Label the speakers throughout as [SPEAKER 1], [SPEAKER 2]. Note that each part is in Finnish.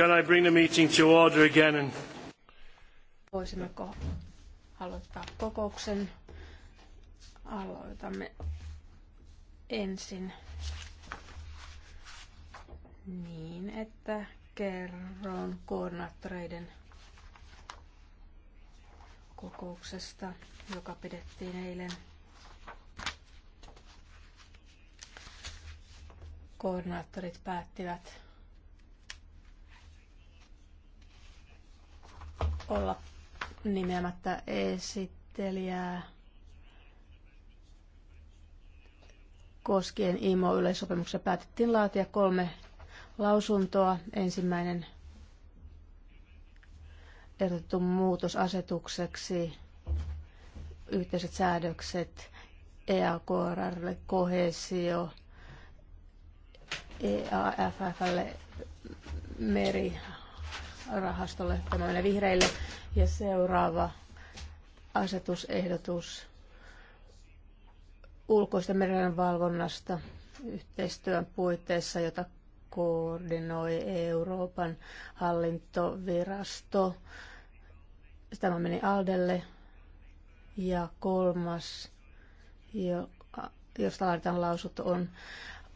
[SPEAKER 1] Can I bring the meeting to order again? And...
[SPEAKER 2] Voisimmeko aloittaa kokouksen? Aloitamme ensin niin, että kerron koordinaattoreiden kokouksesta, joka pidettiin eilen. Koordinaattorit päättivät olla nimeämättä esittelijää koskien IMO-yleissopimuksessa päätettiin laatia kolme lausuntoa. Ensimmäinen ehdotettu muutosasetukseksi yhteiset säädökset EAKRlle, kohesio, EAFFlle, meri, rahastolle, tämä vihreille. Ja seuraava asetusehdotus ulkoista merenvalvonnasta yhteistyön puitteissa, jota koordinoi Euroopan hallintovirasto. Tämä meni Aldelle. Ja kolmas, josta laaditaan lausunto, on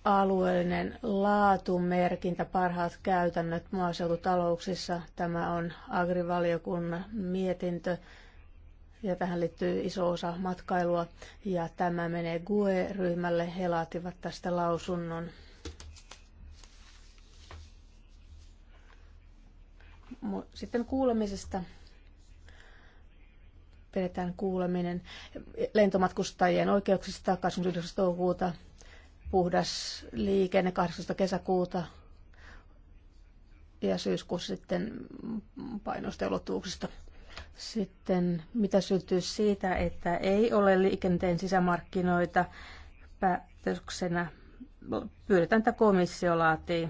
[SPEAKER 2] alueellinen laatumerkintä, parhaat käytännöt maaseututalouksissa. Tämä on agrivaliokunnan mietintö ja tähän liittyy iso osa matkailua ja tämä menee GUE-ryhmälle. He laativat tästä lausunnon. Sitten kuulemisesta pidetään kuuleminen lentomatkustajien oikeuksista 29. toukokuuta puhdas liikenne 18. kesäkuuta ja syyskuussa sitten painoista ja Sitten mitä syntyy siitä, että ei ole liikenteen sisämarkkinoita päätöksenä, pyydetään, että komissio laatii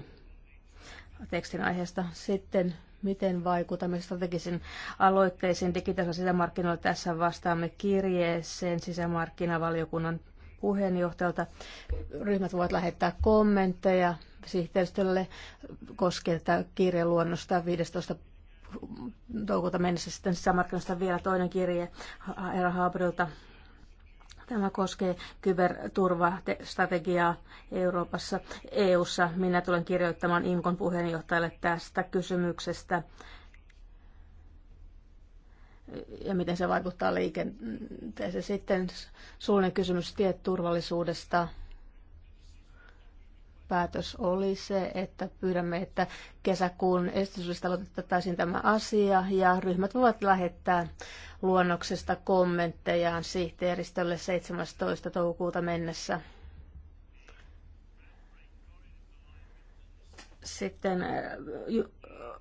[SPEAKER 2] tekstin aiheesta. Sitten miten vaikutamme strategisiin aloitteisiin digitaalisilla sisämarkkinoilla. Tässä vastaamme kirjeeseen sisämarkkinavaliokunnan puheenjohtajalta. Ryhmät voivat lähettää kommentteja sihteistölle koskien tätä kirjeluonnosta 15 toukokuuta mennessä sitten sisämarkkinoista vielä toinen kirje Eera Haabrilta. Tämä koskee kyberturvastrategiaa Euroopassa, EUssa. Minä tulen kirjoittamaan Inkon puheenjohtajalle tästä kysymyksestä ja miten se vaikuttaa liikenteeseen. Sitten suullinen kysymys tieturvallisuudesta. Päätös oli se, että pyydämme, että kesäkuun esityslistalla otettaisiin tämä asia ja ryhmät voivat lähettää luonnoksesta kommenttejaan sihteeristölle 17. toukokuuta mennessä. Sitten äh,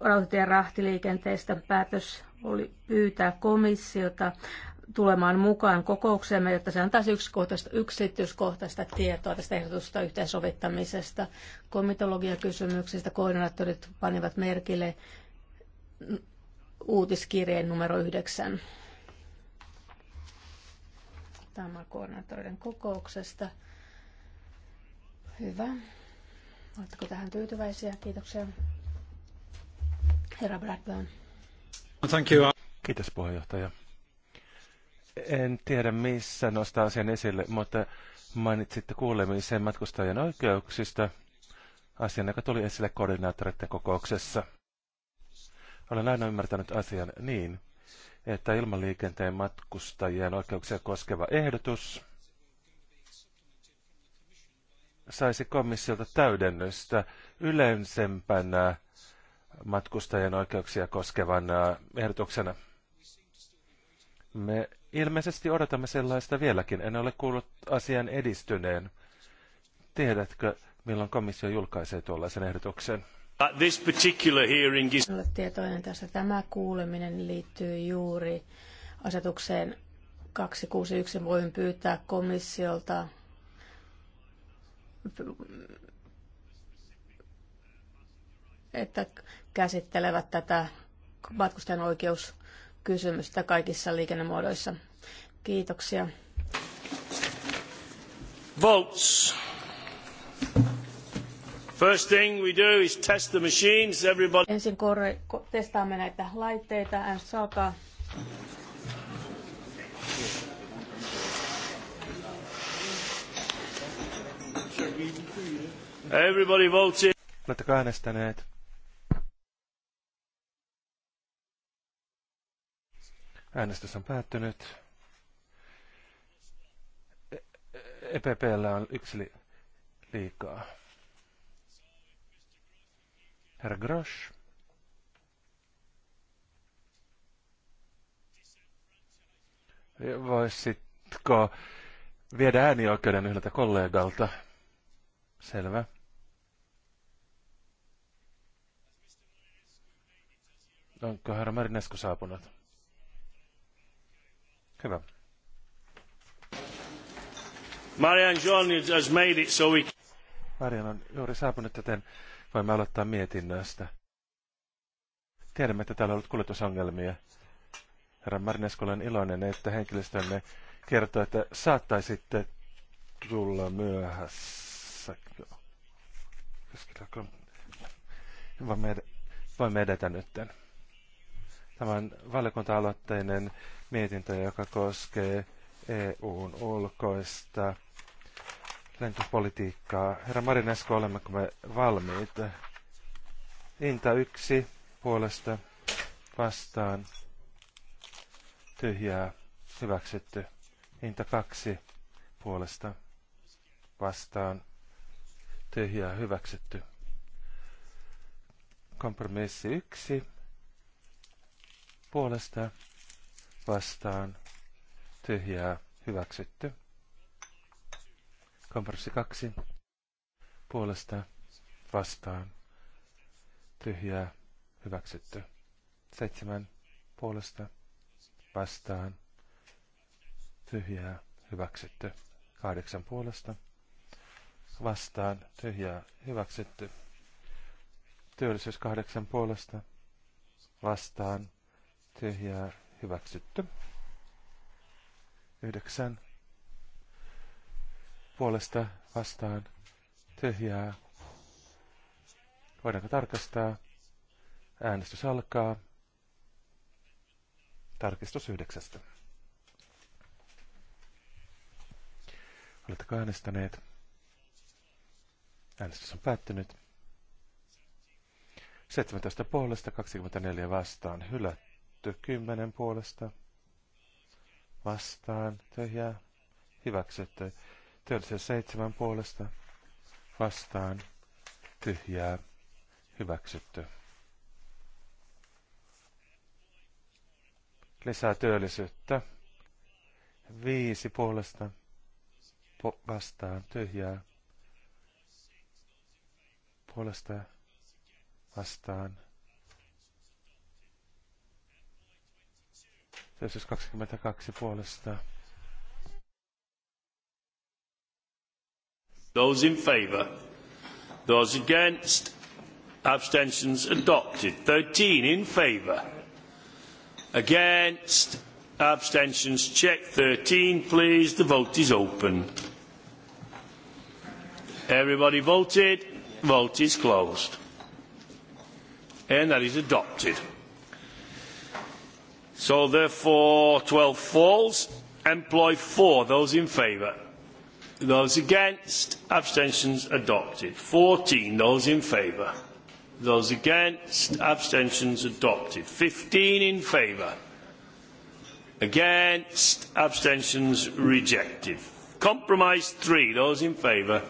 [SPEAKER 2] rautatien rahtiliikenteestä päätös oli pyytää komissiota tulemaan mukaan kokoukseemme, jotta se antaisi yksityiskohtaista, yksityiskohtaista tietoa tästä ehdotusta yhteensovittamisesta. Komitologiakysymyksistä koordinaattorit panivat merkille uutiskirjeen numero yhdeksän. Tämä koordinaattoreiden kokouksesta. Hyvä. Oletteko tähän tyytyväisiä? Kiitoksia. Herra Bradburn.
[SPEAKER 3] Thank you. Kiitos puheenjohtaja. En tiedä missä nostaa asian esille, mutta mainitsitte kuulemisen matkustajien oikeuksista asian, joka tuli esille koordinaattoreiden kokouksessa. Olen aina ymmärtänyt asian niin, että ilmaliikenteen matkustajien oikeuksia koskeva ehdotus saisi komissiolta täydennystä yleisempänä matkustajien oikeuksia koskevan ehdotuksena. Me ilmeisesti odotamme sellaista vieläkin. En ole kuullut asian edistyneen. Tiedätkö, milloin komissio julkaisee tuollaisen ehdotuksen?
[SPEAKER 1] this is...
[SPEAKER 2] tietoinen tässä. Tämä kuuleminen liittyy juuri asetukseen 261. Voin pyytää komissiolta että käsittelevät tätä matkustajan oikeuskysymystä kaikissa liikennemuodoissa. Kiitoksia.
[SPEAKER 1] Votes. First thing we do is test the machines, everybody. Ensin
[SPEAKER 2] korre testaamme näitä laitteita. Äänestys alkaa.
[SPEAKER 1] Everybody votes Mutta Oletteko
[SPEAKER 3] äänestäneet? Äänestys on päättynyt. EPPllä on e-, e-, e-, yksi li- liikaa. Herra Grosch. Voisitko viedä äänioikeuden yhdeltä kollegalta? Selvä. Onko herra Marinesko saapunut? Hyvä.
[SPEAKER 1] Marian John has made it so we...
[SPEAKER 3] Marian on juuri saapunut, joten voimme aloittaa mietinnöstä. Tiedämme, että täällä on ollut kuljetusongelmia. Herra Marinesko, olen iloinen, että henkilöstömme kertoo, että saattaisitte tulla myöhässä tässä keskellä. Voimme, ed- voimme edetä nyt? Tämän valiokunta-aloitteinen mietintö, joka koskee EUn ulkoista lentopolitiikkaa. Herra Marinesko, olemmeko me valmiita? Inta yksi puolesta vastaan. Tyhjää. Hyväksytty. Inta kaksi puolesta vastaan tyhjää hyväksytty. Kompromissi 1 puolesta vastaan tyhjää hyväksytty. Kompromissi 2 puolesta vastaan tyhjää hyväksytty. Seitsemän puolesta vastaan tyhjää hyväksytty. Kahdeksan puolesta vastaan tyhjää hyväksytty. Työllisyys kahdeksan puolesta vastaan tyhjää hyväksytty. Yhdeksän puolesta vastaan tyhjää. Voidaanko tarkastaa? Äänestys alkaa. Tarkistus yhdeksästä. Oletteko äänestäneet? Äänestys on päättynyt. 17 puolesta, 24 vastaan. Hylätty 10 puolesta. Vastaan. Tyhjää. Hyväksytty. Työllisyys 7 puolesta. Vastaan. Tyhjää. Hyväksytty. Lisää työllisyyttä. Viisi puolesta. Po- vastaan. Tyhjää puolesta vastaan. Jeesus 22 puolesta.
[SPEAKER 1] Those in favour. Those against. Abstentions adopted. 13 in favour. Against. Abstentions check 13 please. The vote is open. Everybody voted Vote is closed. And that is adopted. So therefore, 12 falls. Employ 4. Those in favour. Those against. Abstentions adopted. 14. Those in favour. Those against. Abstentions adopted. 15 in favour. Against. Abstentions rejected. Compromise 3. Those in favour.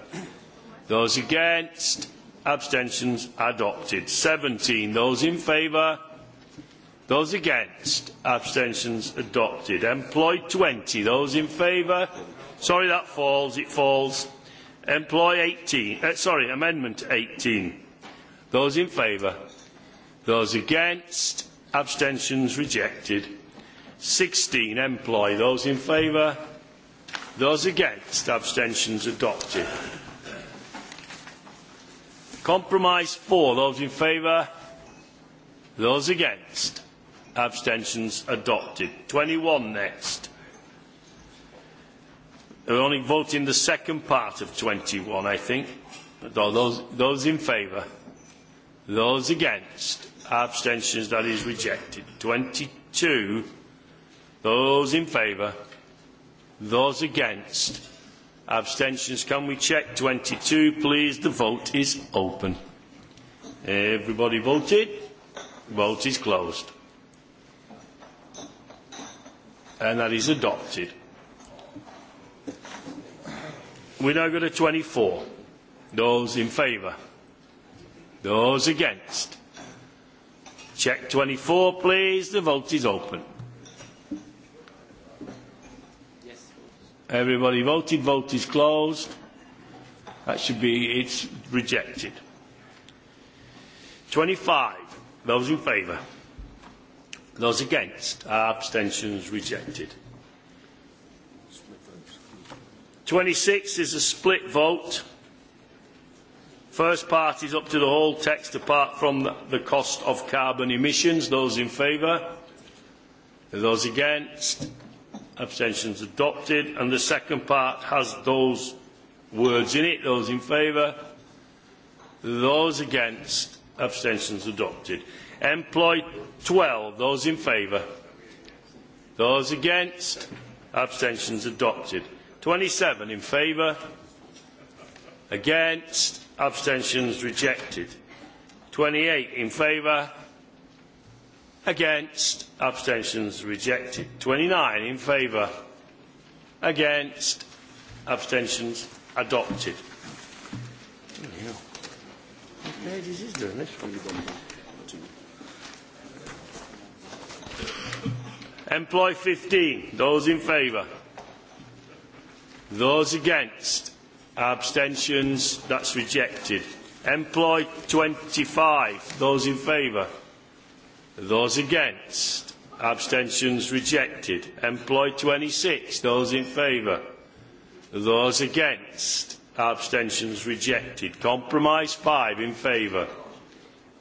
[SPEAKER 1] Those against? Abstentions adopted. 17. Those in favour? Those against? Abstentions adopted. Employ 20. Those in favour? Sorry, that falls. It falls. Employ 18. Uh, sorry, Amendment 18. Those in favour? Those against? Abstentions rejected. 16. Employ. Those in favour? Those against? Abstentions adopted. Compromise 4. Those in favour? Those against? Abstentions adopted. 21 next. We're only voting the second part of 21, I think. Those, those in favour? Those against? Abstentions, that is rejected. 22. Those in favour? Those against? Abstentions. Can we check 22, please? The vote is open. Everybody voted? Vote is closed. And that is adopted. We now go to 24. Those in favour? Those against? Check 24, please. The vote is open. Everybody voted. Vote is closed. That should be. It's rejected. 25. Those in favour. Those against. Abstentions rejected. 26 is a split vote. First part is up to the whole text apart from the cost of carbon emissions. Those in favour? Those against? abstentions adopted and the second part has those words in it those in favour those against abstentions adopted employ 12 those in favour those against abstentions adopted 27 in favour against abstentions rejected 28 in favour against abstentions rejected 29 in favour against abstentions adopted employ 15 those in favour those against abstentions that's rejected employ 25 those in favour Those against? Abstentions rejected. Employ 26. Those in favour? Those against? Abstentions rejected. Compromise 5 in favour.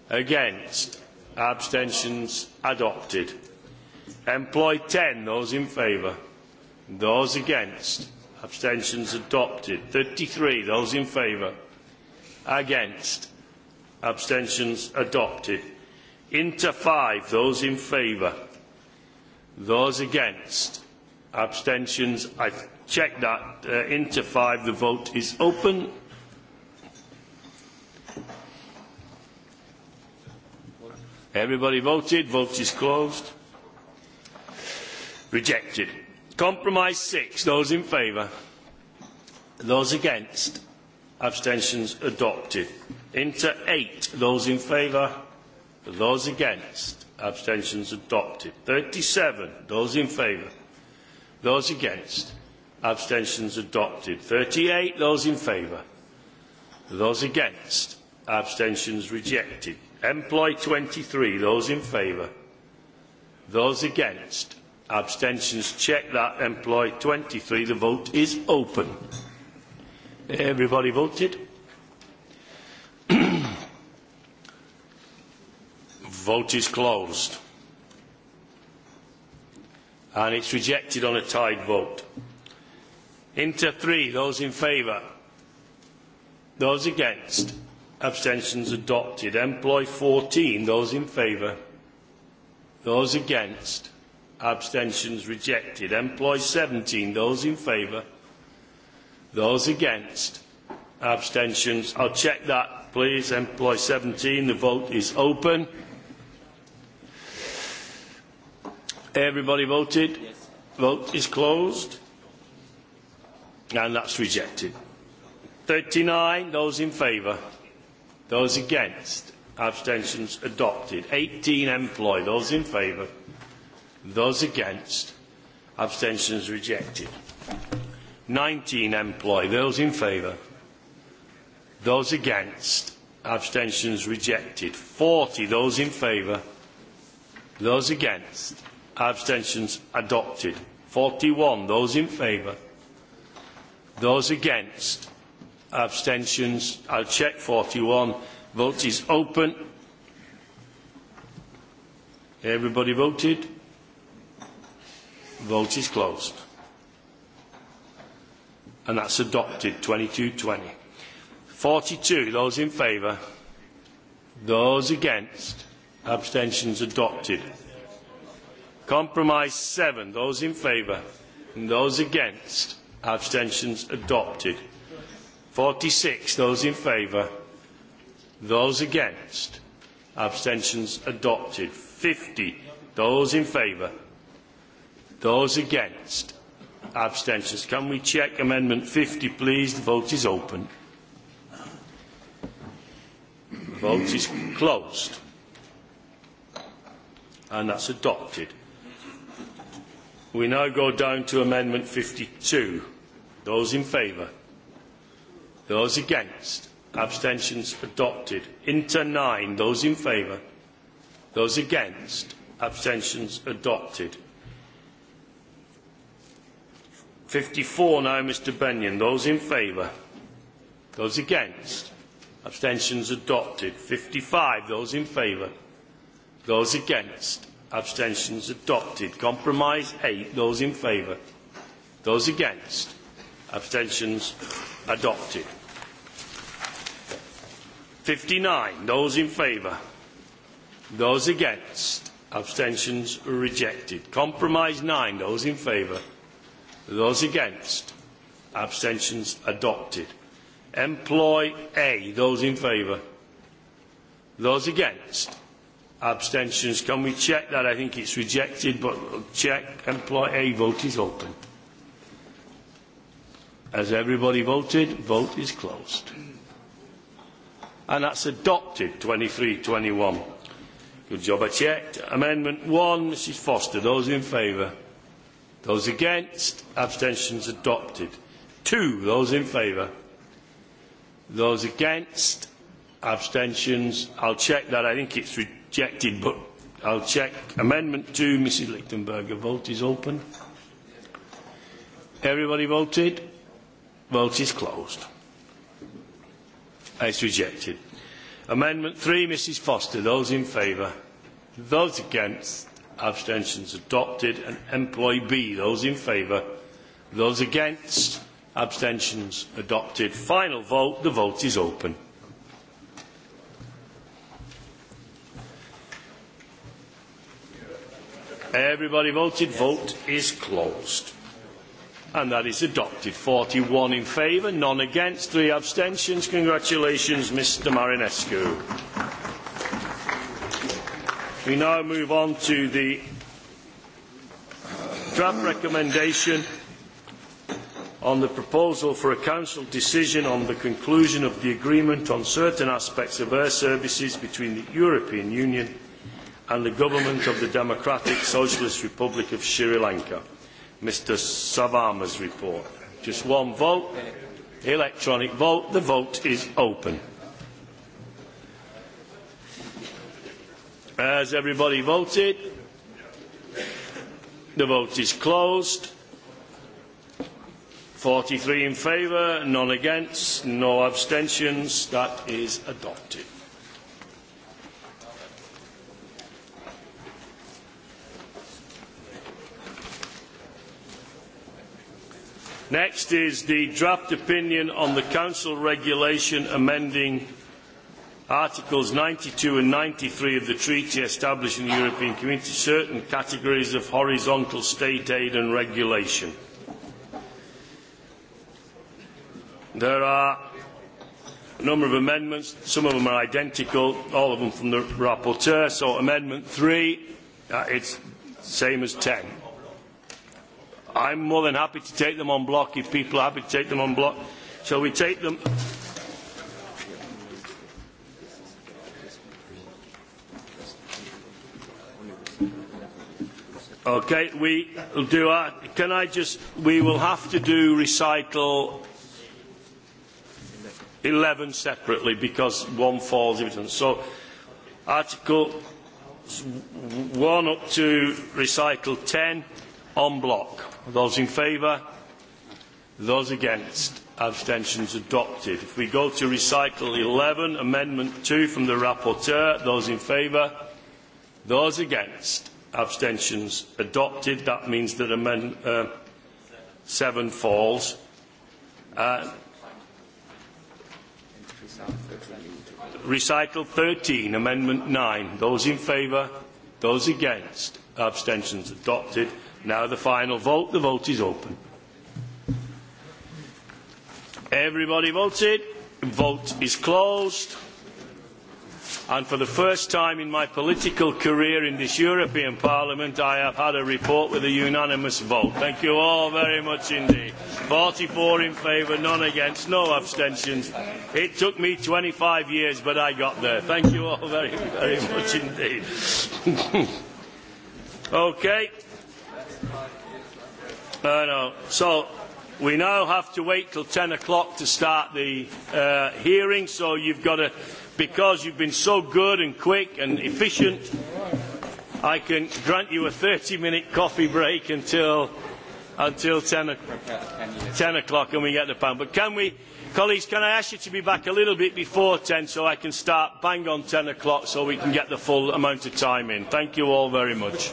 [SPEAKER 1] Against? Abstentions adopted. Employ 10. Those in favour? Those against? Abstentions adopted. 33. Those in favour? Against? Abstentions adopted. Inter 5, those in favour. Those against. Abstentions. I've checked that. Uh, Inter 5, the vote is open. Everybody voted. Vote is closed. Rejected. Compromise 6, those in favour. Those against. Abstentions adopted. Inter 8, those in favour. Those against? Abstentions adopted. 37. Those in favour? Those against? Abstentions adopted. 38. Those in favour? Those against? Abstentions rejected. Employ 23. Those in favour? Those against? Abstentions check that. Employ 23. The vote is open. Everybody voted? Vote is closed. And it's rejected on a tied vote. Inter 3, those in favour. Those against. Abstentions adopted. Employ 14, those in favour. Those against. Abstentions rejected. Employ 17, those in favour. Those against. Abstentions. I'll check that, please. Employ 17, the vote is open. Everybody voted? Yes. Vote is closed. And that's rejected. 39, those in favour. Those against. Abstentions adopted. 18, employ. Those in favour. Those against. Abstentions rejected. 19, employ. Those in favour. Those against. Abstentions rejected. 40, those in favour. Those against abstentions adopted 41 those in favour those against abstentions i'll check 41 vote is open everybody voted vote is closed and that's adopted 2220. 42 those in favour those against abstentions adopted Compromise seven Those in favour? And those against? Abstentions adopted. forty six Those in favour? Those against? Abstentions adopted. fifty Those in favour? Those against? Abstentions. Can we check Amendment fifty please? The vote is open. The vote is closed. And that's adopted. We now go down to Amendment 52. Those in favour? Those against? Abstentions adopted. Inter 9. Those in favour? Those against? Abstentions adopted. 54 now, Mr Bennion. Those in favour? Those against? Abstentions adopted. 55. Those in favour? Those against? abstentions adopted. Compromise 8, those in favour. Those against, abstentions adopted. 59, those in favour. Those against, abstentions rejected. Compromise 9, those in favour. Those against, abstentions adopted. Employ A, those in favour. Those against, abstentions. Can we check that? I think it's rejected, but check. employee A vote is open. Has everybody voted? Vote is closed. And that's adopted, 23-21. Good job, I checked. Amendment 1, Mrs Foster. Those in favour? Those against? Abstentions adopted. 2, those in favour? Those against? Abstentions? I'll check that. I think it's rejected rejected, but I'll check. Amendment 2, Mrs. Lichtenberger. Vote is open. Everybody voted? Vote is closed. It's rejected. Amendment 3, Mrs. Foster. Those in favour? Those against? Abstentions adopted. And Employee B. Those in favour? Those against? Abstentions adopted. Final vote. The vote is open. Everybody voted. yes. Vote is closed. And that is adopted. 41 in favour, none against, three abstentions. Congratulations, Mr Marinescu. We now move on to the draft recommendation on the proposal for a council decision on the conclusion of the agreement on certain aspects of air services between the European Union and the government of the Democratic Socialist Republic of Sri Lanka. Mr Savama's report. Just one vote, electronic vote. The vote is open. Has everybody voted? The vote is closed. 43 in favour, none against, no abstentions. That is adopted. Next is the draft opinion on the Council regulation amending Articles 92 and 93 of the treaty establishing the European Community, certain categories of horizontal state aid and regulation. There are a number of amendments, some of them are identical, all of them from the rapporteur. So, Amendment 3, uh, it's same as 10. I'm more than happy to take them on block if people are happy to take them on block. Shall we take them? Okay, we will do our, can I just, we will have to do recital 11 separately because one falls if it So article 1 up to recital 10 on block. Those in favour? Those against? Abstentions adopted. If we go to recycle 11, amendment 2 from the rapporteur, those in favour? Those against? Abstentions adopted. That means that amendment uh, 7 falls. Uh, Recycle 13, amendment 9. Those in favour? Those against? Abstentions adopted. Now the final vote. The vote is open. Everybody voted. Vote is closed. And for the first time in my political career in this European Parliament, I have had a report with a unanimous vote. Thank you all very much indeed. 44 in favour, none against, no abstentions. It took me 25 years, but I got there. Thank you all very, very much indeed. okay. No, no. So we now have to wait till 10 o'clock to start the uh, hearing. So you've got to, because you've been so good and quick and efficient, I can grant you a 30-minute coffee break until until 10, 10 o'clock and we get the pound. But can we, colleagues, can I ask you to be back a little bit before 10 so I can start bang on 10 o'clock so we can get the full amount of time in. Thank you all very much.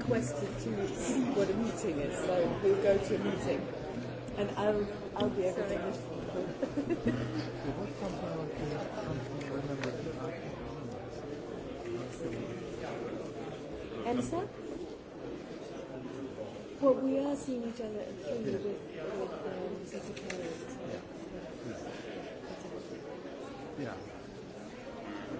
[SPEAKER 4] requested to see what a meeting is, so we'll go to a meeting. And I'll, I'll be able to Elsa? Well, we are seeing each other at three with, with um, Yeah. yeah.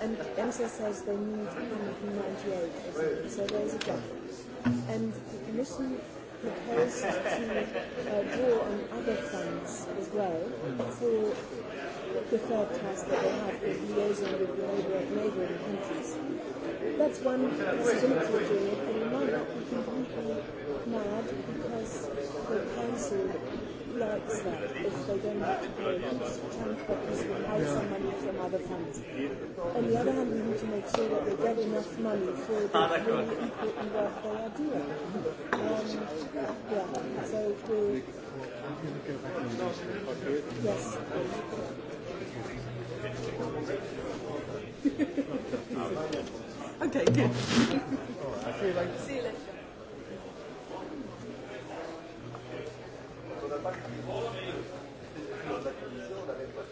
[SPEAKER 4] and EMSA says they need 198 or 98, so there's a gap. And the Commission proposed to uh, draw on other funds as well for the third task that they have, the liaison with the neighbouring countries. That's one possibility of doing it, but it might not be completely mad because the council likes that if they don't fund copies we hire yeah. some money from other funds. On the other hand, we need to make sure that they get enough money for the ah, really important work they are doing. Um, yeah, so we'll... Yes. okay, good. See you later. See you
[SPEAKER 5] later.
[SPEAKER 6] Non la Commissione aveva...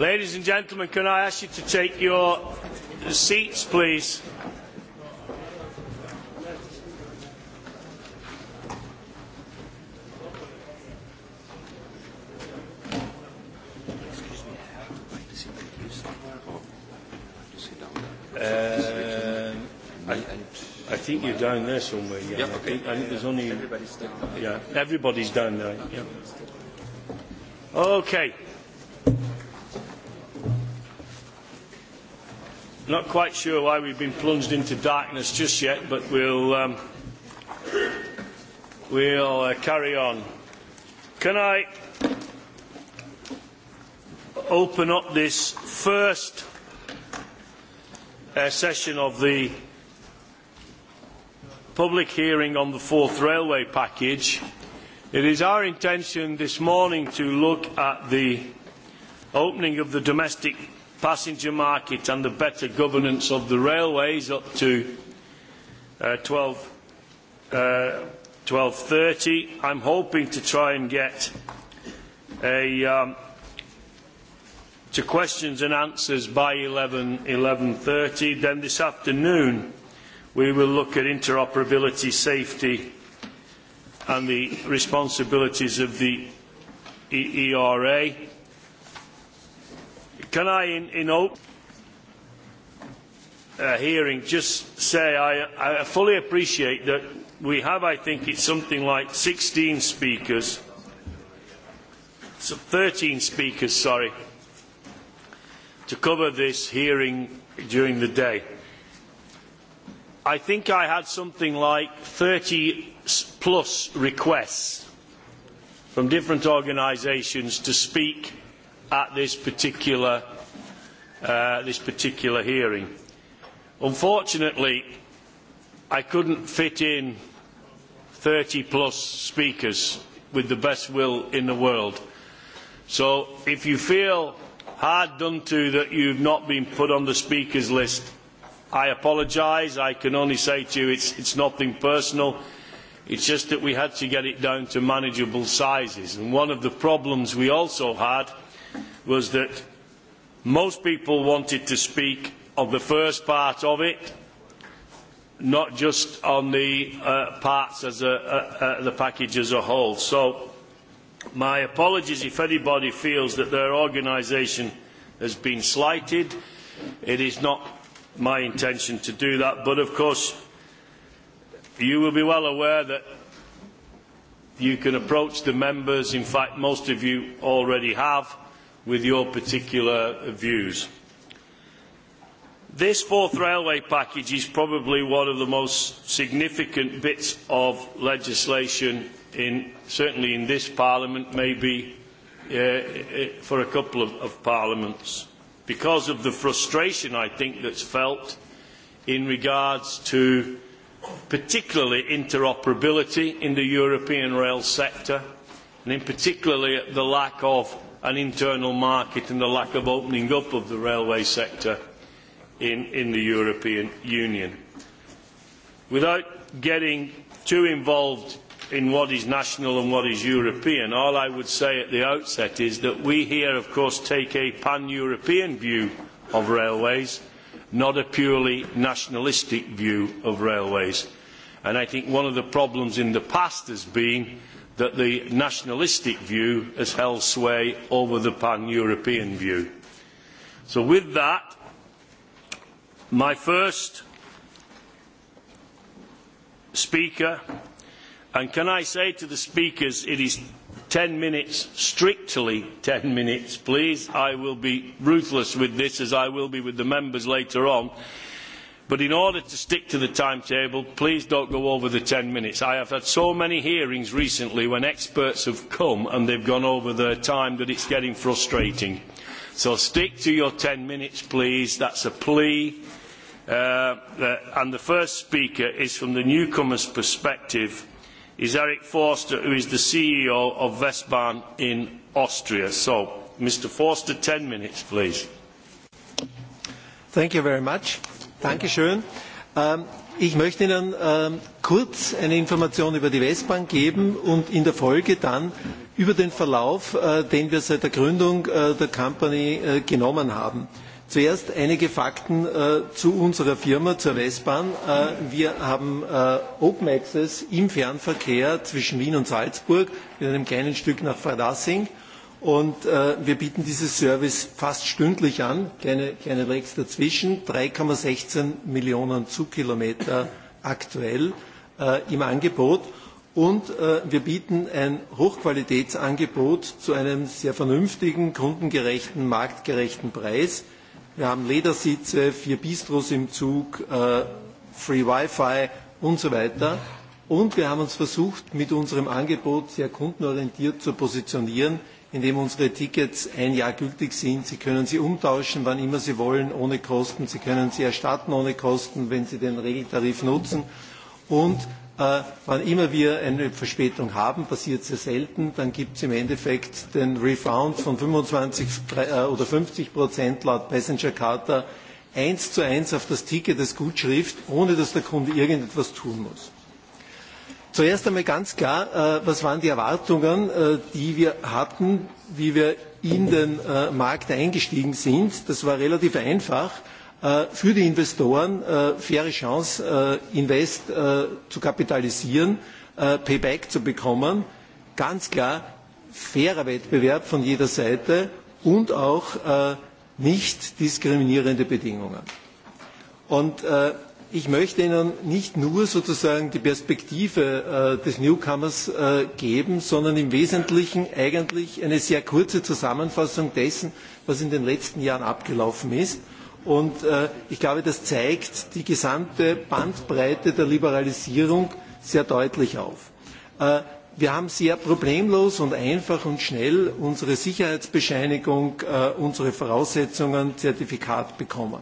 [SPEAKER 1] Ladies and gentlemen, can I ask you to take your seats, please?
[SPEAKER 4] Uh, I,
[SPEAKER 1] I think you're down there somewhere. Yeah, yeah okay. I, think, I think there's only everybody's down. Yeah, everybody's down there. Yeah. Okay. Not quite sure why we've been plunged into darkness just yet, but we'll, um, we'll uh, carry on. Can I open up this first uh, session of the public hearing on the fourth railway package? It is our intention this morning to look at the opening of the domestic passenger market and the better governance of the railways up to uh, 12, uh, 12.30. I'm hoping to try and get a, um, to questions and answers by 11, 11.30. Then this afternoon we will look at interoperability, safety and the responsibilities of the ERA. E Can I, in, in uh, hearing, just say I, I fully appreciate that we have, I think it's something like 16 speakers, so 13 speakers, sorry, to cover this hearing during the day. I think I had something like 30 plus requests from different organisations to speak at this particular, uh, this particular hearing. Unfortunately, I couldn't fit in 30 plus speakers with the best will in the world. So if you feel hard done to that you've not been put on the speakers list, I apologise. I can only say to you it's, it's nothing personal. It's just that we had to get it down to manageable sizes. And one of the problems we also had was that most people wanted to speak on the first part of it, not just on the uh, parts as a, a, a, the package as a whole. So my apologies if anybody feels that their organisation has been slighted. It is not my intention to do that, but of course you will be well aware that you can approach the members. In fact, most of you already have with your particular views. This fourth railway package is probably one of the most significant bits of legislation, in, certainly in this Parliament, maybe uh, uh, for a couple of, of Parliaments, because of the frustration I think that's felt in regards to particularly interoperability in the European rail sector, and in particularly the lack of an internal market and the lack of opening up of the railway sector in, in the European Union. Without getting too involved in what is national and what is European, all I would say at the outset is that we here, of course, take a pan-European view of railways, not a purely nationalistic view of railways. And I think one of the problems in the past has been that the nationalistic view has held sway over the pan-European view. So with that, my first speaker, and can I say to the speakers, it is 10 minutes, strictly 10 minutes, please. I will be ruthless with this, as I will be with the members later on but in order to stick to the timetable please do not go over the ten minutes. i have had so many hearings recently when experts have come and they have gone over their time that it is getting frustrating. so stick to your ten minutes please that is a plea. Uh, uh, and the first speaker is from the newcomer's perspective is Eric Forster, who is the CEO of Westbahn in Austria. So, Mr. Forster, 10 minutes, please.
[SPEAKER 7] Thank you very much. Dankeschön. Ähm, ich möchte Ihnen ähm, kurz eine Information über die Westbank geben und in der Folge dann über den Verlauf, äh, den wir seit der Gründung äh, der Company äh, genommen haben. Zuerst einige Fakten zu unserer Firma, zur Westbahn. wir haben Open Access im Fernverkehr zwischen Wien und Salzburg mit einem kleinen Stück nach Freidassing. Und äh, wir bieten dieses Service fast stündlich an, kleine, kleine Breaks dazwischen, 3,16 Millionen Zugkilometer aktuell äh, im Angebot. Und äh, wir bieten ein Hochqualitätsangebot zu einem sehr vernünftigen, kundengerechten, marktgerechten Preis. Wir haben Ledersitze, vier Bistros im Zug, äh, Free Wi-Fi und so weiter. Und wir haben uns versucht, mit unserem Angebot sehr kundenorientiert zu positionieren indem unsere Tickets ein Jahr gültig sind. Sie können sie umtauschen, wann immer Sie wollen, ohne Kosten. Sie können sie erstatten ohne Kosten, wenn Sie den Regeltarif nutzen. Und äh, wann immer wir eine Verspätung haben, passiert sehr selten, dann gibt es im Endeffekt den Refund von 25 äh, oder 50 Prozent laut Passenger Charta eins zu eins auf das Ticket als Gutschrift, ohne dass der Kunde irgendetwas tun muss. Zuerst einmal ganz klar, äh, was waren die Erwartungen, äh, die wir hatten, wie wir in den äh, Markt eingestiegen sind. Das war relativ einfach für die Investoren faire Chance, Invest zu kapitalisieren, Payback zu bekommen. Ganz klar, fairer Wettbewerb von jeder Seite und auch nicht diskriminierende Bedingungen. Und ich möchte Ihnen nicht nur sozusagen die Perspektive äh, des Newcomers äh, geben, sondern im Wesentlichen eigentlich eine sehr kurze Zusammenfassung dessen, was in den letzten Jahren abgelaufen ist. Und äh, ich glaube, das zeigt die gesamte Bandbreite der Liberalisierung sehr deutlich auf. Äh, wir haben sehr problemlos und einfach und schnell unsere Sicherheitsbescheinigung, äh, unsere Voraussetzungen, Zertifikat bekommen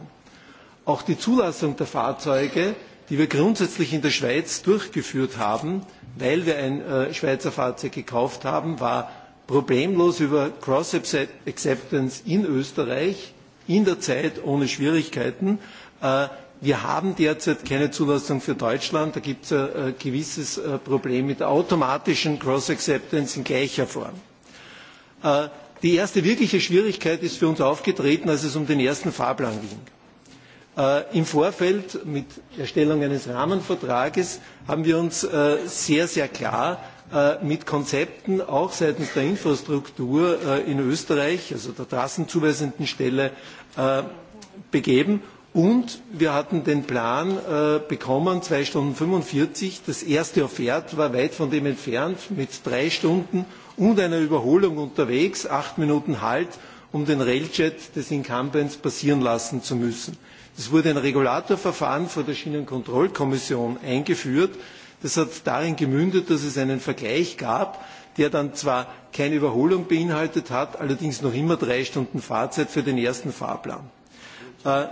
[SPEAKER 7] Auch die Zulassung der Fahrzeuge, die wir grundsätzlich in der Schweiz durchgeführt haben, weil wir ein äh, Schweizer Fahrzeug gekauft haben, war problemlos über Cross Acceptance in Österreich in der Zeit ohne Schwierigkeiten. Äh, wir haben derzeit keine Zulassung für Deutschland. Da gibt es ein äh, gewisses äh, Problem mit der automatischen Cross Acceptance in gleicher Form. Die erste wirkliche Schwierigkeit ist für uns aufgetreten, als es um den ersten Fahrplan ging Äh, Im Vorfeld mit Erstellung eines Rahmenvertrages haben wir uns äh, sehr, sehr klar äh, mit Konzepten auch seitens der Infrastruktur in Österreich, also der trassenzuweisenden Stelle, begeben. Und wir hatten den Plan bekommen, zwei Stunden fünfundvierzig Das erste Offert war weit von dem entfernt, mit drei Stunden und einer Überholung unterwegs, acht Minuten Halt, um den Railjet des Incumbents passieren lassen zu müssen. Es wurde ein Regulatorverfahren vor der Schienenkontrollkommission eingeführt. Das hat darin gemündet, dass es einen Vergleich gab, der dann zwar keine Überholung beinhaltet hat, allerdings noch immer drei Stunden Fahrzeit für den ersten Fahrplan. Äh,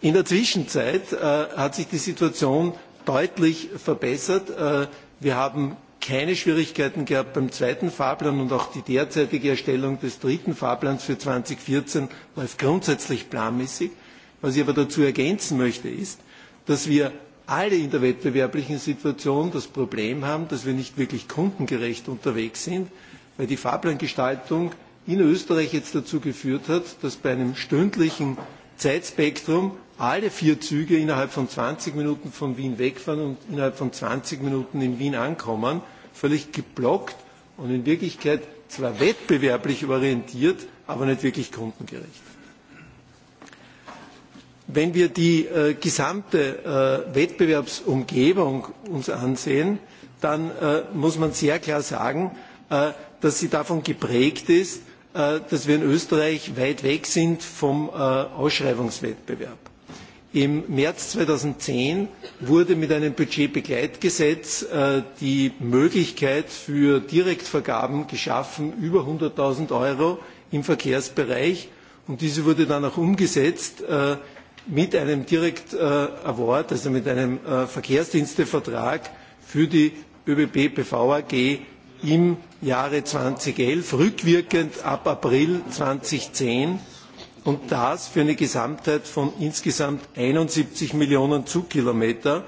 [SPEAKER 7] in der Zwischenzeit äh, hat sich die Situation deutlich verbessert. Äh, wir haben keine Schwierigkeiten gehabt beim zweiten Fahrplan und auch die derzeitige Erstellung des dritten Fahrplans für 2014 läuft grundsätzlich planmäßig. Was ich aber dazu ergänzen möchte, ist, dass wir alle in der wettbewerblichen Situation das Problem haben, dass wir nicht wirklich kundengerecht unterwegs sind, weil die Fahrplangestaltung in Österreich jetzt dazu geführt hat, dass bei einem stündlichen Zeitspektrum alle vier Züge innerhalb von 20 Minuten von Wien wegfahren und innerhalb von 20 Minuten in Wien ankommen, völlig geblockt und in Wirklichkeit zwar wettbewerblich orientiert, aber nicht wirklich kundengerecht. Wenn wir uns die äh, gesamte äh, Wettbewerbsumgebung uns ansehen, dann äh, muss man sehr klar sagen, äh, dass sie davon geprägt ist, äh, dass wir in Österreich weit weg sind vom äh, Ausschreibungswettbewerb. Im März 2010 wurde mit einem Budgetbegleitgesetz äh, die Möglichkeit für Direktvergaben geschaffen, über 100.000 Euro im Verkehrsbereich. Und diese wurde dann auch umgesetzt. Äh, mit einem Direct äh, Award, also mit einem äh, Verkehrsdienstevertrag für die ÖBB PV AG im Jahre 2011, rückwirkend ab April 2010 und das für eine Gesamtheit von insgesamt 71 Millionen Zugkilometer.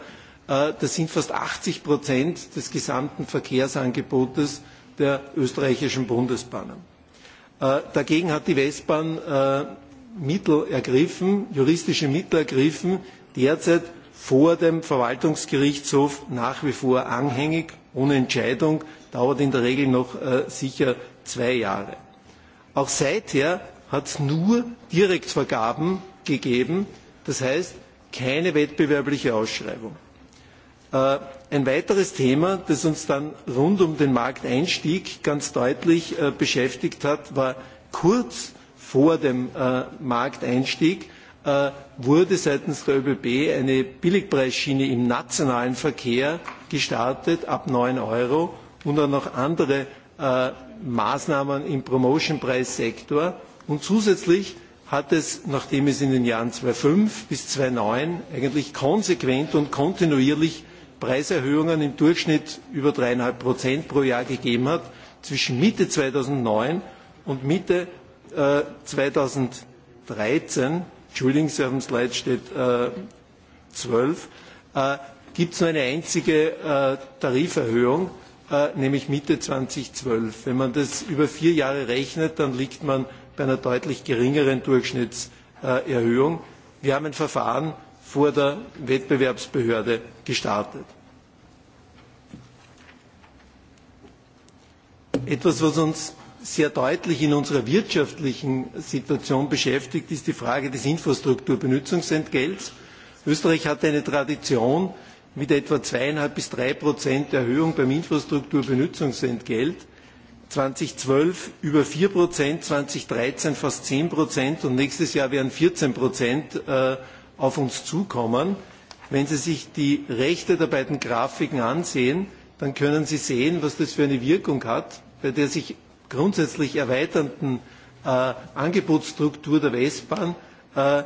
[SPEAKER 7] Äh, das sind fast 80 Prozent des gesamten Verkehrsangebotes der österreichischen Bundesbahnen. Dagegen hat die Westbahn Mittel ergriffen, juristische Mittel ergriffen, derzeit vor dem Verwaltungsgerichtshof nach wie vor anhängig, ohne Entscheidung, dauert in der Regel noch äh, sicher zwei Jahre. Auch seither hat es nur Direktvergaben gegeben, das heißt keine wettbewerbliche Ausschreibung. Äh, ein weiteres Thema, das uns dann rund um den Markteinstieg ganz deutlich äh, beschäftigt hat, war kurz vor dem äh, Markteinstieg äh, wurde seitens der ÖBB eine Billigpreisschiene im nationalen Verkehr gestartet ab 9 Euro und dann noch andere äh, Maßnahmen im Promotionpreissektor. Und zusätzlich hat es, nachdem es in den Jahren 2005 bis 2009 eigentlich konsequent und kontinuierlich Preiserhöhungen im Durchschnitt über dreieinhalb Prozent pro Jahr gegeben hat, zwischen Mitte 2009 und Mitte 2013, äh, Entschuldigung, auf dem Slide steht äh, 12, äh, gibt es nur eine einzige äh, Tariferhöhung, äh, nämlich Mitte 2012. Wenn man das über vier Jahre rechnet, dann liegt man bei einer deutlich geringeren Durchschnittserhöhung. Wir haben ein Verfahren vor der Wettbewerbsbehörde gestartet. Etwas, was uns sehr deutlich in unserer wirtschaftlichen Situation beschäftigt, ist die Frage des Infrastrukturbenutzungsentgelts. Österreich hat eine Tradition mit etwa zweieinhalb bis drei Prozent Erhöhung beim Infrastrukturbenutzungsentgelt. 2012 über 4 Prozent, 2013 fast 10 Prozent und nächstes Jahr werden 14 Prozent äh, auf uns zukommen. Wenn Sie sich die Rechte der beiden Grafiken ansehen, dann können Sie sehen, was das für eine Wirkung hat, bei der sich grundsätzlich erweiternden äh, Angebotsstruktur der Westbahn äh,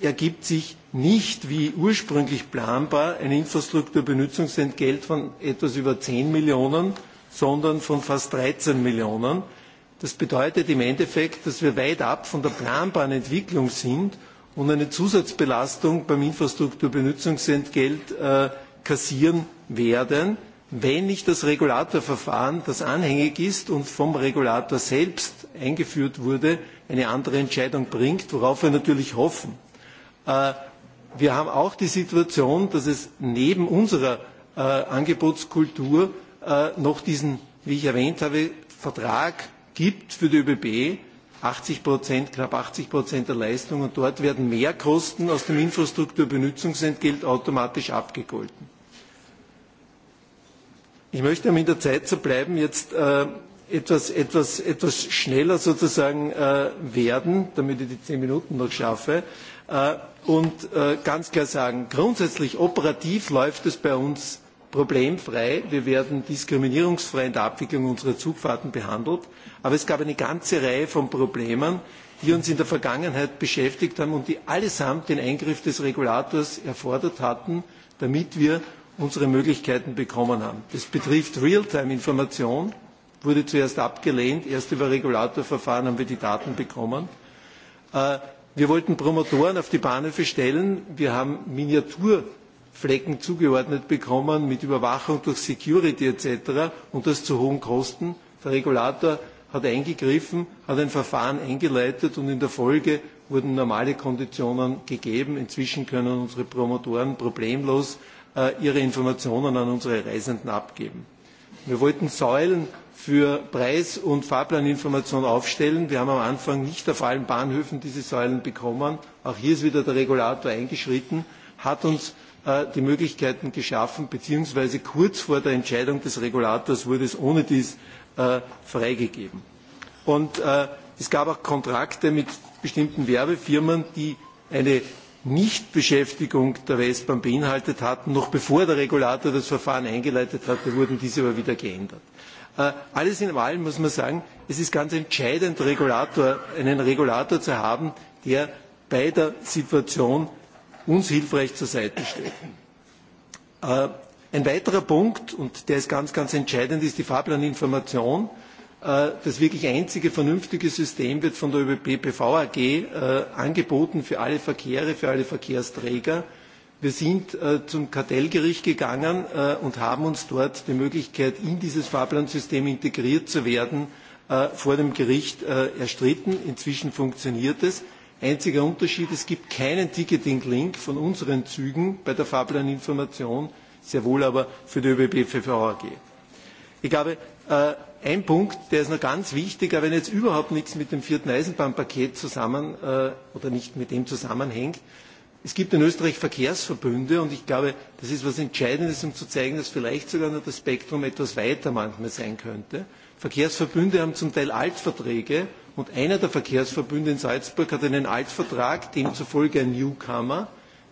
[SPEAKER 7] ergibt sich nicht wie ursprünglich planbar ein Infrastrukturbenützungsentgelt von etwas über 10 Millionen, sondern von fast 13 Millionen. Das bedeutet im Endeffekt, dass wir weit ab von der planbaren Entwicklung sind und eine Zusatzbelastung beim Infrastrukturbenützungsentgelt äh, kassieren werden, wenn nicht das Regulatorverfahren, das anhängig ist und vom Regulator selbst eingeführt wurde, eine andere Entscheidung bringt, worauf wir natürlich hoffen. Äh, wir haben auch die Situation, dass es neben unserer äh, Angebotskultur äh, noch diesen, wie ich erwähnt habe, Vertrag gibt für die ÖBB, 80 Prozent, knapp 80 Prozent der Leistung und dort werden Mehrkosten aus dem Infrastrukturbenutzungsentgelt automatisch abgegolten. Ich möchte, um in der Zeit zu bleiben, jetzt äh, etwas, etwas, etwas schneller sozusagen äh, werden, damit ich die zehn Minuten noch schaffe. Äh, und äh, ganz klar sagen, grundsätzlich operativ läuft es bei uns problemfrei. Wir werden diskriminierungsfrei in der Abwicklung unserer Zugfahrten behandelt. Aber es gab eine ganze Reihe von Problemen, die uns in der Vergangenheit beschäftigt haben und die allesamt den Eingriff des Regulators erfordert hatten, damit wir unsere Möglichkeiten bekommen haben. Das betrifft Realtime-Information, wurde zuerst abgelehnt, erst über Regulatorverfahren haben wir die Daten bekommen. Äh, wir wollten Promotoren auf die Bahnhöfe stellen. Wir haben Miniaturflecken zugeordnet bekommen mit Überwachung durch Security etc. und das zu hohen Kosten. Der Regulator hat eingegriffen, hat ein Verfahren eingeleitet und in der Folge wurden normale Konditionen gegeben. Inzwischen können unsere Promotoren problemlos Äh, ihre Informationen an unsere Reisenden abgeben. Wir wollten Säulen für Preis- und Fahrplaninformation aufstellen. Wir haben am Anfang nicht auf allen Bahnhöfen diese Säulen bekommen. Auch hier ist wieder der Regulator eingeschritten, hat uns äh, die Möglichkeiten geschaffen, beziehungsweise kurz vor der Entscheidung des Regulators wurde es ohne dies äh, freigegeben. Und es gab auch Kontrakte mit bestimmten Werbefirmen, die eine Nichtbeschäftigung der Westbahn beinhaltet hatten, noch bevor der Regulator das Verfahren eingeleitet hatte, wurden diese aber wieder geändert. Äh, alles in allem muss man sagen, es ist ganz entscheidend, Regulator, einen Regulator zu haben, der bei der Situation uns hilfreich zur Seite steht. Äh, ein weiterer Punkt, und der ist ganz, ganz entscheidend, ist die Fahrplaninformation. Äh, das wirklich einzige vernünftige System wird von der ÖBB-PV AG äh, angeboten für alle Verkehre, für alle Verkehrsträger. Wir sind äh, zum Kartellgericht gegangen und haben uns dort die Möglichkeit, in dieses Fahrplansystem integriert zu werden, vor dem Gericht erstritten. Inzwischen funktioniert es. Einziger Unterschied, es gibt keinen Ticketing-Link von unseren Zügen bei der Fahrplaninformation, sehr wohl aber für die ÖBB-PV AG. Ich glaube, Ein Punkt, der ist noch ganz wichtig, aber wenn jetzt überhaupt nichts mit dem vierten Eisenbahnpaket zusammen äh, oder nicht mit dem zusammenhängt, es gibt in Österreich Verkehrsverbünde und ich glaube, das ist etwas Entscheidendes, um zu zeigen, dass vielleicht sogar noch das Spektrum etwas weiter manchmal sein könnte. Verkehrsverbünde haben zum Teil Altverträge und einer der Verkehrsverbünde in Salzburg hat einen Altvertrag, demzufolge ein Newcomer,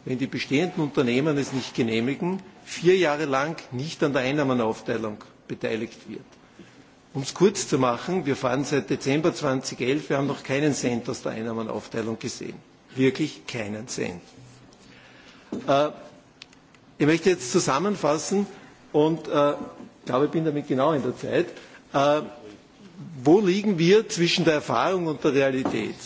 [SPEAKER 7] wenn die bestehenden Unternehmen es nicht genehmigen, vier Jahre lang nicht an der Einnahmenaufteilung beteiligt wird. Um es kurz zu machen, wir fahren seit Dezember 2011, wir haben noch keinen Cent aus der Einnahmenaufteilung gesehen. Wirklich keinen Cent. Äh, ich möchte jetzt zusammenfassen und äh, glaube, ich bin damit genau in der Zeit. Äh, wo liegen wir zwischen der Erfahrung und der Realität?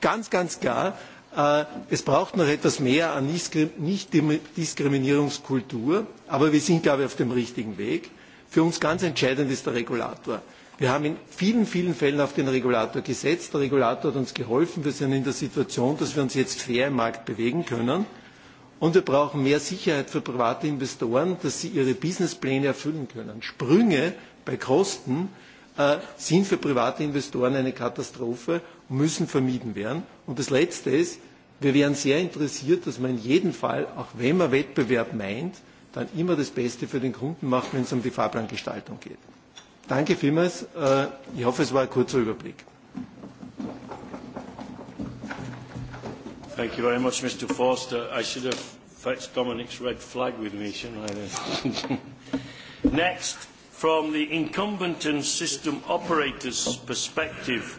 [SPEAKER 7] Ganz, ganz klar, äh, es braucht noch etwas mehr an Nichtdiskriminierungskultur, aber wir sind, glaube ich, auf dem richtigen Weg Für uns ganz entscheidend ist der Regulator. Wir haben in vielen, vielen Fällen auf den Regulator gesetzt. Der Regulator hat uns geholfen. Wir sind in der Situation, dass wir uns jetzt fair im Markt bewegen können. Und wir brauchen mehr Sicherheit für private Investoren, dass sie ihre Businesspläne erfüllen können. Sprünge bei Kosten äh, sind für private Investoren eine Katastrophe und müssen vermieden werden. Und das Letzte ist, wir wären sehr interessiert, dass man in jedem Fall, auch wenn man Wettbewerb meint, dann immer das Beste für den Kunden macht, wenn es um die Fahrplangestaltung geht. Danke vielmals. Äh, ich hoffe, es war ein kurzer Überblick.
[SPEAKER 1] Thank you very much, Mr. Forster. I should have fetched Dominic's red flag with me, shouldn't I? Next, from the incumbent and system operators' perspective,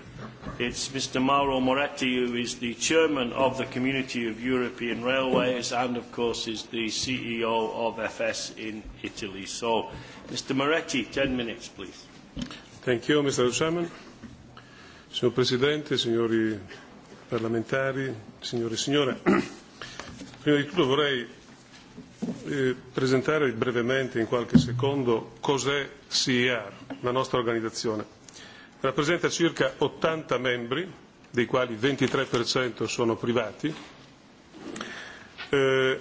[SPEAKER 1] It's Mr. Mauro Moretti, who is the chairman of the Community of European Railways and, of course, is the CEO of FS in Italy. So, Mr. Moretti, 10 minutes, please.
[SPEAKER 8] Thank you, Mr. Chairman. Signor Presidente, signori parlamentari, signore e signore, prima di tutto vorrei eh, presentare brevemente, in qualche secondo, cos'è CER, la nostra organizzazione rappresenta circa ottanta membri, dei quali il 23% sono privati. Eh,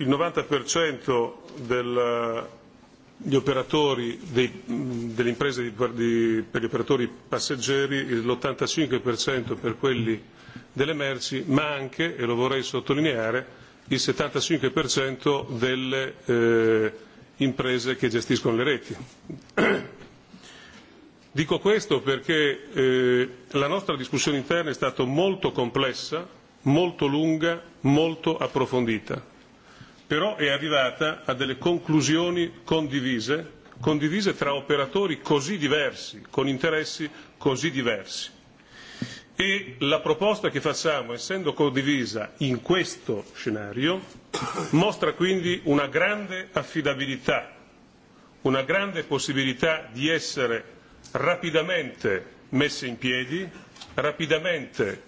[SPEAKER 8] il per cento degli operatori dei, delle imprese di, di, per gli operatori passeggeri, l'85% per cento per quelli delle merci, ma anche, e lo vorrei sottolineare, il 75% delle eh, imprese che gestiscono le reti. Dico questo perché eh, la nostra discussione interna è stata molto complessa, molto lunga, molto approfondita, però è arrivata a delle conclusioni condivise, condivise tra operatori così diversi, con interessi così diversi. E la proposta che facciamo, essendo condivisa in questo scenario, mostra quindi una grande affidabilità, una grande possibilità di essere rapidamente messa in piedi, rapidamente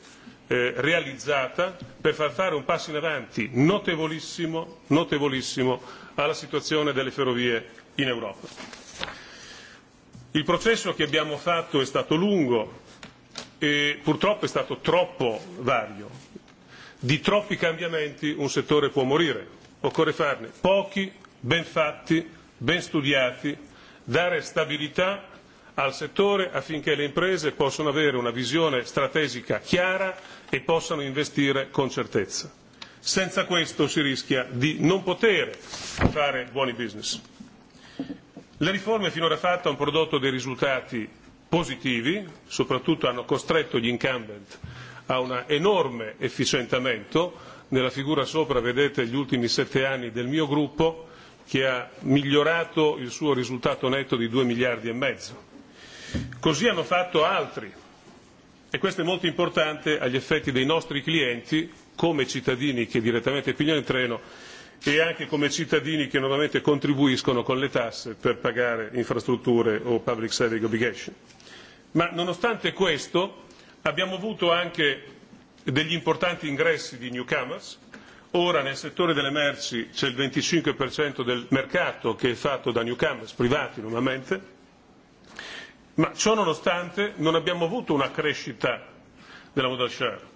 [SPEAKER 8] eh, realizzata per far fare un passo in avanti notevolissimo, notevolissimo alla situazione delle ferrovie in Europa. Il processo che abbiamo fatto è stato lungo e purtroppo è stato troppo vario. Di troppi cambiamenti un settore può morire, occorre farne pochi, ben fatti, ben studiati, dare stabilità al settore affinché le imprese possano avere una visione strategica chiara e possano investire con certezza. Senza questo si rischia di non poter fare buoni business. Le riforme finora fatte hanno prodotto dei risultati positivi, soprattutto hanno costretto gli incumbent a un enorme efficientamento. Nella figura sopra vedete gli ultimi sette anni del mio gruppo che ha migliorato il suo risultato netto di 2 miliardi e mezzo Così hanno fatto altri e questo è molto importante agli effetti dei nostri clienti come cittadini che direttamente pigliano il treno e anche come cittadini che normalmente contribuiscono con le tasse per pagare infrastrutture o public service obligation. Ma nonostante questo abbiamo avuto anche degli importanti ingressi di newcomers. Ora nel settore delle merci c'è il 25% del mercato che è fatto da newcomers privati normalmente ma ciò nonostante non abbiamo avuto una crescita della modal share.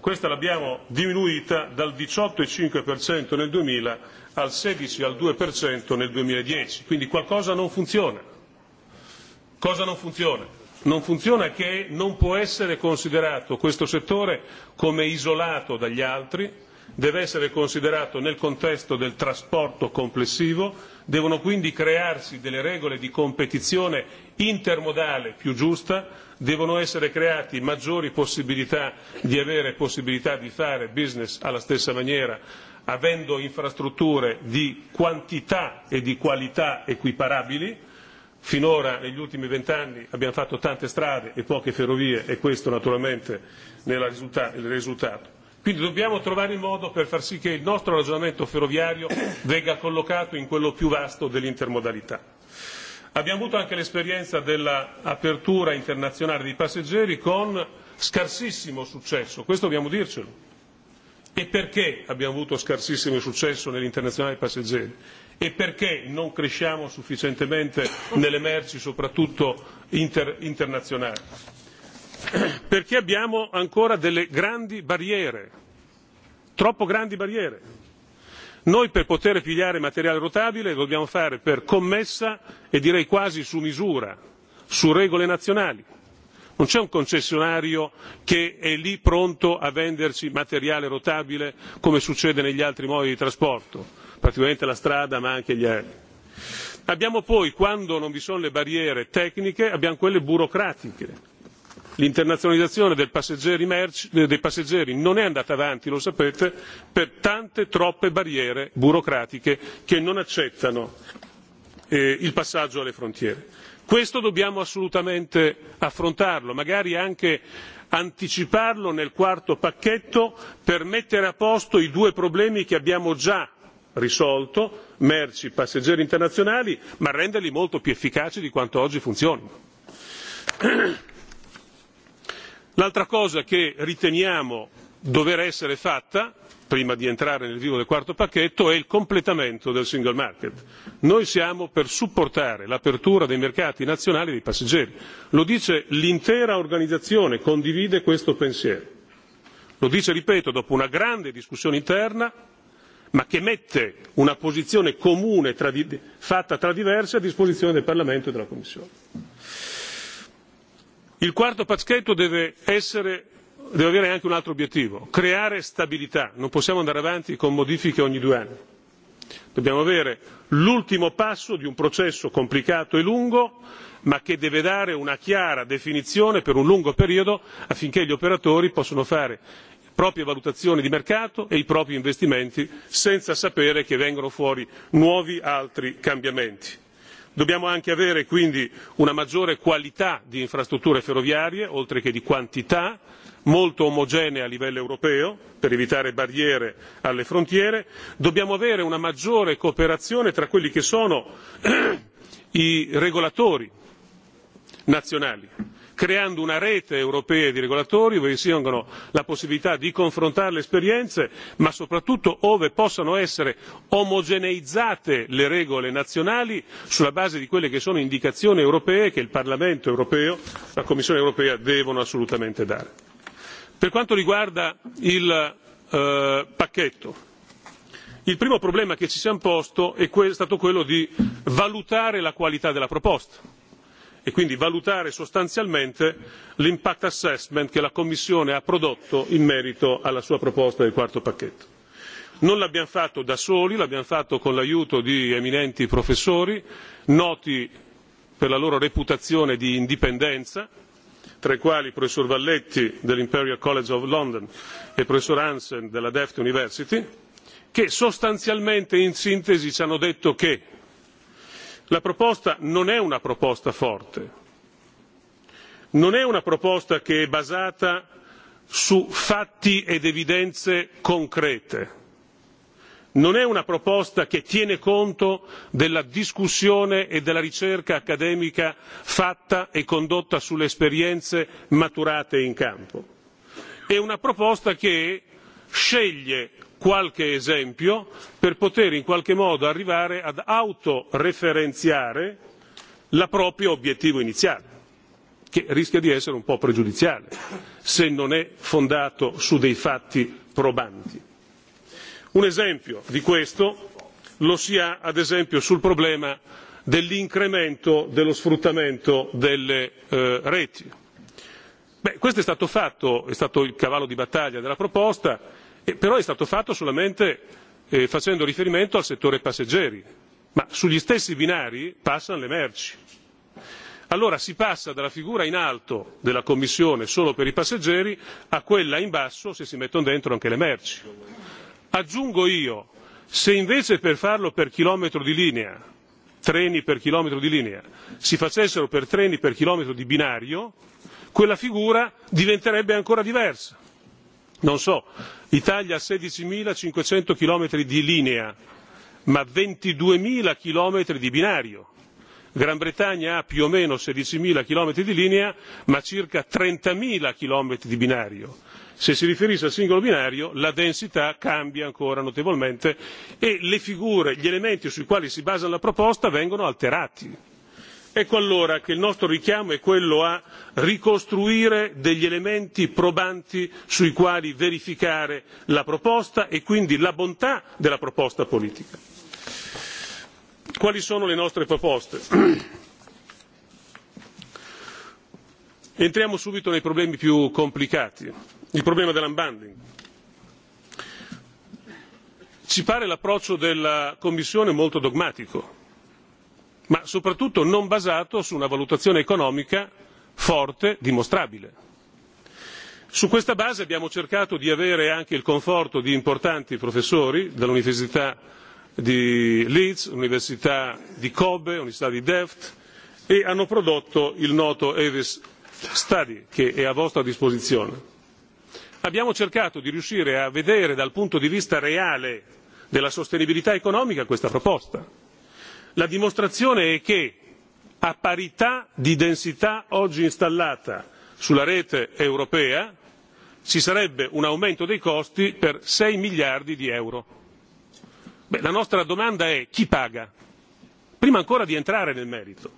[SPEAKER 8] Questa l'abbiamo diminuita dal 18,5% nel 2000 al 16 al 2% nel 2010, quindi qualcosa non funziona. Cosa non funziona? Non funziona che non può essere considerato questo settore come isolato dagli altri, deve essere considerato nel contesto del trasporto complessivo Devono quindi crearsi delle regole di competizione intermodale più giusta, devono essere create maggiori possibilità di avere possibilità di fare business alla stessa maniera avendo infrastrutture di quantità e di qualità equiparabili. Finora negli ultimi vent'anni abbiamo fatto tante strade e poche ferrovie e questo naturalmente ne è il risultato. Quindi dobbiamo trovare il modo per far sì che il nostro ragionamento ferroviario venga collocato in quello più vasto dell'intermodalità. Abbiamo avuto anche l'esperienza dell'apertura internazionale dei passeggeri con scarsissimo successo, questo dobbiamo dircelo. E perché abbiamo avuto scarsissimo successo nell'internazionale dei passeggeri? E perché non cresciamo sufficientemente nelle merci, soprattutto inter- internazionali? perché abbiamo ancora delle grandi barriere troppo grandi barriere. noi per poter pigliare materiale rotabile lo dobbiamo fare per commessa e direi quasi su misura su regole nazionali non c'è un concessionario che è lì pronto a venderci materiale rotabile come succede negli altri modi di trasporto praticamente la strada ma anche gli aerei. abbiamo poi quando non vi sono le barriere tecniche abbiamo quelle burocratiche l'internazionalizzazione eh, dei passeggeri non è andata avanti lo sapete per tante troppe barriere burocratiche che non accettano eh, il passaggio alle frontiere. questo dobbiamo assolutamente affrontarlo magari anche anticiparlo nel quarto pacchetto per mettere a posto i due problemi che abbiamo già risolto merci passeggeri internazionali ma renderli molto più efficaci di quanto oggi funzionino l'altra cosa che riteniamo dover essere fatta prima di entrare nel vivo del quarto pacchetto è il completamento del single market. noi siamo per supportare l'apertura dei mercati nazionali dei passeggeri lo dice l'intera organizzazione condivide questo pensiero lo dice ripeto dopo una grande discussione interna ma che mette una posizione comune tra di, fatta tra diversi a disposizione del parlamento e della commissione il quarto pacchetto deve avere anche un altro obiettivo creare stabilità non possiamo andare avanti con modifiche ogni due anni dobbiamo avere l'ultimo passo di un processo complicato e lungo ma che deve dare una chiara definizione per un lungo periodo affinché gli operatori possano fare proprie valutazioni di mercato e i propri investimenti senza sapere che vengono fuori nuovi altri cambiamenti dobbiamo anche avere quindi una maggiore qualità di infrastrutture ferroviarie oltre che di quantità molto omogenee a livello europeo per evitare barriere alle frontiere dobbiamo avere una maggiore cooperazione tra quelli che sono i regolatori nazionali creando una rete europea di regolatori dove vi sia la possibilità di confrontare le esperienze ma soprattutto ove possano essere omogeneizzate le regole nazionali sulla base di quelle che sono indicazioni europee che il parlamento europeo e la commissione europea devono assolutamente dare. per quanto riguarda il eh, pacchetto il primo problema che ci siamo posti è stato quello di valutare la qualità della proposta e quindi valutare sostanzialmente l'impact assessment che la commissione ha prodotto in merito alla sua proposta del quarto pacchetto. non l'abbiamo fatto da soli l'abbiamo fatto con l'aiuto di eminenti professori noti per la loro reputazione di indipendenza tra i quali il professor valletti dell'imperial college of london e il professor hansen della delft university che sostanzialmente in sintesi ci hanno detto che la proposta non è una proposta forte non è una proposta che è basata su fatti ed evidenze concrete non è una proposta che tiene conto della discussione e della ricerca accademica fatta e condotta sulle esperienze maturate in campo è una proposta che sceglie qualche esempio per poter in qualche modo arrivare ad autoreferenziare il proprio obiettivo iniziale che rischia di essere un po' pregiudiziale se non è fondato su dei fatti probanti. un esempio di questo lo si ha ad esempio sul problema dell'incremento dello sfruttamento delle eh, reti. questo è stato fatto è stato il cavallo di battaglia della proposta E, però è stato fatto solamente eh, facendo riferimento al settore passeggeri, ma sugli stessi binari passano le merci. Allora si passa dalla figura in alto della Commissione solo per i passeggeri a quella in basso se si mettono dentro anche le merci. Aggiungo io, se invece per farlo per chilometro di linea treni per chilometro di linea si facessero per treni per chilometro di binario, quella figura diventerebbe ancora diversa non so l'italia ha sedici cinquecento chilometri di linea ma ventidue zero chilometri di binario la gran bretagna ha più o meno sedici zero chilometri di linea ma circa trenta zero chilometri di binario. se si riferisce al singolo binario la densità cambia ancora notevolmente e le figure gli elementi sui quali si basa la proposta vengono alterati ecco allora che il nostro richiamo è quello a ricostruire degli elementi probanti sui quali verificare la proposta e quindi la bontà della proposta politica. quali sono le nostre proposte? entriamo subito nei problemi più complicati il problema dell'unbundling. ci pare l'approccio della commissione molto dogmatico ma soprattutto non basato su una valutazione economica forte dimostrabile. su questa base abbiamo cercato di avere anche il conforto di importanti professori dall'università di leeds l'università di kobe l'università di delft e hanno prodotto il noto eves study che è a vostra disposizione. abbiamo cercato di riuscire a vedere dal punto di vista reale della sostenibilità economica questa proposta la dimostrazione è che a parità di densità oggi installata sulla rete europea ci sarebbe un aumento dei costi per sei miliardi di euro. la nostra domanda è chi paga? Prima ancora di entrare nel merito.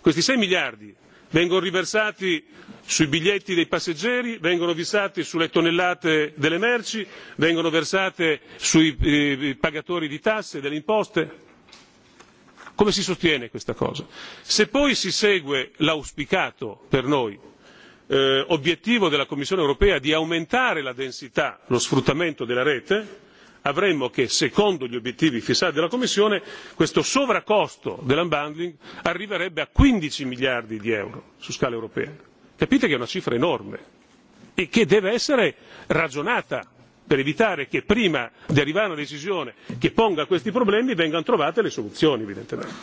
[SPEAKER 8] Questi sei miliardi vengono riversati sui biglietti dei passeggeri vengono versati sulle tonnellate delle merci vengono versati sui eh, pagatori di tasse e delle imposte? Come si sostiene questa cosa? Se poi si segue l'auspicato per noi eh, obiettivo della Commissione europea di aumentare la densità, lo sfruttamento della rete, avremmo che secondo gli obiettivi fissati dalla commissione questo sovracosto dell'unbundling arriverebbe a quindici miliardi di euro su scala europea. capite che è una cifra enorme e che deve essere ragionata per evitare che prima di arrivare a una decisione che ponga questi problemi vengano trovate le soluzioni evidentemente.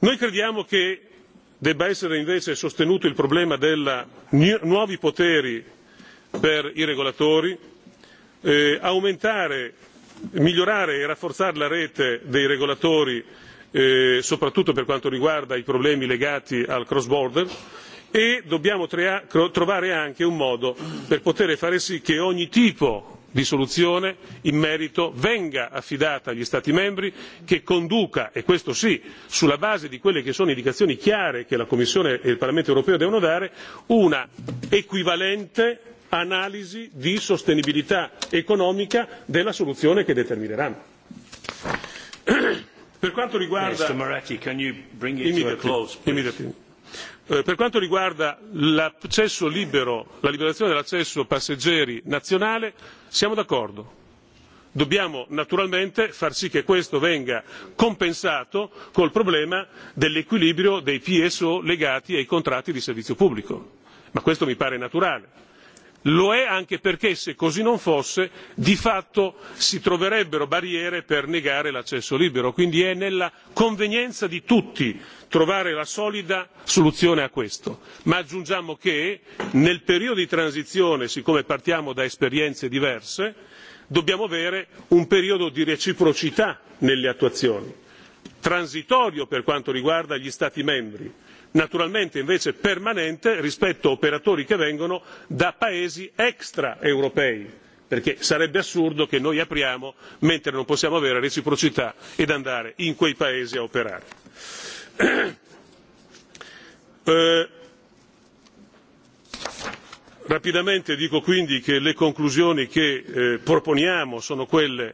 [SPEAKER 8] Noi crediamo che debba essere invece sostenuto il problema dei nuovi poteri per i regolatori, eh, aumentare, migliorare e rafforzare la rete dei regolatori eh, soprattutto per quanto riguarda i problemi legati al cross border e dobbiamo trovare anche un modo per poter far sì che ogni tipo di soluzione in merito venga affidata agli stati membri che conduca e questo sì sulla base di quelle che sono indicazioni chiare che la commissione e il parlamento europeo devono dare una equivalente analisi di sostenibilità economica della soluzione che determineranno. per
[SPEAKER 1] quanto riguarda Moretti,
[SPEAKER 8] Eh, per quanto riguarda l'accesso libero la liberazione dell'accesso passeggeri nazionale siamo d'accordo dobbiamo naturalmente far sì che questo venga compensato con il problema dell'equilibrio dei pso legati ai contratti di servizio pubblico ma questo mi pare naturale lo è anche perché se così non fosse di fatto si troverebbero barriere per negare l'accesso libero quindi è nella convenienza di tutti trovare la solida soluzione a questo ma aggiungiamo che nel periodo di transizione siccome partiamo da esperienze diverse dobbiamo avere un periodo di reciprocità nelle attuazioni transitorio per quanto riguarda gli stati membri naturalmente invece permanente rispetto a operatori che vengono da paesi extraeuropei perché sarebbe assurdo che noi apriamo mentre non possiamo avere reciprocità ed andare in quei paesi a operare. Eh, rapidamente dico quindi che le conclusioni che eh, proponiamo sono quelle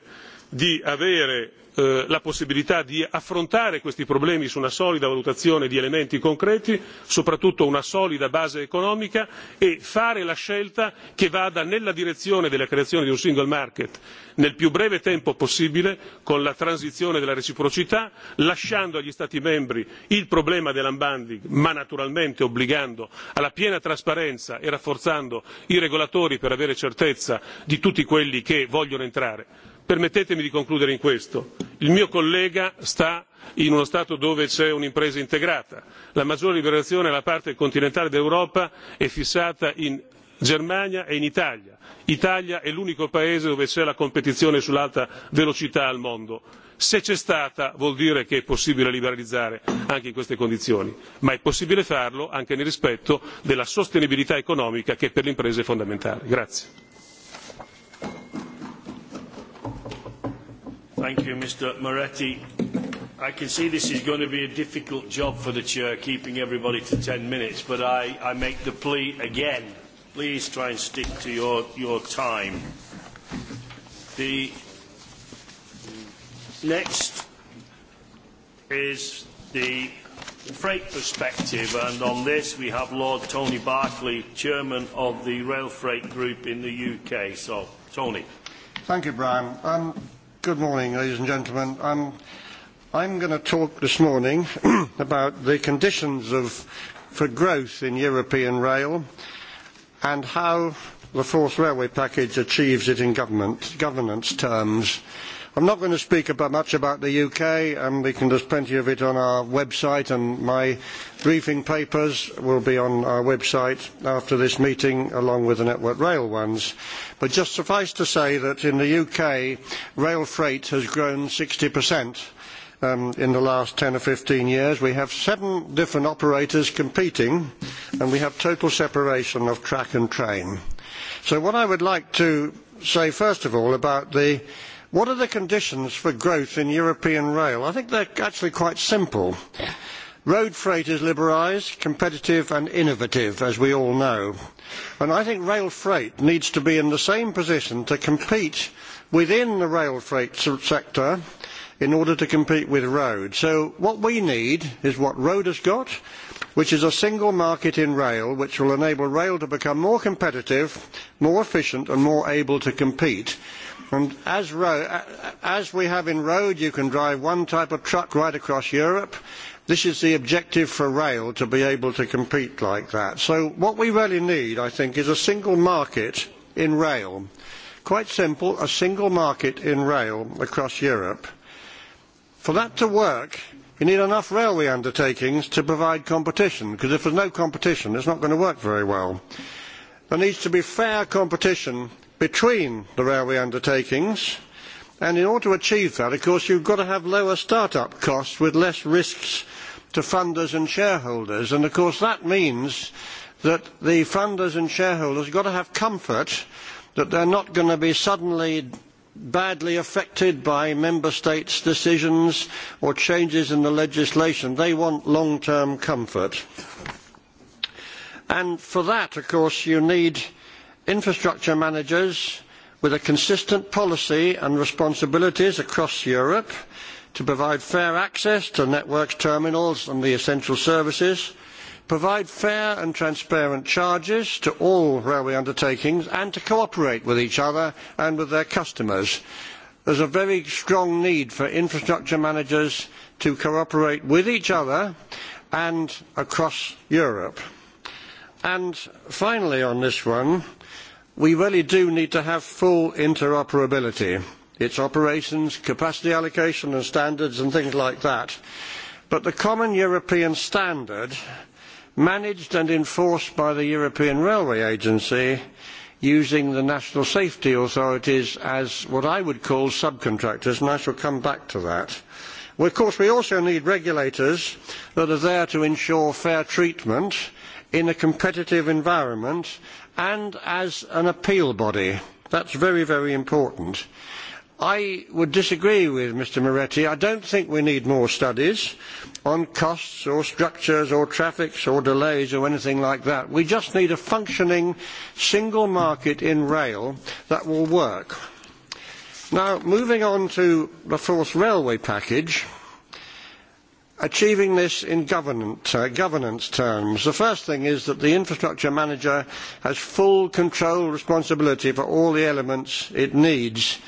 [SPEAKER 8] di avere Eh, la possibilità di affrontare questi problemi su una solida valutazione di elementi concreti soprattutto una solida base economica e fare la scelta che vada nella direzione della creazione di un single market nel più breve tempo possibile con la transizione della reciprocità lasciando agli stati membri il problema dell'unbundling ma naturalmente obbligando alla piena trasparenza e rafforzando i regolatori per avere certezza di tutti quelli che vogliono entrare permettetemi di concludere in questo il mio collega sta in uno stato dove c'è un'impresa integrata la maggiore liberalizzazione nella parte continentale d'europa è fissata in germania e in italia italia è l'unico paese dove c'è la competizione sull'alta velocità al mondo se c'è stata vuol dire che è possibile liberalizzare anche in queste condizioni ma è possibile farlo anche nel rispetto della sostenibilità economica che per le imprese è fondamentale.
[SPEAKER 1] Thank you, Mr. Moretti. I can see this is going to be a difficult job for the chair, keeping everybody to 10 minutes, but I, I make the plea again. Please try and stick to your, your time. The next is the freight perspective, and on this we have Lord Tony Barclay, Chairman of the Rail Freight Group in the UK. So, Tony.
[SPEAKER 9] Thank you, Brian. Um, Good morning, ladies and gentlemen. Um, I'm going to talk this morning about the conditions of, for growth in European rail and how the Fourth Railway Package achieves it in government, governance terms i am not going to speak about much about the uk and we can, there is plenty of it on our website and my briefing papers will be on our website after this meeting along with the network rail ones but just suffice to say that in the uk rail freight has grown 60% um, in the last 10 or 15 years. We have seven different operators competing, and we have total separation of track and train. So, what I would like to say first of all about the What are the conditions for growth in European rail? I think they're actually quite simple. Road freight is liberalised, competitive and innovative, as we all know. And I think rail freight needs to be in the same position to compete within the rail freight sector in order to compete with road. So what we need is what road has got, which is a single market in rail which will enable rail to become more competitive, more efficient and more able to compete And as, ro- as we have in road, you can drive one type of truck right across Europe. This is the objective for rail to be able to compete like that. So what we really need, I think, is a single market in rail. Quite simple, a single market in rail across Europe. For that to work, you need enough railway undertakings to provide competition, because if there's no competition, it's not going to work very well. There needs to be fair competition between the railway undertakings and in order to achieve that of course you have got to have lower start up costs with less risks to funders and shareholders and of course that means that the funders and shareholders have got to have comfort that they are not going to be suddenly badly affected by member states' decisions or changes in the legislation. They want long term comfort. And for that, of course, you need infrastructure managers with a consistent policy and responsibilities across Europe to provide fair access to networks, terminals and the essential services, provide fair and transparent charges to all railway undertakings and to cooperate with each other and with their customers. There is a very strong need for infrastructure managers to cooperate with each other and across Europe. And finally on this one, we really do need to have full interoperability its operations capacity allocation and standards and things like that but the common european standard managed and enforced by the european railway agency using the national safety authorities as what i would call subcontractors and i shall come back to that. Well, of course we also need regulators that are there to ensure fair treatment in a competitive environment and as an appeal body. That's very, very important. I would disagree with Mr Moretti. I don't think we need more studies on costs or structures or traffics or delays or anything like that. We just need a functioning single market in rail that will work. Now, moving on to the fourth railway package, achieving this in uh, governance terms. The first thing is that the infrastructure manager has full control responsibility for all the elements it needs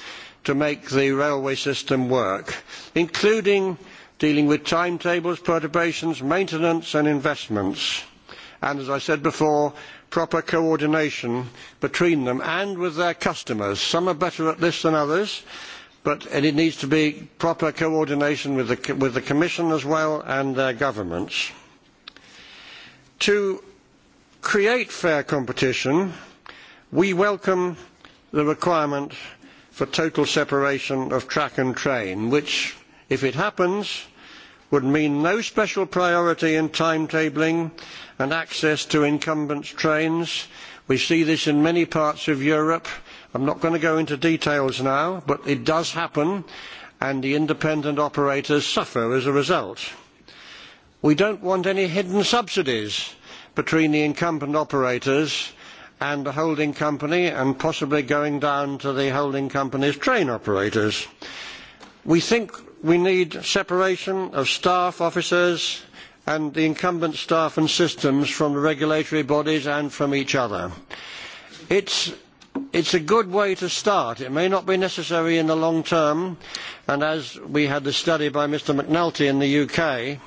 [SPEAKER 9] to make the railway system work, including dealing with timetables, perturbations, maintenance and investments. And as I said before, proper coordination between them and with their customers. Some are better at this than others but and it needs to be proper coordination with the Commission as well and their governments. To create fair competition, we welcome the requirement for total separation of track and train, which, if it happens, would mean no special priority in timetabling and access to incumbent trains. We see this in many parts of Europe I'm not going to go into details now, but it does happen, and the independent operators suffer as a result. We don't want any hidden subsidies between the incumbent operators and the holding company and possibly going down to the holding company's train operators. We think we need separation of staff officers and the incumbent staff and systems from the regulatory bodies and from each other. It's it is a good way to start. It may not be necessary in the long term, and as we had the study by Mr McNulty in the UK,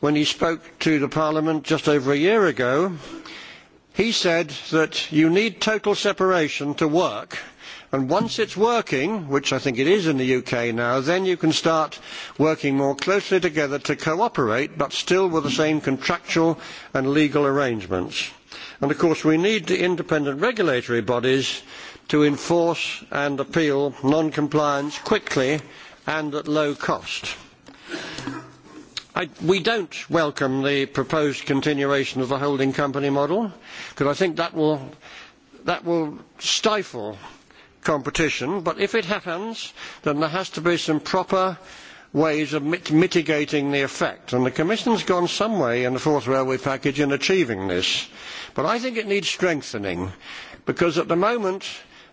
[SPEAKER 9] when he spoke to Parliament just over a year ago, he said that you need total separation to work, and once it is working, which I think it is in the UK now, then you can start working more closely together to cooperate, but still with the same contractual and legal arrangements and of course we need the independent regulatory bodies to enforce and appeal non compliance quickly and at low cost. I, we do not welcome the proposed continuation of the holding company model because i think that will, that will stifle competition but if it happens then there has to be some proper ways of mit mitigating the effect and the commission has gone some way in the fourth railway package in achieving this But I think it needs strengthening because at the moment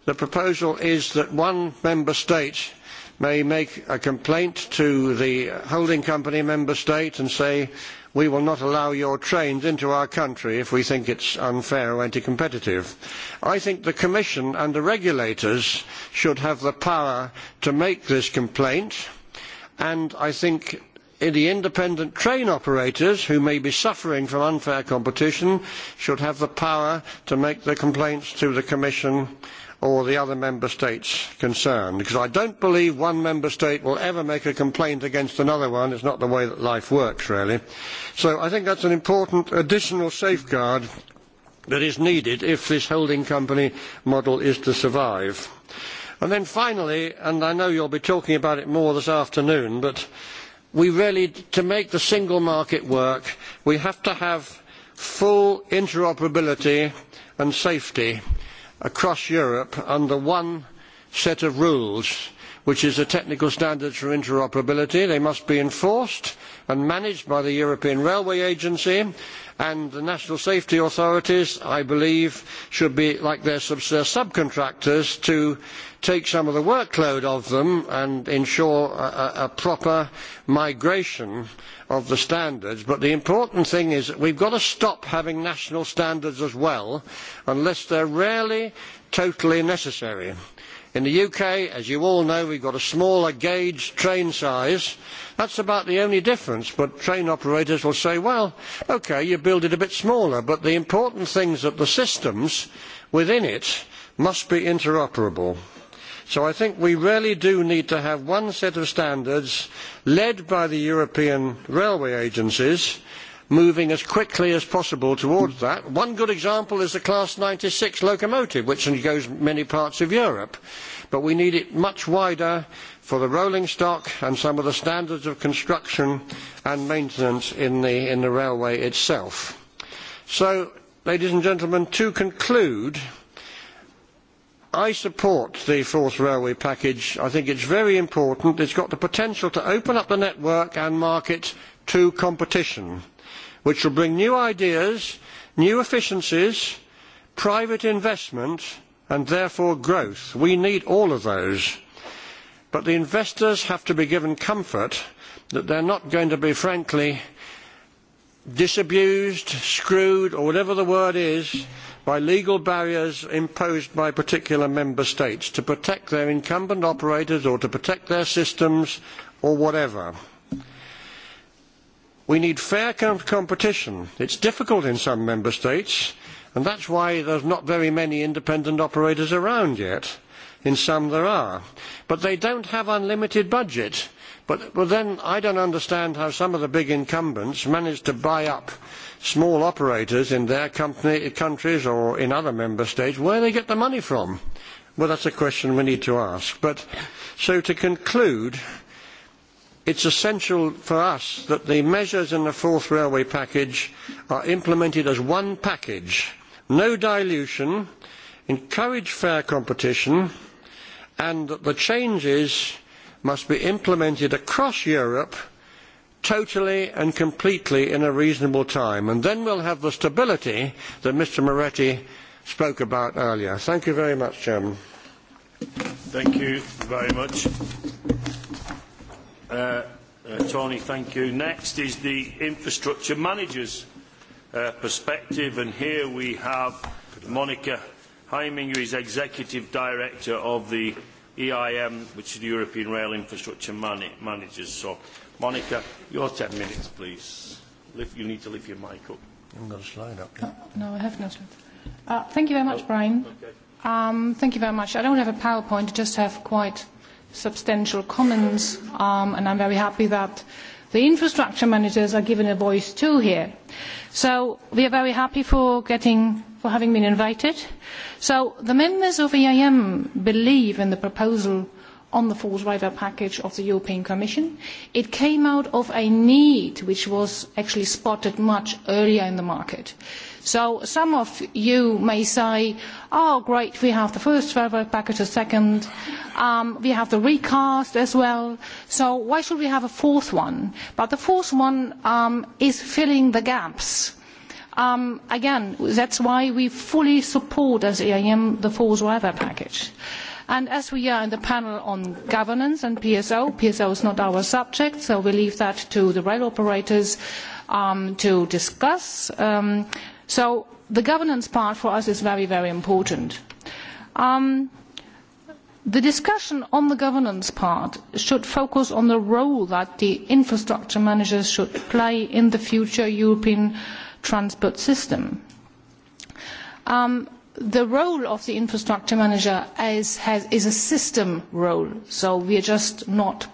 [SPEAKER 9] the proposal is that one member state may make a complaint to the holding company member state and say, we will not allow your trains into our country if we think it's unfair or anti-competitive. I think the Commission and the regulators should have the power to make this complaint and I think the independent train operators who may be suffering from unfair competition should have the power to make the complaints to the commission or the other member states concerned because i do not believe one member state will ever make a complaint against another one it is not the way that life works really. so i think that is an important additional safeguard that is needed if this holding company model is to survive. And then finally and i know you will be talking about it more this afternoon but we really, to make the single market work, we have to have full interoperability and safety across Europe under one set of rules, which is the technical standards for interoperability. They must be enforced and managed by the European Railway Agency, and the national safety authorities, I believe, should be like their, sub contractors subcontractors to take some of the workload of them and ensure a, a proper migration of the standards. But the important thing is that we've got to stop having national standards as well unless they're really totally necessary. In the UK, as you all know, we've got a smaller gauge train size. That's about the only difference, but train operators will say, well, OK, you build it a bit smaller, but the important thing is that the systems within it must be interoperable. So I think we really do need to have one set of standards led by the European railway agencies moving as quickly as possible towards that. One good example is the Class ninety six locomotive, which goes many parts of Europe. But we need it much wider for the rolling stock and some of the standards of construction and maintenance in the, in the railway itself. So, ladies and gentlemen, to conclude, I support the fourth railway package. I think it's very important. It's got the potential to open up the network and market to competition, which will bring new ideas, new efficiencies, private investment, and therefore growth. We need all of those. But the investors have to be given comfort that they're not going to be, frankly, disabused, screwed, or whatever the word is, by legal barriers imposed by particular member states to protect their incumbent operators or to protect their systems or whatever. We need fair competition. It's difficult in some member states, and that's why there's not very many independent operators around yet. In some there are. But they don't have unlimited budget. But then I don't understand how some of the big incumbents manage to buy up small operators in their company, countries or in other member states where they get the money from. Well, that's a question we need to ask. But so to conclude, it's essential for us that the measures in the fourth railway package are implemented as one package. No dilution, encourage fair competition, and that the changes must be implemented across Europe totally and completely in a reasonable time. And then we'll have the stability that Mr Moretti spoke about earlier. Thank you very much, Chairman.
[SPEAKER 1] Thank you very much. Uh, uh, Tony, thank you. Next is the infrastructure manager's uh, perspective, and here we have Monica Heiming, who is Executive Director of the EIM, which is the European Rail Infrastructure Managers. So Monica, your 10 minutes, please. Lift, you need to lift your mic
[SPEAKER 9] up. haven't got a slide up. yet.
[SPEAKER 10] No, no, I have no slide. Uh, thank you very much, oh, Brian. Okay. Um, thank you very much. I don't have a PowerPoint, I just have quite substantial comments, um, and I'm very happy that the infrastructure managers are given a voice too here. So we are very happy for getting for having been invited. So the members of EIM believe in the proposal on the Volkswagen package of the European Commission. It came out of a need which was actually spotted much earlier in the market. So some of you may say, oh great, we have the first Volkswagen package, the second, um, we have the recast as well, so why should we have a fourth one? But the fourth one um, is filling the gaps. Um, again, that's why we fully support as EIM the Volkswagen package as we are in the panel on governance and PSO, PSO is not our subject, so we leave that to the rail operators um, to discuss. Um, so the governance part for us is very, very important. Um, the discussion on the governance part should focus on the role that the infrastructure managers should play in the future European transport system the role of the infrastructure manager is, has, is a system role, so we are just not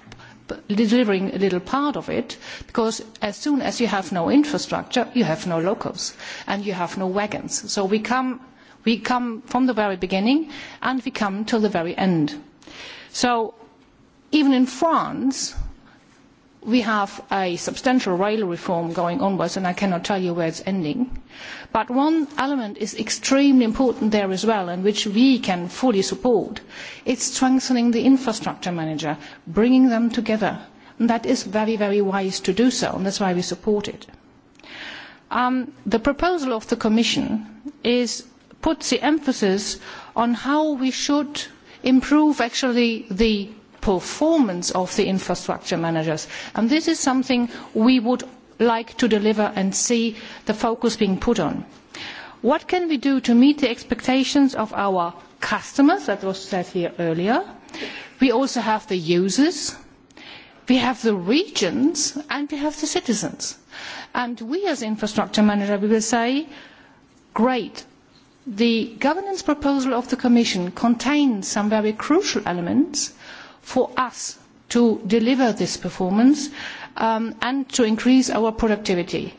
[SPEAKER 10] delivering a little part of it, because as soon as you have no infrastructure, you have no locos and you have no wagons. So we come, we come from the very beginning and we come till the very end. So even in France, we have a substantial rail reform going onwards, and I cannot tell you where it's ending. But one element is extremely important there as well, and which we can fully support. It's strengthening the infrastructure manager, bringing them together. And that is very, very wise to do so, and that's why we support it. Um, the proposal of the Commission is puts the emphasis on how we should improve actually the performance of the infrastructure managers. And this is something we would like to deliver and see the focus being put on. What can we do to meet the expectations of our customers? That was said here earlier. We also have the users, we have the regions, and we have the citizens. And we as infrastructure manager, we will say, great, the governance proposal of the Commission contains some very crucial elements for us to deliver this performance um, and to increase our productivity.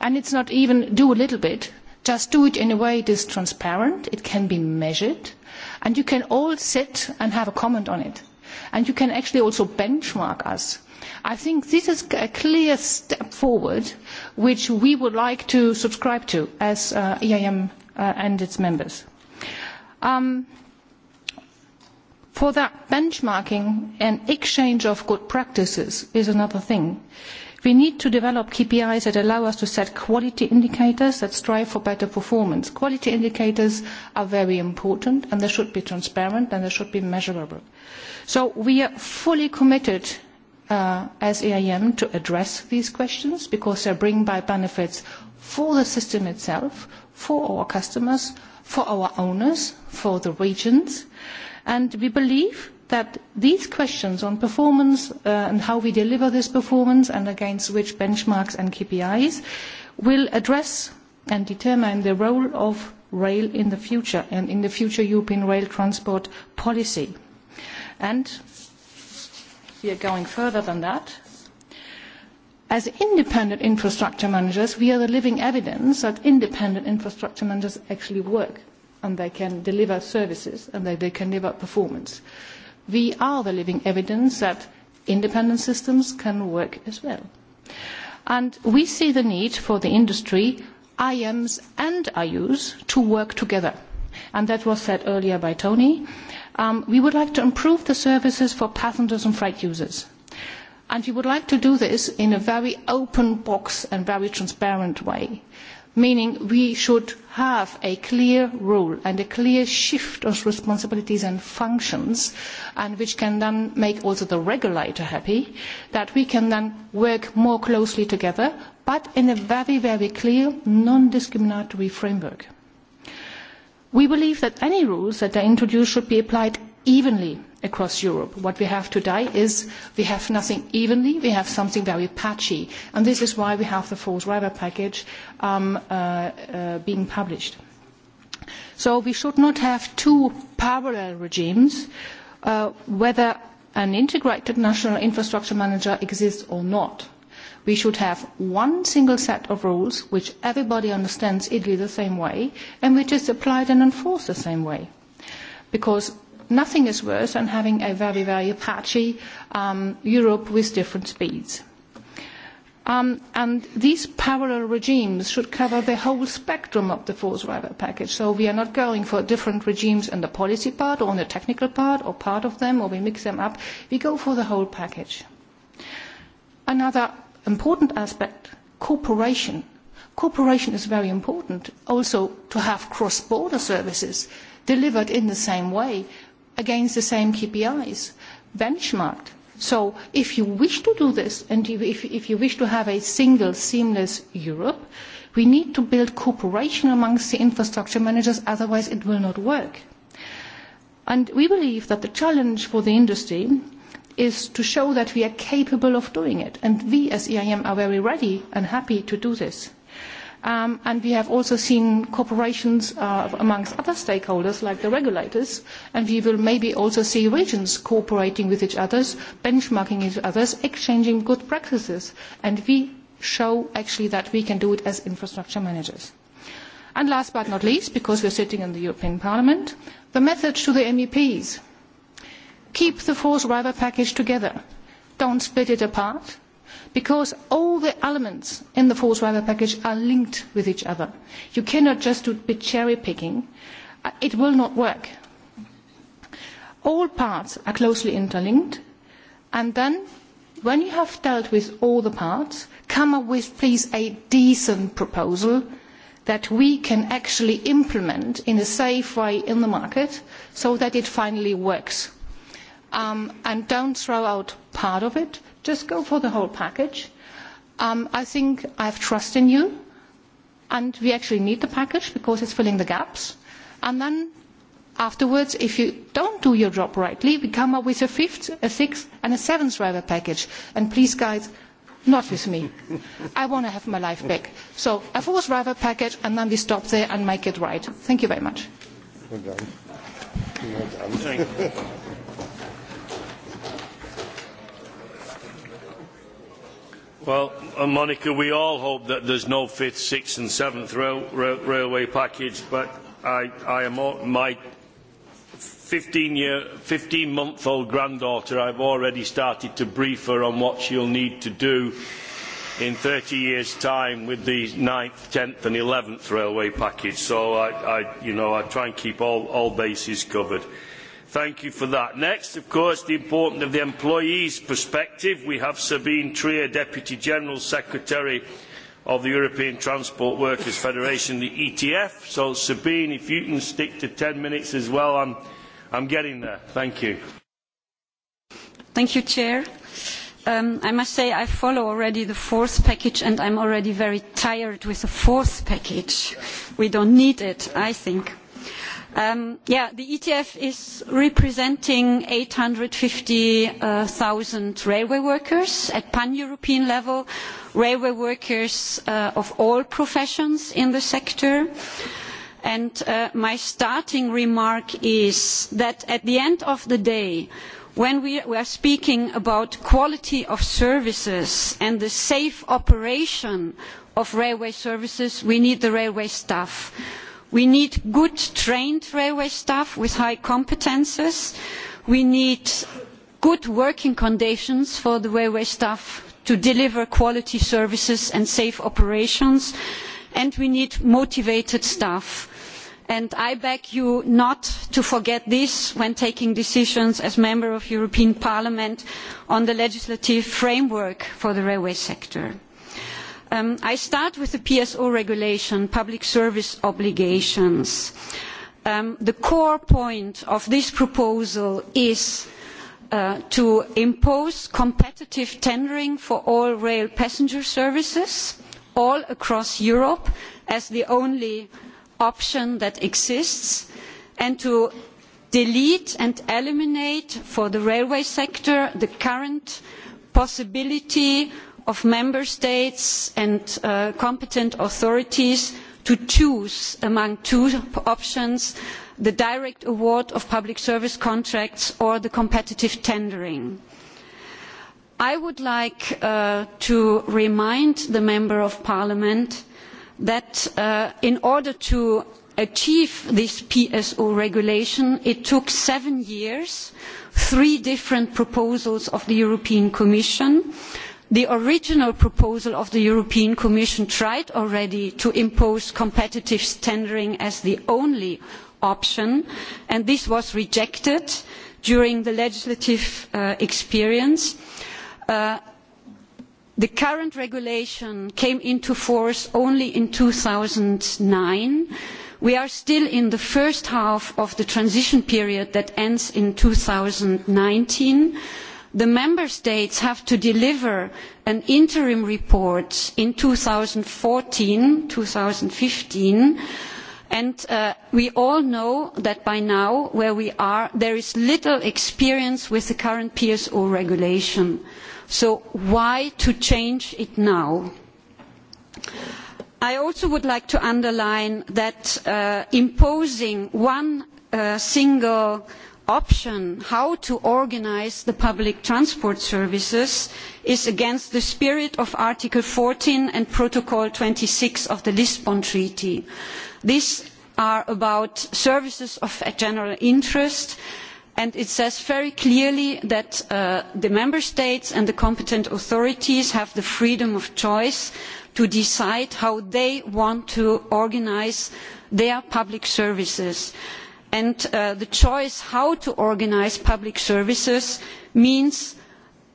[SPEAKER 10] And it's not even do a little bit, just do it in a way that is transparent, it can be measured, and you can all sit and have a comment on it. And you can actually also benchmark us. I think this is a clear step forward which we would like to subscribe to as uh, EIM uh, and its members. Um, For that, benchmarking and exchange of good practices is another thing. We need to develop KPIs that allow us to set quality indicators that strive for better performance. Quality indicators are very important, and they should be transparent, and they should be measurable. So we are fully committed uh, as EIM to address these questions because they bring by benefits for the system itself, for our customers, for our owners, for the regions, And we believe that these questions on performance uh, and how we deliver this performance and against which benchmarks and KPIs will address and determine the role of rail in the future and in the future European rail transport policy. And we are going further than that. As independent infrastructure managers, we are the living evidence that independent infrastructure managers actually work and they can deliver services and that they can deliver performance. We are the living evidence that independent systems can work as well. And we see the need for the industry, IMs and IUs, to work together. And that was said earlier by Tony. Um, we would like to improve the services for passengers and freight users. And we would like to do this in a very open box and very transparent way meaning we should have a clear rule and a clear shift of responsibilities and functions, and which can then make also the regulator happy, that we can then work more closely together, but in a very, very clear, non-discriminatory framework. We believe that any rules that are introduced should be applied evenly across Europe. What we have today is we have nothing evenly, we have something very patchy. And this is why we have the fourth rider package um, uh, uh, being published. So we should not have two parallel regimes, uh, whether an integrated national infrastructure manager exists or not. We should have one single set of rules which everybody understands Italy the same way and which is applied and enforced the same way. Because nothing is worse than having a very, very patchy um, Europe with different speeds. Um, and these parallel regimes should cover the whole spectrum of the force driver package. So we are not going for different regimes in the policy part or in the technical part or part of them or we mix them up. We go for the whole package. Another important aspect, cooperation. Cooperation is very important also to have cross-border services delivered in the same way against the same KPIs benchmarked. So if you wish to do this and if, if you wish to have a single seamless Europe, we need to build cooperation amongst the infrastructure managers, otherwise it will not work. And we believe that the challenge for the industry is to show that we are capable of doing it. And we as EIM are very ready and happy to do this. Um, and we have also seen cooperations uh, amongst other stakeholders like the regulators, and we will maybe also see regions cooperating with each other, benchmarking each other, exchanging good practices, and we show actually that we can do it as infrastructure managers. And last but not least, because we're sitting in the European Parliament, the message to the MEPs. Keep the fourth rider package together. Don't split it apart because all the elements in the Volkswagen package are linked with each other. You cannot just do bit cherry picking. Uh, it will not work. All parts are closely interlinked, and then when you have dealt with all the parts, come up with, please, a decent proposal that we can actually implement in a safe way in the market so that it finally works. Um, and don't throw out part of it Just go for the whole package. Um, I think I have trust in you, and we actually need the package because it's filling the gaps. And then afterwards, if you don't do your job rightly, we come up with a fifth, a sixth, and a seventh driver package. And please, guys, not with me. I want to have my life back. So a fourth driver package, and then we stop there and make it right. Thank you very much.
[SPEAKER 9] Well done. Well done.
[SPEAKER 1] Well, uh, Monica, we all hope that there's no fifth, sixth, and seventh rail, rail, railway package, but I, I am all, my 15 year, 15 month old granddaughter, I've already started to brief her on what she'll need to do in 30 years' time with the 9th, 10th, and 11th railway package. So I, I, you know, I try and keep all, all bases covered. Thank you for that. Next, of course, the importance of the employees' perspective. We have Sabine Trier, Deputy General Secretary of the European Transport Workers Federation, the ETF. So, Sabine, if you can stick to 10 minutes as well, I'm, I'm getting there. Thank you.
[SPEAKER 11] Thank you, Chair. Um, I must say I follow already the fourth package and I'm already very tired with the fourth package. We don't need it, I think. Um, yeah, the ETF is representing 850,000 uh, railway workers at pan-European level, railway workers uh, of all professions in the sector. And uh, my starting remark is that at the end of the day, when we, we are speaking about quality of services and the safe operation of railway services, we need the railway staff. Mm -hmm we need good trained railway staff with high competences we need good working conditions for the railway staff to deliver quality services and safe operations and we need motivated staff. And i beg you not to forget this when taking decisions as member of the european parliament on the legislative framework for the railway sector. Um, I start with the PSO regulation, public service obligations. Um, the core point of this proposal is uh, to impose competitive tendering for all rail passenger services all across Europe as the only option that exists and to delete and eliminate for the railway sector the current possibility of member states and uh, competent authorities to choose among two options the direct award of public service contracts or the competitive tendering. I would like uh, to remind the Member of Parliament that uh, in order to achieve this PSO regulation, it took seven years, three different proposals of the European Commission, uh, the original proposal of the european commission tried already to impose competitive tendering as the only option and this was rejected during the legislative uh, experience. Uh, the current regulation came into force only in two thousand and nine we are still in the first half of the transition period that ends in two thousand and nineteen the member states have to deliver an interim report in 2014 2015 and uh, we all know that by now where we are there is little experience with the current PSO regulation so why to change it now i also would like to underline that uh, imposing one uh, single option how to organise the public transport services is against the spirit of article fourteen and protocol twenty six of the lisbon treaty. these are about services of general interest and it says very clearly that uh, the member states and the competent authorities have the freedom of choice to decide how they want to organise their public services and uh, the choice how to organise public services means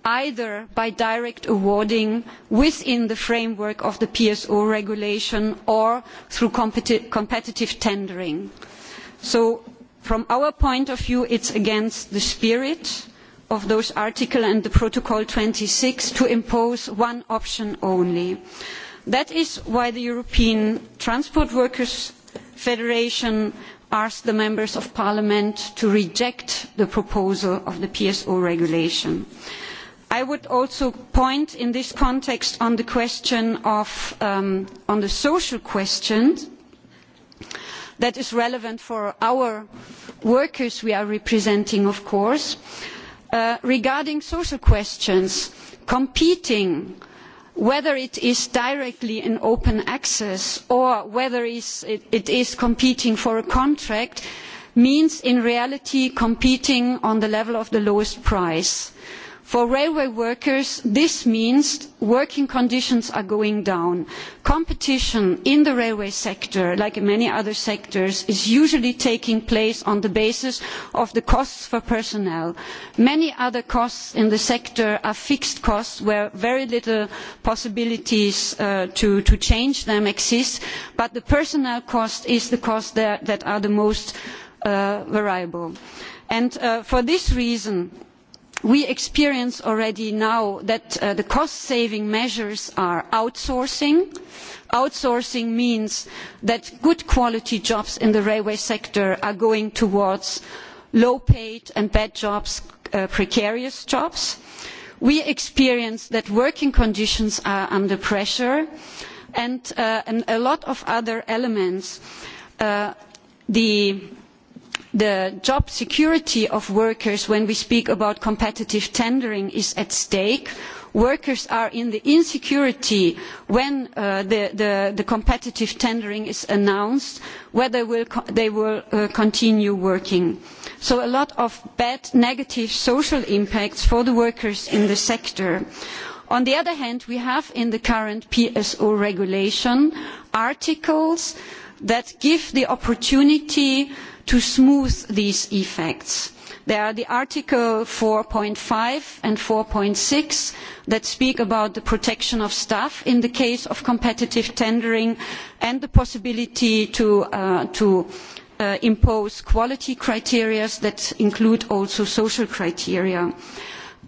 [SPEAKER 11] either by direct awarding within the framework of the PSO regulation or through competitive tendering. So from our point of view, it's against the spirit of those articles and the Protocol 26 to impose one option only. That is why the European Transport Workers Federation asked the members of parliament to reject the proposal of the PSO regulation. I would also point in this context on the question of um, on the social question that is relevant for our workers we are representing of course uh, regarding social questions competing whether it is directly in open access or whether it is competing for a contract means in reality competing on the level of the lowest price. For railway workers, this means working conditions are going down. Competition in the railway sector, like in many other sectors, is usually taking place on the basis of the costs for personnel. Many other costs in the sector are fixed costs where very little possibilities uh, to, to, change them exist, but the personnel cost is the cost that, that are the most uh, variable. And uh, for this reason, we experience already now that uh, the cost saving measures are outsourcing. Outsourcing means that good quality jobs in the railway sector are going towards low paid and bad jobs, uh, precarious jobs. We experience that working conditions are under pressure and, uh, and a lot of other elements. the the job security of workers when we speak about competitive tendering is at stake. Workers are in the insecurity when uh, the, competitive tendering is announced, whether they will uh, continue working. So a lot of bad negative social impacts for the workers in the sector. On the other hand, we have in the current PSO regulation articles that give the opportunity to smooth these effects. There are the Article 4.5 and 4.6 that speak about the protection of staff in the case of competitive tendering and the possibility to, uh, to uh, impose quality criteria that include also social criteria.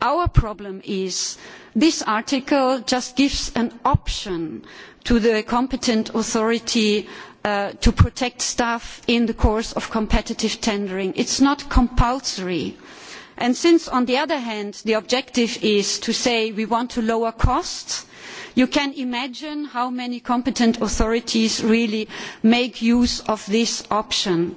[SPEAKER 11] Our problem is this article just gives an option to the competent authority Uh, to protect staff in the course of competitive tendering. it is not compulsory. since, on the other hand, the objective is to say we want to lower costs, you can imagine how many competent authorities really make use of this option.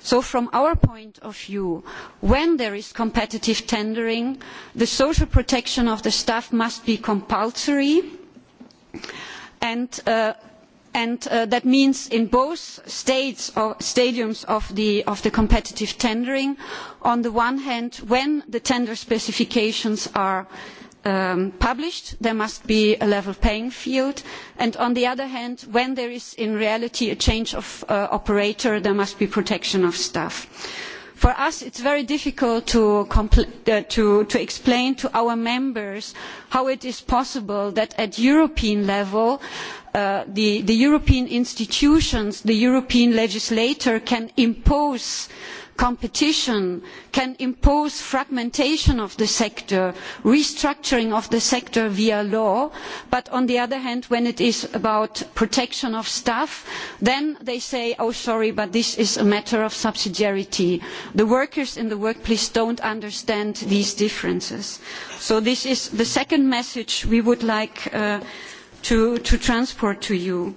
[SPEAKER 11] So from our point of view, when there is competitive tendering, the social protection of the staff must be compulsory and uh, and uh, that means in both stages of the, competitive tendering on the one hand when the tender specifications are um, published there must be a level playing field and on the other hand when there is in reality a change of uh, operator there must be protection of staff. for us it is very difficult uh, to explain to our members how it is possible that at european level Uh, the, the European institutions, the European legislator can impose competition, can impose fragmentation of the sector, restructuring of the sector via law, but on the other hand, when it is about protection of staff, then they say, oh sorry, but this is a matter of subsidiarity. The workers in the workplace don't understand these differences. So this is the second message we would like uh, to, to transport to you.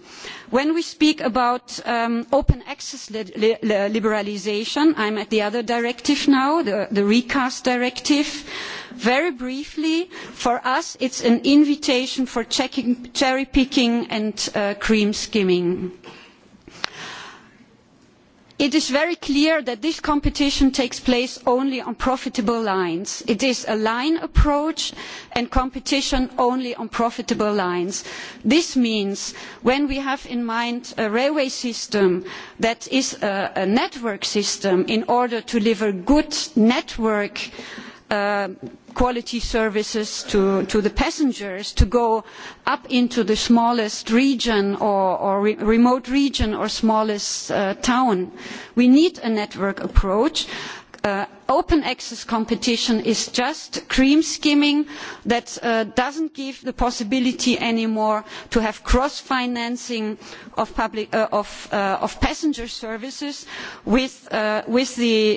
[SPEAKER 11] When we speak about um, open access li li liberalisation, I'm at the other directive now, the, the recast directive. Very briefly, for us it's an invitation for checking, cherry picking and uh, cream skimming it is very clear that this competition takes place only on profitable lines. it is a line approach and competition only on profitable lines. this means when we have in mind a railway system that is a, network system in order to deliver good network uh, quality services to, to the passengers to go up into the smallest region or, or re remote region or smallest uh, town. We need a network approach. Uh, open access competition is just cream skimming that uh, does not give the possibility any more to have cross financing uh, of, passenger services with, the,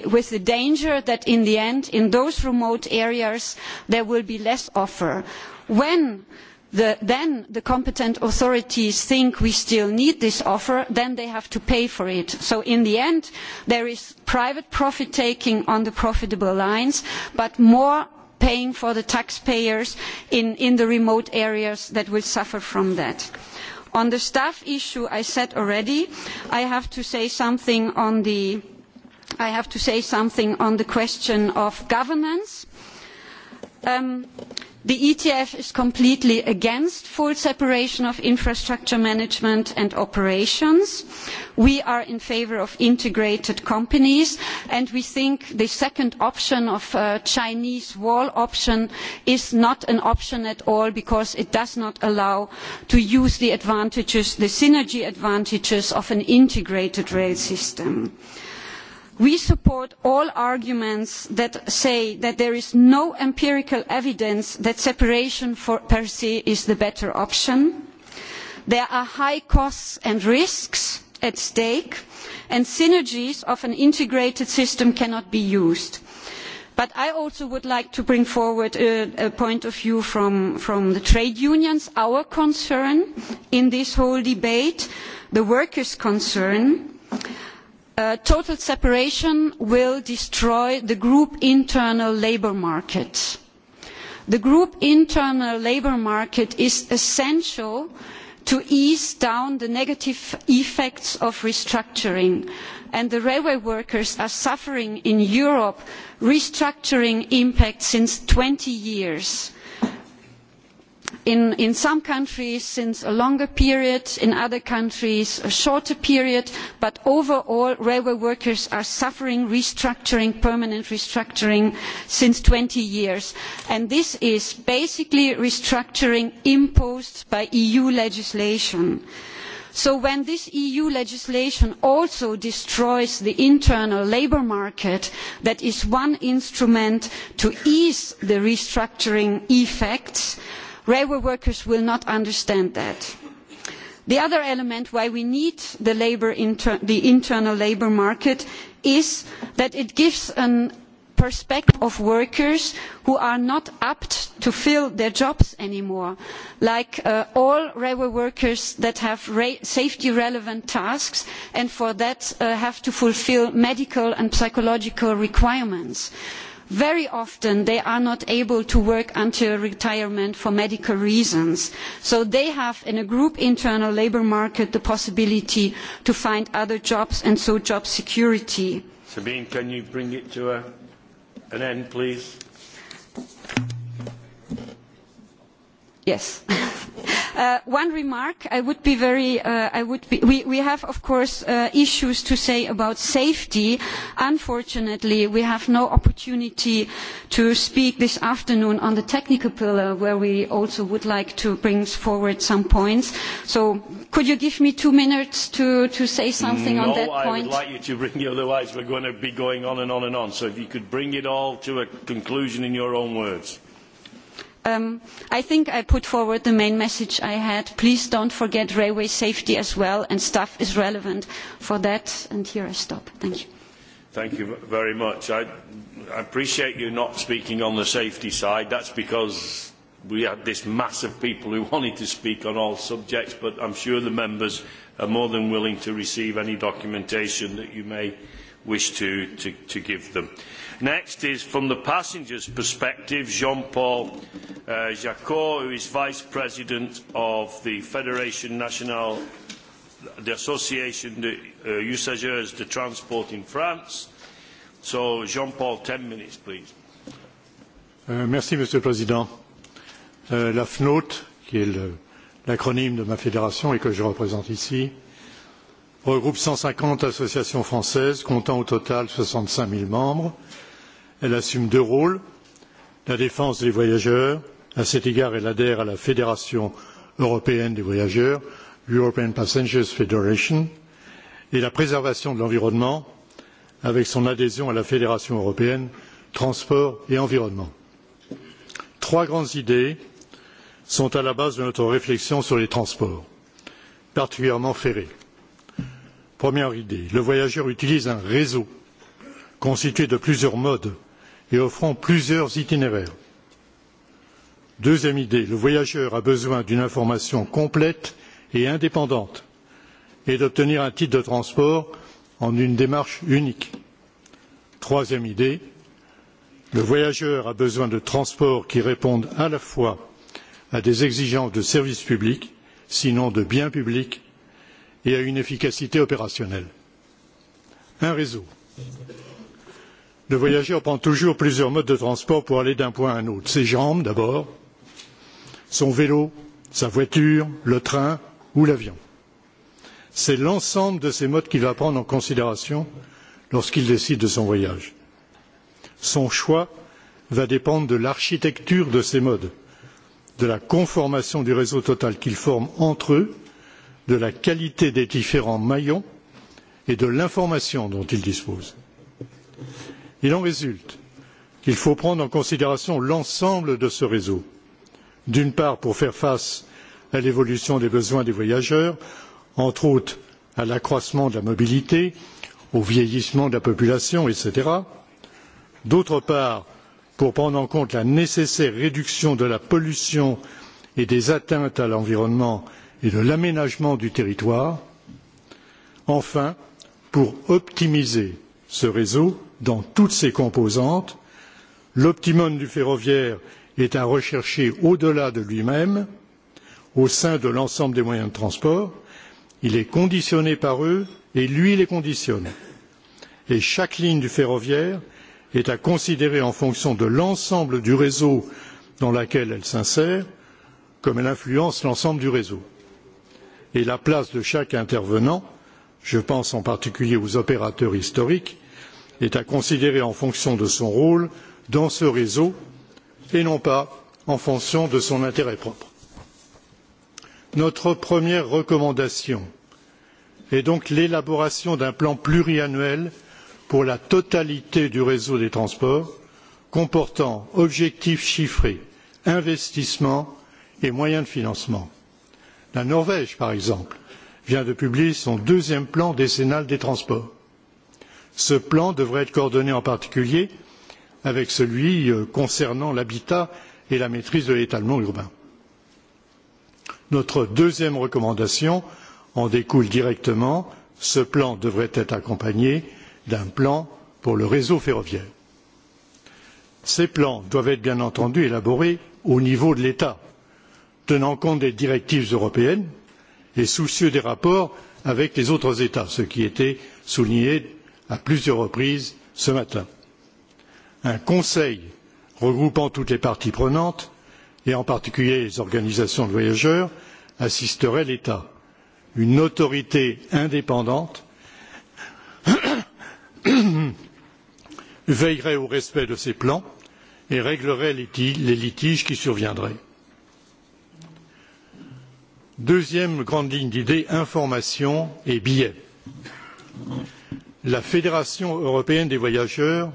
[SPEAKER 11] with the danger that in the end in those remote areas there will be less offer. when the, then the competent authorities think we still need this offer, then they have to pay for it. So in the end, there is private profit taking on the profitable lines, but more paying for the taxpayers in, in the remote areas that will suffer from that. On the staff issue, I said already, I have to say something on the, I have to say something on the question of governance. Um, the etf is completely against full separation of infrastructure management and operations. we are in favour of integrated companies and we think the second option of a uh, chinese wall option is not an option at all because it does not allow to use the synergy advantages of an integrated rail system we support all arguments that say that there is no empirical evidence that separation per se is the better option. there are high costs and risks at stake and synergies of an integrated system cannot be used. but i also would like to bring forward a, a point of view from, from the trade unions our concern in this whole debate the workers' concern. Uh, total separation will destroy the group internal labour market. The group internal labour market is essential to ease down the negative effects of restructuring and the railway workers are suffering in Europe restructuring impact since 20 years In, some countries for a longer period in other countries for a shorter period but overall railway workers are suffering restructuring permanent restructuring since twenty years and this is basically restructuring imposed by eu legislation. so when this eu legislation also destroys the internal labour market that is one instrument to ease the restructuring effects then railway workers will not understand that. the other element why we need the, inter the internal labour market is that it gives a perspective of workers who are not apt to fill their jobs anymore like uh, all railway workers that have safety relevant tasks and for that uh, have to fulfil medical and psychological requirements very often they are not able to work until retirement for medical reasons so they have in a group internal labour market the possibility to find other jobs and so job security.
[SPEAKER 1] Sabine, can you bring it to an end, please?
[SPEAKER 11] Yes. Uh, one remark. I would be very. Uh, I would be, we, we have, of course, uh, issues to say about safety. Unfortunately, we have no opportunity to speak this afternoon on the technical pillar, where we also would like to bring forward some points. So, could you give me two minutes to, to say something no, on that I point? No, I would like
[SPEAKER 1] you to bring. it Otherwise, we're going to be going on and on and on. So, if you could bring it all to a conclusion in your own words.
[SPEAKER 11] Um, I think I put forward the main message I had. Please don't forget railway safety as well, and staff is relevant for that. And here I stop. Thank you.
[SPEAKER 1] Thank you very much. I, appreciate you not speaking on the safety side. That's because we had this mass of people who wanted to speak on all subjects, but I'm sure the members are more than willing to receive any documentation that you may wish to, to, to give them. Next is from the passenger's perspective, Jean-Paul uh, Jacot, who is Vice President of the Fédération Nationale the Association de uh, Usagers de Transport in France. So, Jean-Paul, 10 minutes, please.
[SPEAKER 12] Euh, merci, Monsieur le Président. Euh, la FNOT, qui est l'acronyme de ma fédération et que je représente ici, regroupe 150 associations françaises comptant au total 65 000 membres elle assume deux rôles la défense des voyageurs à cet égard elle adhère à la fédération européenne des voyageurs european passengers federation et la préservation de l'environnement avec son adhésion à la fédération européenne transport et environnement. trois grandes idées sont à la base de notre réflexion sur les transports particulièrement ferrés. première idée le voyageur utilise un réseau constitué de plusieurs modes et offrant plusieurs itinéraires. deuxième idée le voyageur a besoin d'une information complète et indépendante et d'obtenir un titre de transport en une démarche unique. troisième idée le voyageur a besoin de transports qui répondent à la fois à des exigences de service public sinon de biens publics et à une efficacité opérationnelle. un réseau le voyageur prend toujours plusieurs modes de transport pour aller d'un point à un autre ses jambes d'abord son vélo sa voiture le train ou l'avion. c'est l'ensemble de ces modes qu'il va prendre en considération lorsqu'il décide de son voyage. son choix va dépendre de l'architecture de ces modes de la conformation du réseau total qu'ils forment entre eux de la qualité des différents maillons et de l'information dont ils disposent il en résulte qu'il faut prendre en considération l'ensemble de ce réseau d'une part pour faire face à l'évolution des besoins des voyageurs entre autres à l'accroissement de la mobilité au vieillissement de la population etc. d'autre part pour prendre en compte la nécessaire réduction de la pollution et des atteintes à l'environnement et de l'aménagement du territoire enfin pour optimiser ce réseau dans toutes ses composantes. L'optimum du ferroviaire est à rechercher au-delà de lui-même, au sein de l'ensemble des moyens de transport. Il est conditionné par eux et lui les conditionne. Et chaque ligne du ferroviaire est à considérer en fonction de l'ensemble du réseau dans lequel elle s'insère, comme elle influence l'ensemble du réseau. Et la place de chaque intervenant, je pense en particulier aux opérateurs historiques, est à considérer en fonction de son rôle dans ce réseau et non pas en fonction de son intérêt propre. notre première recommandation est donc l'élaboration d'un plan pluriannuel pour la totalité du réseau des transports comportant objectifs chiffrés investissements et moyens de financement. la norvège par exemple vient de publier son deuxième plan décennal des transports ce plan devrait être coordonné en particulier avec celui euh, concernant l'habitat et la maîtrise de l'étalement urbain. notre deuxième recommandation en découle directement ce plan devrait être accompagné d'un plan pour le réseau ferroviaire. ces plans doivent être bien entendu élaborés au niveau de l'état tenant compte des directives européennes et soucieux des rapports avec les autres états ce qui était souligné à plusieurs reprises ce matin. Un conseil regroupant toutes les parties prenantes et en particulier les organisations de voyageurs assisterait l'État. Une autorité indépendante veillerait au respect de ces plans et réglerait les litiges qui surviendraient. Deuxième grande ligne d'idée information et billets la fédération européenne des voyageurs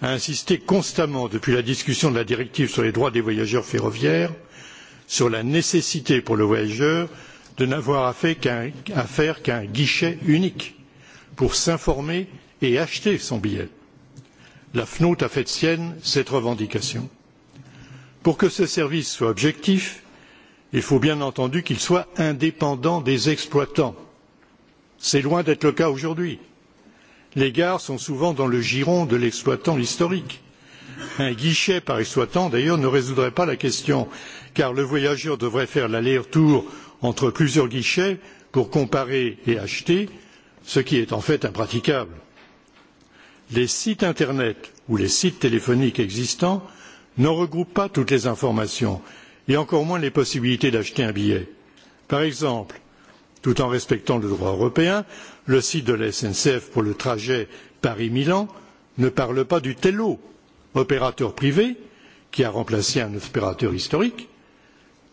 [SPEAKER 12] a insisté constamment depuis la discussion de la directive sur les droits des voyageurs ferroviaires sur la nécessité pour le voyageur de n'avoir à faire qu'à un guichet unique pour s'informer et acheter son billet. la fnaut a fait sienne cette revendication. pour que ce service soit objectif il faut bien entendu qu'il soit indépendant des exploitants. c'est loin d'être le cas aujourd'hui les gares sont souvent dans le giron de l'exploitant historique. Un guichet par exploitant, d'ailleurs, ne résoudrait pas la question, car le voyageur devrait faire l'aller-retour entre plusieurs guichets pour comparer et acheter, ce qui est en fait impraticable. Les sites Internet ou les sites téléphoniques existants n'en regroupent pas toutes les informations et encore moins les possibilités d'acheter un billet. Par exemple, tout en respectant le droit européen, le site de la SNCF pour le trajet Paris-Milan ne parle pas du Tello, opérateur privé qui a remplacé un opérateur historique,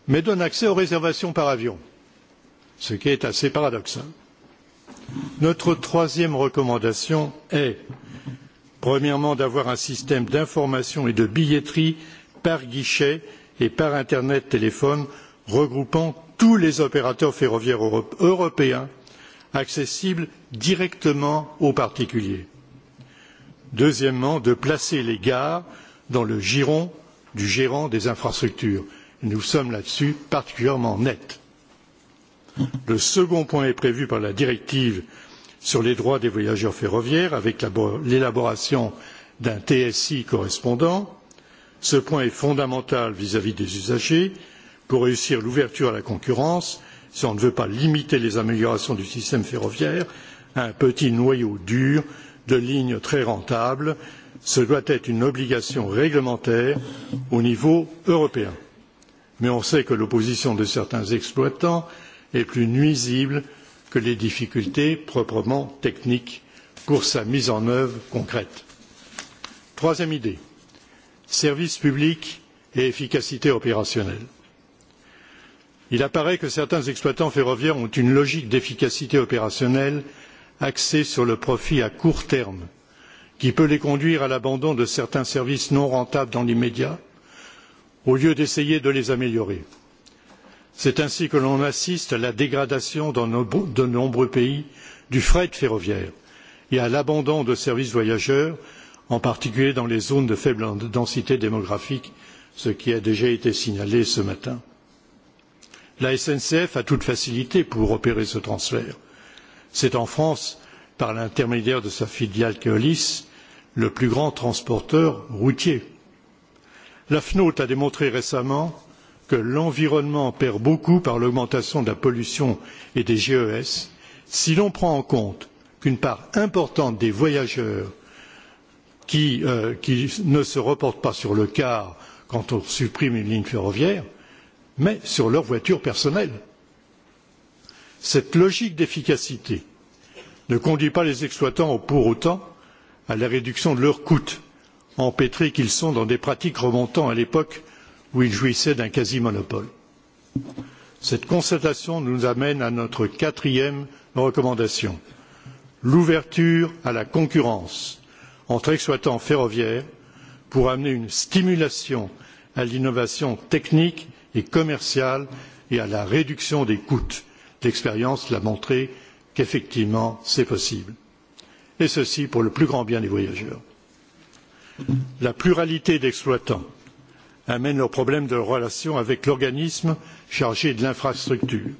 [SPEAKER 12] mais donne accès aux réservations par avion, ce qui est assez paradoxal. Notre troisième recommandation est premièrement d'avoir un système d'information et de billetterie par guichet et par internet téléphone regroupant tous les opérateurs ferroviaires européens accessibles directement aux particuliers. Deuxièmement, de placer les gares dans le giron du gérant des infrastructures. Nous sommes là-dessus particulièrement nets. Le second point est prévu par la directive sur les droits des voyageurs ferroviaires avec l'élaboration d'un TSI correspondant. Ce point est fondamental vis-à-vis des usagers pour réussir l'ouverture à la concurrence si on ne veut pas limiter les améliorations du système ferroviaire à un petit noyau dur de lignes très rentables. Ce doit être une obligation réglementaire au niveau européen. Mais on sait que l'opposition de certains exploitants est plus nuisible que les difficultés proprement techniques pour sa mise en œuvre concrète. Troisième idée service public et efficacité opérationnelle il apparaît que certains exploitants ferroviaires ont une logique d'efficacité opérationnelle axée sur le profit à court terme qui peut les conduire à l'abandon de certains services non rentables dans l'immédiat au lieu d'essayer de les améliorer. c'est ainsi que l'on assiste à la dégradation dans de nombreux pays du fret ferroviaire et à l'abandon de services voyageurs en particulier dans les zones de faible densité démographique ce qui a déjà été signalé ce matin. La SNCF a toute facilité pour opérer ce transfert. C'est en France, par l'intermédiaire de sa filiale Keolis, le plus grand transporteur routier. La FNOT a démontré récemment que l'environnement perd beaucoup par l'augmentation de la pollution et des GES si l'on prend en compte qu'une part importante des voyageurs qui, euh, qui ne se reportent pas sur le car quand on supprime une ligne ferroviaire mais sur leur voiture personnelle. Cette logique d'efficacité ne conduit pas les exploitants pour autant à la réduction de leurs coûts, empêtrés qu'ils sont dans des pratiques remontant à l'époque où ils jouissaient d'un quasi-monopole. Cette constatation nous amène à notre quatrième recommandation l'ouverture à la concurrence entre exploitants ferroviaires pour amener une stimulation à l'innovation technique et commerciale et à la réduction des coûts. L'expérience l'a montré qu'effectivement c'est possible. Et ceci pour le plus grand bien des voyageurs. La pluralité d'exploitants amène le problème de relation avec l'organisme chargé de l'infrastructure.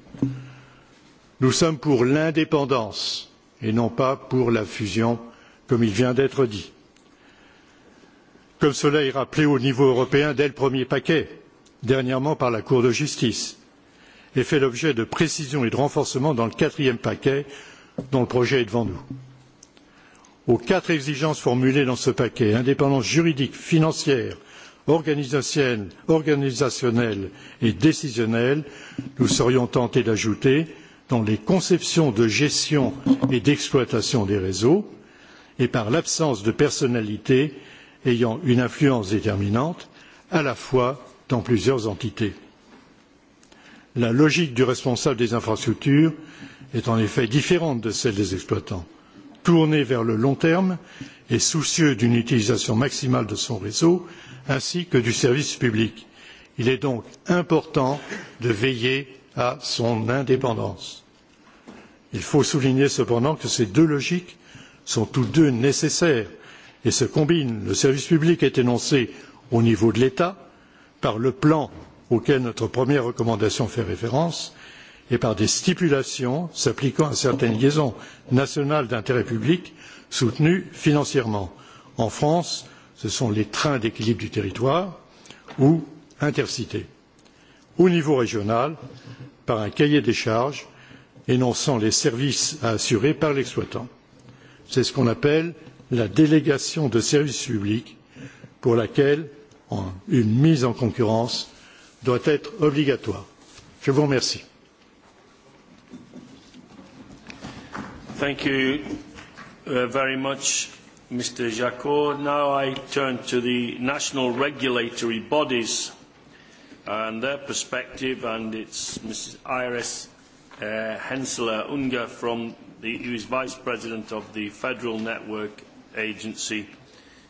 [SPEAKER 12] Nous sommes pour l'indépendance et non pas pour la fusion, comme il vient d'être dit. Comme cela est rappelé au niveau européen dès le premier paquet, dernièrement par la Cour de justice et fait l'objet de précisions et de renforcements dans le quatrième paquet dont le projet est devant nous. Aux quatre exigences formulées dans ce paquet indépendance juridique, financière, organisationnelle, organisationnelle et décisionnelle, nous serions tentés d'ajouter dans les conceptions de gestion et d'exploitation des réseaux et par l'absence de personnalités ayant une influence déterminante à la fois dans plusieurs entités. La logique du responsable des infrastructures est en effet différente de celle des exploitants. Tourné vers le long terme et soucieux d'une utilisation maximale de son réseau ainsi que du service public, il est donc important de veiller à son indépendance. Il faut souligner cependant que ces deux logiques sont toutes deux nécessaires et se combinent. Le service public est énoncé au niveau de l'État, par le plan auquel notre première recommandation fait référence et par des stipulations s'appliquant à certaines liaisons nationales d'intérêt public soutenues financièrement. En France, ce sont les trains d'équilibre du territoire ou intercités. Au niveau régional, par un cahier des charges énonçant les services à assurer par l'exploitant. C'est ce qu'on appelle la délégation de service public pour laquelle une mise en concurrence doit être obligatoire. Je vous remercie.
[SPEAKER 1] Thank you uh, very much, Mr. Jacot. Now I turn to the national regulatory bodies and their perspective, and it's Mrs. Iris uh, Hensler Unger from the, who is Vice President of the Federal Network Agency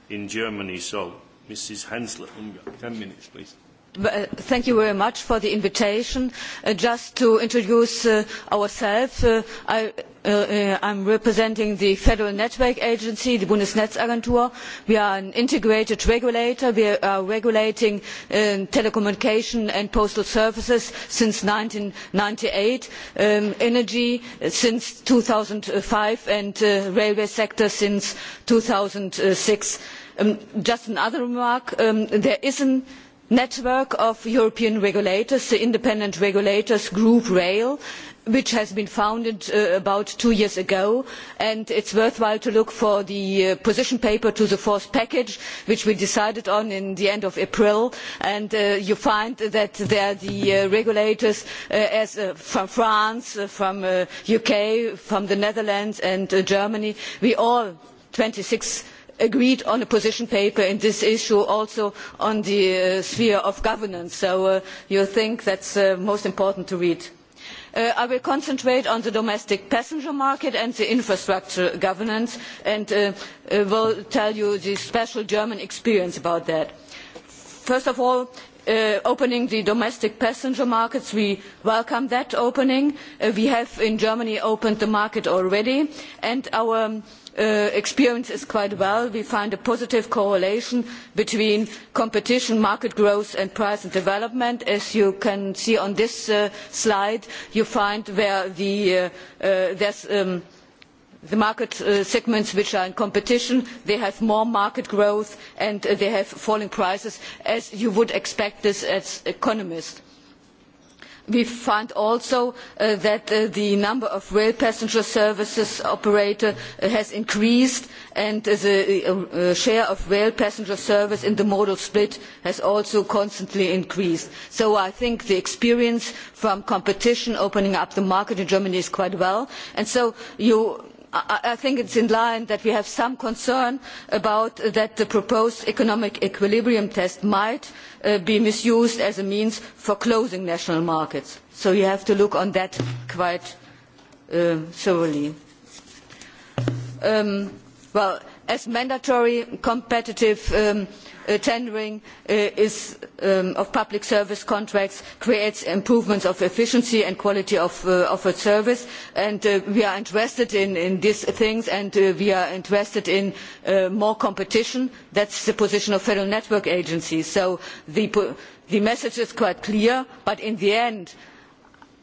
[SPEAKER 1] in Germany. So
[SPEAKER 13] Uh, thank you very much for the invitation. Uh, just to introduce uh, ourselves uh, i am representing the federal network agency the bundesnetzagentur. we are an integrated regulator. we are regulating um, telecommunication and postal services since one thousand nine hundred and ninety eight um, energy since two thousand and five and the railway sector since two thousand and six Um, just another remark um, there is a network of european regulators the independent regulators group rail which has been founded uh, about two years ago and it is worthwhile to look for the uh, position paper to the fourth package which we decided on at the end of april and uh, you will find that there the regulators from france from the uk from the netherlands and germany we all twenty six agreed on a position paper in this issue also on the uh, sphere of governance so uh, you think that's is uh, most important to read. I will concentrate on the domestic passenger market and the infrastructure governance and will tell you the special German experience about that. First of all, opening the domestic passenger markets we welcome that opening. we have in germany opened the market already and our um, Uh, experiences quite well we find a positive correlation between competition market growth and price and development. as you can see on this uh, slide you find where the, uh, um, market segments which are in competition have more market growth and they have falling prices as you would expect as economists we find also uh, that uh, the number of rail passenger services operators has increased and the uh, share of rail passenger service in the modal split has also constantly increased. so i think the experience from competition opening up the market in germany is quite well and so you i think it is in line that we have some concern about that the proposed economic equilibrium test might uh, be misused as a means for closing national markets so you have to look at that quite uh, thoroughly. Um, well, as mandatory competitive um, uh, tendering uh, um, of public service contracts creates improvements of efficiency and quality of uh, offered service and we are interested in, these things and we are interested in more competition. that is the position of federal network agencies so the, the message is quite clear but in the end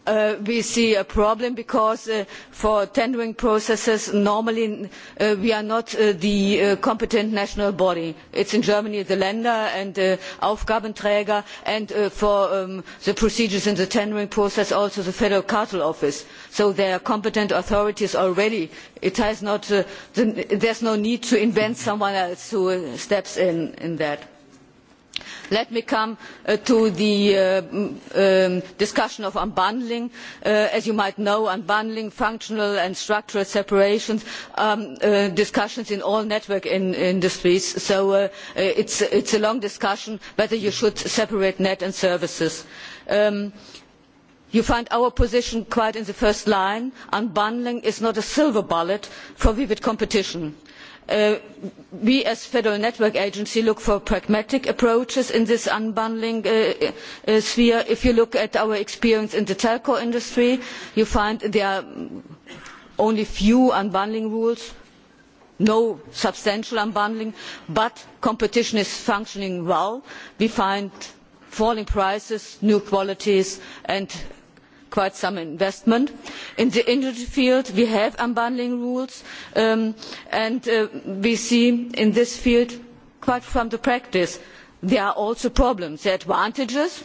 [SPEAKER 13] Uh, we see a problem because uh, for tendering processes normally uh, we are not the competent national body. it is in germany the länder and the aufgabenträger and for um, the procedures in the tendering process also the federal cartel office so there are competent authorities already. there is no need to invent someone else who steps in in that let me come uh, to the uh, um, discussion of unbundling. Uh, as you might know unbundling functional and structural separations are um, discussions in all network industries so it is a long discussion whether you should separate net and services. Um, you find our position quite in the first line unbundling is not a silver bullet for vivid competition Uh, we as the federal network agency look for pragmatic approaches in this unbundling uh, uh, sphere. if you look at our experience in the telco industry you find there are only a few unbundling rules no substantial unbundling but competition is functioning well. we find falling prices new qualities and quite some investment. in the energy field we have unbundling rules um, and uh, we see in this field quite from the practice there are also problems. there are advantages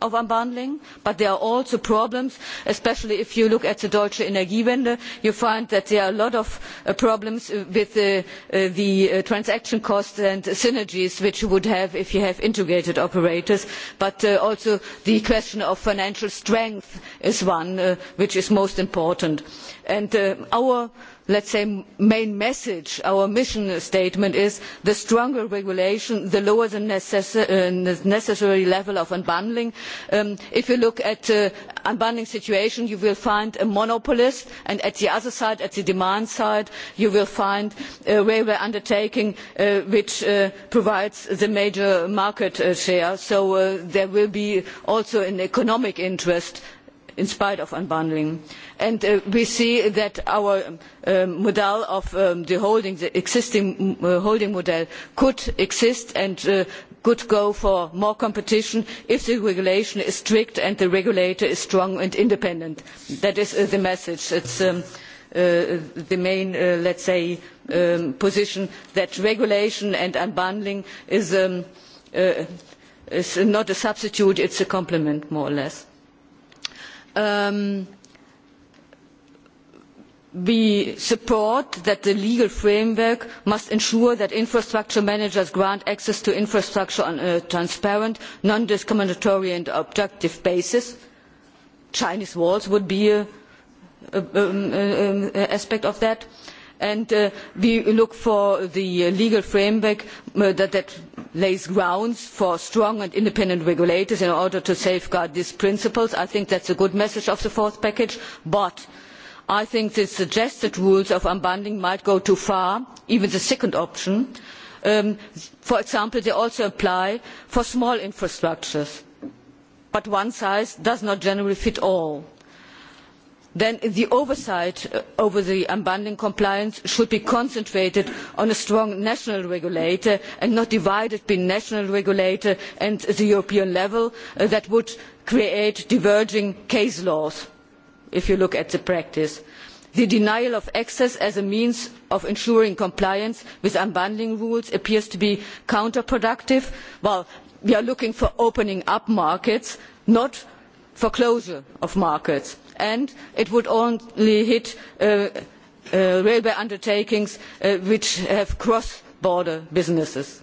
[SPEAKER 13] of unbundling but there are also problems especially if you look at the deutsche energiewende you find that there are a lot of uh, problems uh, with the, uh, transaction costs and synergies which you would have if you had integrated operators but also the question of financial strength is one which is most important. our let us say main message our mission statement is the stronger regulation the lower the uh, necessary level of unbundling. Um, if you look at the uh, unbundling situation you will find a monopolist and at the other side at the demand side you will find a uh, railway undertaking which provides the major market share so there will be also an economic interest in spite of unbundling. And uh, we see that our um, model of um, the holding, the existing uh, holding model could exist and uh, could go for more competition if the regulation is strict and the regulator is strong and independent. That is the message. It's, is um, the main let us say position that regulation and unbundling is, is not a substitute it is a complement more or less um, we support that the legal framework must ensure that infrastructure managers grant access to infrastructure on a transparent non discriminatory and objective basis. chinese walls would be an um, aspect of that and uh, we look for the legal framework uh, that, lays the ground for strong and independent regulators in order to safeguard these principles. i think that is a good message of the fourth package but i think the suggested rules of unbundling might go too far even the second option. Um, for example they also apply for small infrastructures but one size does not generally fit all then the oversight uh, over the unbundling compliance should be concentrated on a strong national regulator and not divided between the national regulator and the european level uh, that would create diverging case laws if you look at the practice. the denial of access as a means of ensuring compliance with unbundling rules appears to be counterproductive while we are looking for opening up markets not for closure of markets and it would only hit uh, uh, railway undertakings uh, which have cross border businesses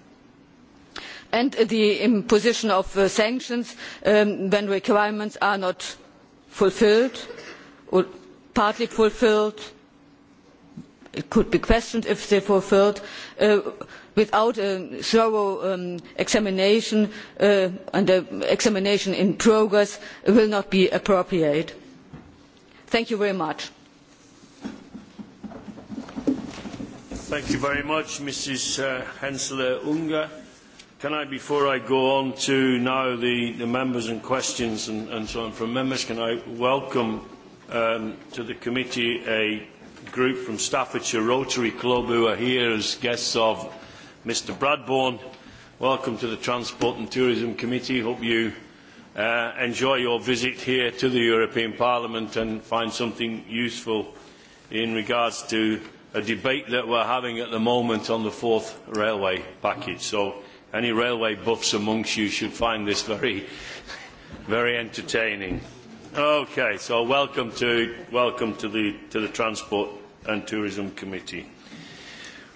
[SPEAKER 13] the imposition of sanctions um, when requirements are not fulfilled or partly fulfilled it could be questioned if they are fulfilled without a thorough um, examination and an examination in progress will not be appropriate Thank you very much.
[SPEAKER 1] Thank you very much, Mrs. Uh, Hensler-Unger. Can I, before I go on to now the, the members and questions and, and so on from members, can I welcome um, to the committee a group from Staffordshire Rotary Club who are here as guests of Mr. Bradbourne. Welcome to the Transport and Tourism Committee. Hope you Uh, enjoy your visit here to the European Parliament and find something useful in regards to a debate that we're having at the moment on the fourth railway package. So any railway buffs amongst you should find this very, very entertaining. Okay, so welcome to, welcome to, the, to the Transport and Tourism Committee.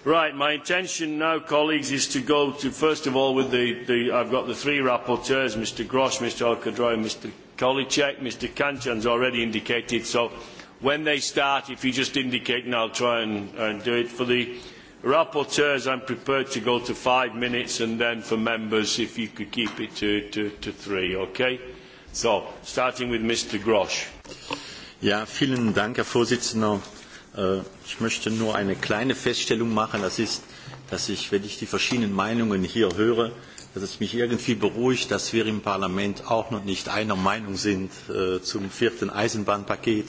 [SPEAKER 1] Right, my intention now, colleagues, is to go to, first of all, with the, the I've got the three rapporteurs, Mr Grosch, Mr Alcadroy and Mr Kolicek. Mr Kanchan's already indicated, so when they start, if you just indicate and I'll try and, and do it. For the rapporteurs, I'm prepared to go to five minutes, and then for members, if you could keep it to, to, to three, okay? So, starting with Mr Grosch.
[SPEAKER 14] Ja, vielen Dank, Herr Vorsitzender. Äh, ich möchte nur eine kleine Feststellung machen. Das ist, dass ich, wenn ich die verschiedenen Meinungen hier höre, dass es mich irgendwie beruhigt, dass wir im Parlament auch noch nicht einer Meinung sind äh, zum vierten Eisenbahnpaket.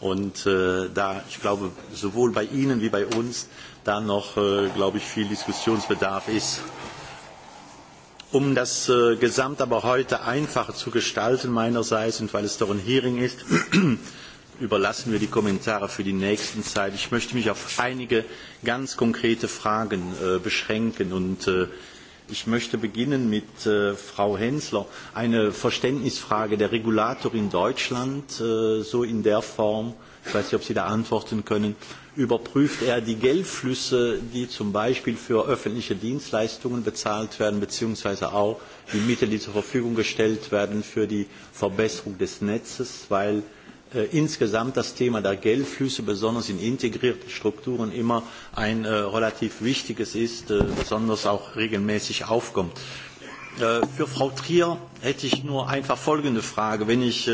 [SPEAKER 14] Und äh, da, ich glaube, sowohl bei Ihnen wie bei uns da noch, glaube ich, viel Diskussionsbedarf ist. Um das äh, Gesamt aber heute einfacher zu gestalten meinerseits und weil es doch ein Hearing ist, überlassen wir die Kommentare für die nächsten Zeit. Ich möchte mich auf einige ganz konkrete Fragen äh, beschränken und äh, ich möchte beginnen mit äh, Frau Hensler. Eine Verständnisfrage der Regulator in Deutschland, äh, so in der Form, ich weiß nicht, ob Sie da antworten können, überprüft er die Geldflüsse, die zum Beispiel für öffentliche Dienstleistungen bezahlt werden, beziehungsweise auch die Mittel, die zur Verfügung gestellt werden für die Verbesserung des Netzes, weil Äh, insgesamt das Thema der Geldflüsse, besonders in integrierten Strukturen, immer ein äh, relativ wichtiges ist, äh, besonders auch regelmäßig aufkommt. Für Frau Trier hätte ich nur einfach folgende Frage. Wenn ich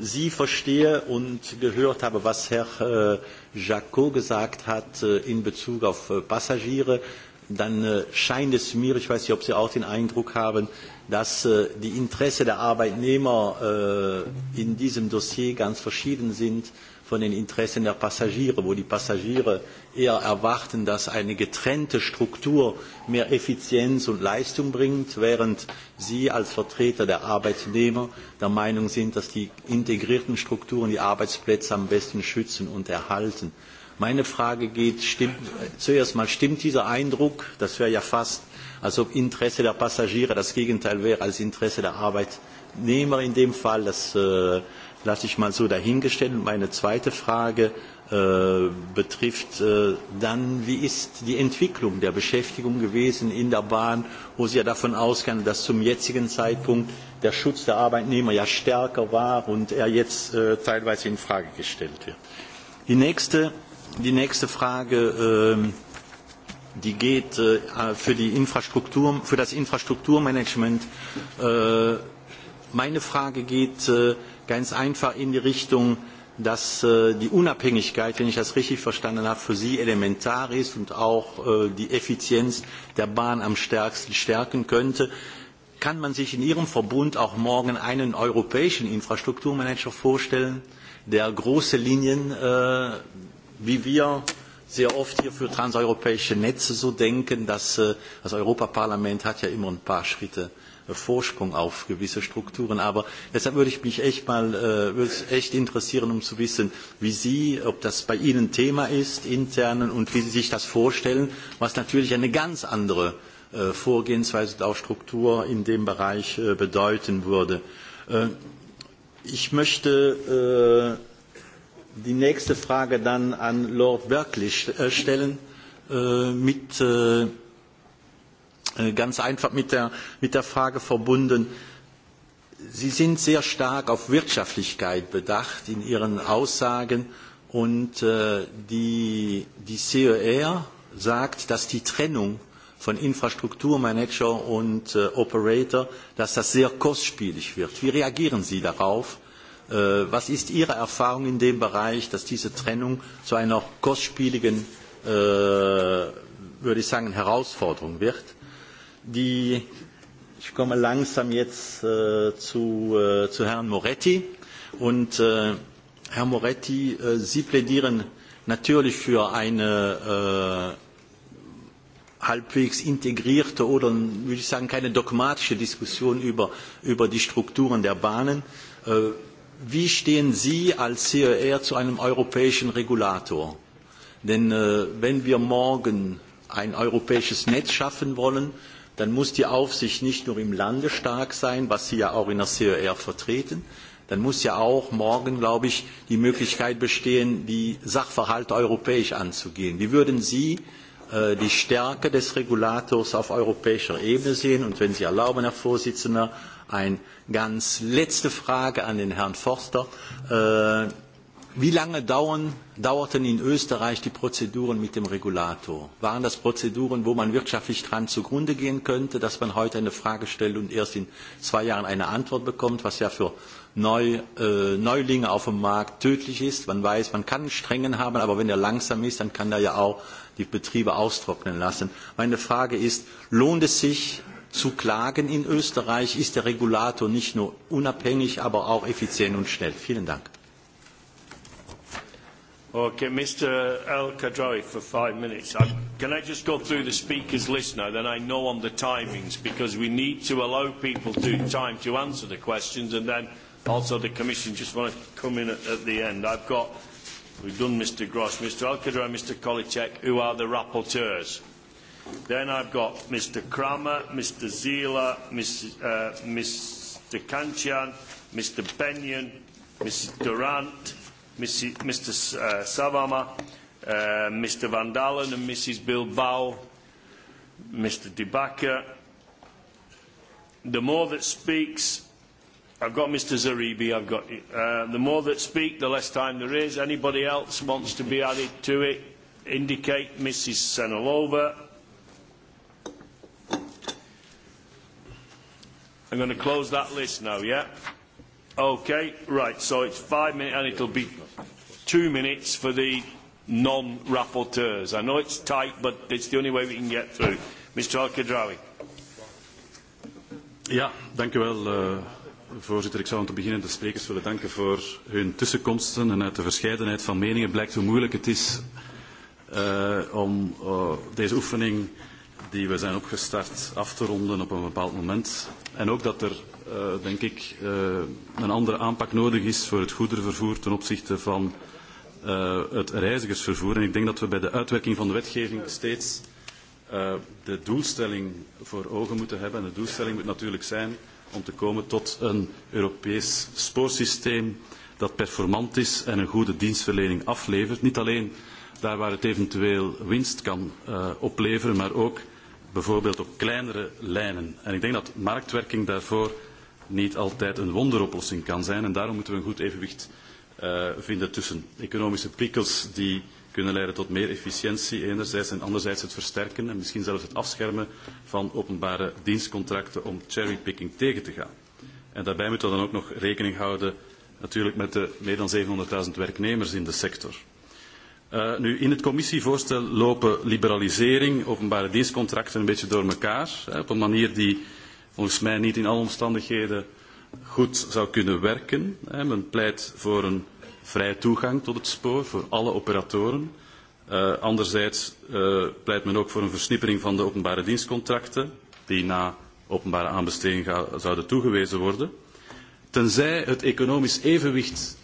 [SPEAKER 14] Sie verstehe und gehört habe, was Herr Jacot gesagt hat in Bezug auf Passagiere, dann scheint es mir, ich weiß nicht, ob Sie auch den Eindruck haben, dass äh, die Interessen der Arbeitnehmer äh, in diesem Dossier ganz verschieden sind von den Interessen der Passagiere, wo die Passagiere eher erwarten, dass eine getrennte Struktur mehr Effizienz und Leistung bringt, während Sie als Vertreter der Arbeitnehmer der Meinung sind, dass die integrierten Strukturen die Arbeitsplätze am besten schützen und erhalten. Meine Frage geht, stimmt, äh, zuerst mal, stimmt dieser Eindruck, das wäre ja fast als ob Interesse der Passagiere das Gegenteil wäre als Interesse der Arbeitnehmer in dem Fall. Das äh, lasse ich mal so dahingestellt. meine zweite Frage äh, betrifft äh, dann, wie ist die Entwicklung der Beschäftigung gewesen in der Bahn, wo Sie ja davon ausgehen, dass zum jetzigen Zeitpunkt der Schutz der Arbeitnehmer ja stärker war und er jetzt äh, teilweise in Frage gestellt wird. Die nächste, die nächste Frage äh, die geht äh, für, die Infrastruktur, für das Infrastrukturmanagement. Äh, meine Frage geht äh, ganz einfach in die Richtung, dass die Unabhängigkeit, wenn ich das richtig verstanden habe, für Sie elementar ist und auch die Effizienz der Bahn am stärksten stärken könnte. Kann man sich in Ihrem Verbund auch morgen einen europäischen Infrastrukturmanager vorstellen, der große Linien, äh, wie wir sehr oft hier für transeuropäische Netze so denken, dass äh, das Europaparlament hat ja immer ein paar Schritte äh, Vorsprung auf gewisse Strukturen. Aber deshalb würde ich mich echt mal äh, würde echt interessieren, um zu wissen, wie Sie, ob das bei Ihnen Thema ist, internen, und wie Sie sich das vorstellen, was natürlich eine ganz andere Vorgehensweise und auch Struktur in dem Bereich bedeuten würde. Ich möchte die nächste Frage dann an Lord Berkeley äh, stellen äh, mit äh, ganz einfach mit der, mit der Frage verbunden. Sie sind sehr stark auf Wirtschaftlichkeit bedacht in Ihren Aussagen und äh, die, die CER sagt, dass die Trennung von Infrastrukturmanager und äh, Operator, dass das sehr kostspielig wird. Wie reagieren Sie darauf? Äh, was ist Ihre Erfahrung in dem Bereich, dass diese Trennung zu einer kostspieligen, äh, würde ich sagen, Herausforderung wird? Die, ich komme langsam jetzt äh, zu, zu Herrn Moretti. Und Herr Moretti, Sie plädieren natürlich für eine halbwegs integrierte oder, würde ich sagen, keine dogmatische Diskussion über, über die Strukturen der Bahnen. Wie stehen Sie als CER zu einem europäischen Regulator? Denn äh, wenn wir morgen ein europäisches Netz schaffen wollen, dann muss die Aufsicht nicht nur im Lande stark sein, was Sie ja auch in der CER vertreten, dann muss ja auch morgen, glaube ich, die Möglichkeit bestehen, die Sachverhalte europäisch anzugehen. Wie würden Sie Äh, die Stärke des Regulators auf europäischer Ebene sehen. Und wenn Sie erlauben, Herr Vorsitzender, eine ganz letzte Frage an den Herrn Forster. Äh, wie lange dauern, dauerten in Österreich die Prozeduren mit dem Regulator? Waren das Prozeduren, wo man wirtschaftlich dran zugrunde gehen könnte, dass man heute eine Frage stellt und erst in zwei Jahren eine Antwort bekommt, was ja für Neu, äh, Neulinge auf dem Markt tödlich ist? Man weiß, man kann einen strengen haben, aber wenn er langsam ist, dann kann er ja auch die Betriebe austrocknen lassen. Meine Frage ist, lohnt es sich zu klagen in Österreich? Ist der Regulator nicht nur unabhängig, aber auch effizient und schnell? Vielen Dank.
[SPEAKER 1] Okay, Mr. El Khadraoui, for five minutes. I'm, can I just go through the speakers list now? Then I know on the timings because we need to allow people to time to answer the questions, and then also the Commission just want to come in at, at the end. I've got We've done Mr Gross, Mr Alcadra and Mr Kolicek, who are the rapporteurs. Then I've got Mr Kramer, Mr Zila, Ms, uh, Mr Kanchan, Mr Benyon, Mr Durant, Mrs, Mr uh, Savama, uh, Mr Van Dalen and Mrs Bilbao, Mr Debacker. The more that speaks, I've got Mr. Zaribi, I've got... Uh, the more that speak, the less time there is. Anybody else wants to be added to it? Indicate Mrs. Senilova. I'm going to close that list now, yeah? Okay, right, so it's five minutes, and it'll be two minutes for the non-rapporteurs. I know it's tight, but it's the only way we can get through. Mr. Al-Kadrawi.
[SPEAKER 15] Yeah, thank you, well, uh, Voorzitter, ik zou om te beginnen de sprekers willen danken voor hun tussenkomsten. En uit de verscheidenheid van meningen blijkt hoe moeilijk het is uh, om uh, deze oefening die we zijn opgestart af te ronden op een bepaald moment. En ook dat er, uh, denk ik, uh, een andere aanpak nodig is voor het goederenvervoer ten opzichte van uh, het reizigersvervoer. En ik denk dat we bij de uitwerking van de wetgeving steeds uh, de doelstelling voor ogen moeten hebben. En de doelstelling moet natuurlijk zijn om te komen tot een Europees spoorsysteem dat performant is en een goede dienstverlening aflevert. Niet alleen daar waar het eventueel winst kan uh, opleveren, maar ook bijvoorbeeld op kleinere lijnen. En ik denk dat marktwerking daarvoor niet altijd een wonderoplossing kan zijn. En daarom moeten we een goed evenwicht uh, vinden tussen economische prikkels die kunnen leiden tot meer efficiëntie enerzijds en anderzijds het versterken en misschien zelfs het afschermen van openbare dienstcontracten om cherrypicking tegen te gaan. En daarbij moeten we dan ook nog rekening houden natuurlijk met de meer dan 700.000 werknemers in de sector. Uh, nu, in het commissievoorstel lopen liberalisering, openbare dienstcontracten een beetje door elkaar. Hè, op een manier die volgens mij niet in alle omstandigheden goed zou kunnen werken. Hè. Men pleit voor een vrije toegang tot het spoor voor alle operatoren. Uh, anderzijds uh, pleit men ook voor een versnippering van de openbare dienstcontracten, die na openbare aanbesteding ga, zouden toegewezen worden. Tenzij het economisch evenwicht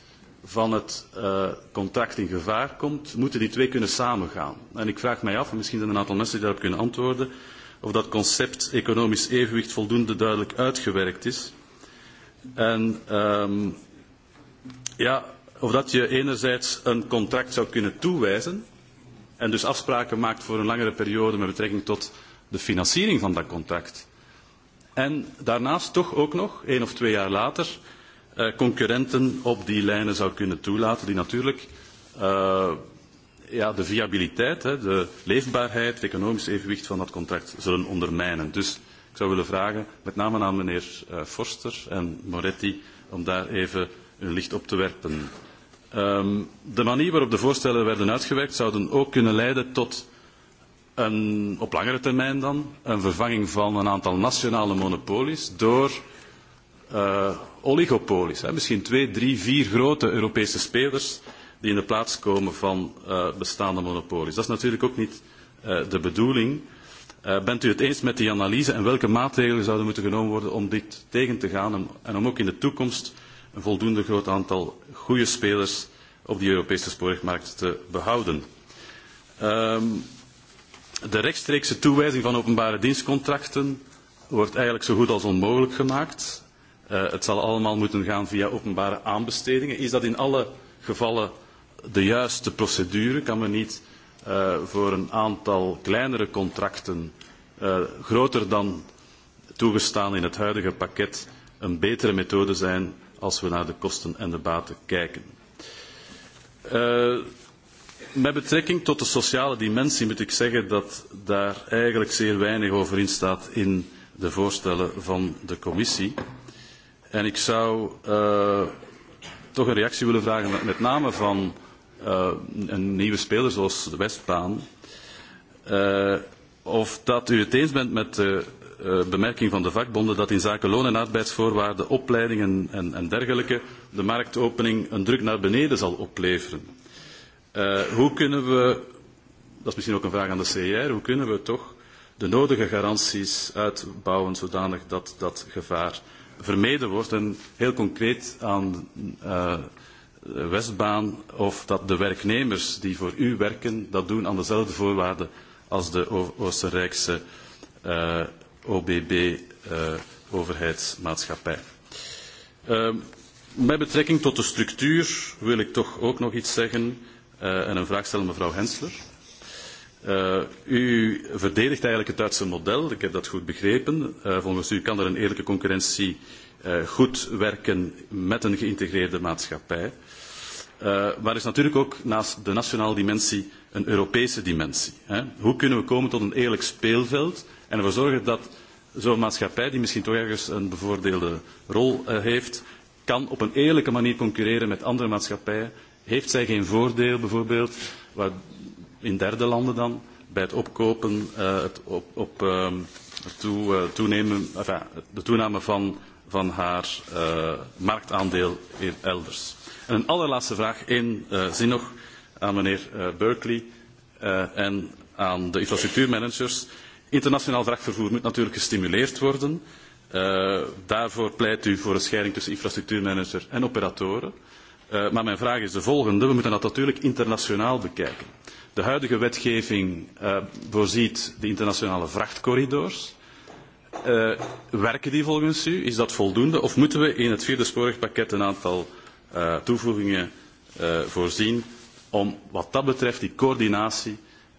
[SPEAKER 15] van het uh, contract in gevaar komt, moeten die twee kunnen samengaan. En ik vraag mij af, en misschien zijn er een aantal mensen die daarop kunnen antwoorden, of dat concept economisch evenwicht voldoende duidelijk uitgewerkt is. En um, ja, of dat je enerzijds een contract zou kunnen toewijzen en dus afspraken maakt voor een langere periode met betrekking tot de financiering van dat contract. En daarnaast toch ook nog, één of twee jaar later, eh, concurrenten op die lijnen zou kunnen toelaten, die natuurlijk uh, ja, de viabiliteit, de leefbaarheid, het economisch evenwicht van dat contract zullen ondermijnen. Dus ik zou willen vragen, met name aan meneer eh, Forster en Moretti, om daar even hun licht op te werpen. Um, de manier waarop de voorstellen werden uitgewerkt zouden ook kunnen leiden tot een, op langere termijn dan een vervanging van een aantal nationale monopolies door uh, oligopolies. Hè. Misschien twee, drie, vier grote Europese spelers die in de plaats komen van uh, bestaande monopolies. Dat is natuurlijk ook niet uh, de bedoeling. Uh, bent u het eens met die analyse en welke maatregelen zouden moeten genomen worden om dit tegen te gaan en, en om ook in de toekomst een voldoende groot aantal goede spelers op de Europese spoorwegmarkt te behouden. Um, de rechtstreekse toewijzing van openbare dienstcontracten wordt eigenlijk zo goed als onmogelijk gemaakt. Uh, het zal allemaal moeten gaan via openbare aanbestedingen. Is dat in alle gevallen de juiste procedure? Kan men niet uh, voor een aantal kleinere contracten, uh, groter dan toegestaan in het huidige pakket, een betere methode zijn als we naar de kosten en de baten kijken. Uh, met betrekking tot de sociale dimensie moet ik zeggen dat daar eigenlijk zeer weinig over in staat in de voorstellen van de commissie. En ik zou uh, toch een reactie willen vragen, met name van uh, een nieuwe speler zoals de Westbaan. Uh, of dat u het eens bent met de Eh, bemerking van de vakbonden dat in zaken loon- en arbeidsvoorwaarden, opleiding en, en, dergelijke de marktopening een druk naar beneden zal opleveren. Uh, hoe kunnen we, dat is misschien ook een vraag aan de CIR, e hoe kunnen we toch de nodige garanties uitbouwen zodanig dat dat gevaar vermeden wordt? En heel concreet aan uh, Westbaan of dat de werknemers die voor u werken dat doen aan dezelfde voorwaarden als de Oostenrijkse uh, OBB uh, eh, overheidsmaatschappij. Uh, met betrekking tot de structuur wil ik toch ook nog iets zeggen uh, en een vraag stellen mevrouw Hensler. Uh, u verdedigt eigenlijk het Duitse model, ik heb dat goed begrepen. Uh, volgens u kan er een eerlijke concurrentie uh, goed werken met een geïntegreerde maatschappij. Uh, maar er is natuurlijk ook naast de nationale dimensie een Europese dimensie. Hè. Hoe kunnen we komen tot een eerlijk speelveld en ervoor zorgen dat zo'n maatschappij, die misschien toch ergens een bevoordeelde rol eh, heeft, kan op een eerlijke manier concurreren met andere maatschappijen. Heeft zij geen voordeel bijvoorbeeld waar, in derde landen dan bij het opkopen, uh, het op, op, ehm, toe, uh, toenemen, enfin, de toename van, van haar uh, marktaandeel in e-, elders? En een allerlaatste vraag, één uh, zin nog aan meneer uh, Berkeley uh, en aan de infrastructuurmanagers. Internationaal vrachtvervoer moet natuurlijk gestimuleerd worden. Uh, daarvoor pleit u voor een scheiding tussen infrastructuurmanager en operatoren. Uh, maar mijn vraag is de volgende. We moeten dat natuurlijk internationaal bekijken. De huidige wetgeving uh, voorziet de internationale vrachtcorridors. Uh, werken die volgens u? Is dat voldoende? Of moeten we in het vierde spoorwegpakket een aantal uh, toevoegingen uh, voorzien om wat dat betreft die coördinatie,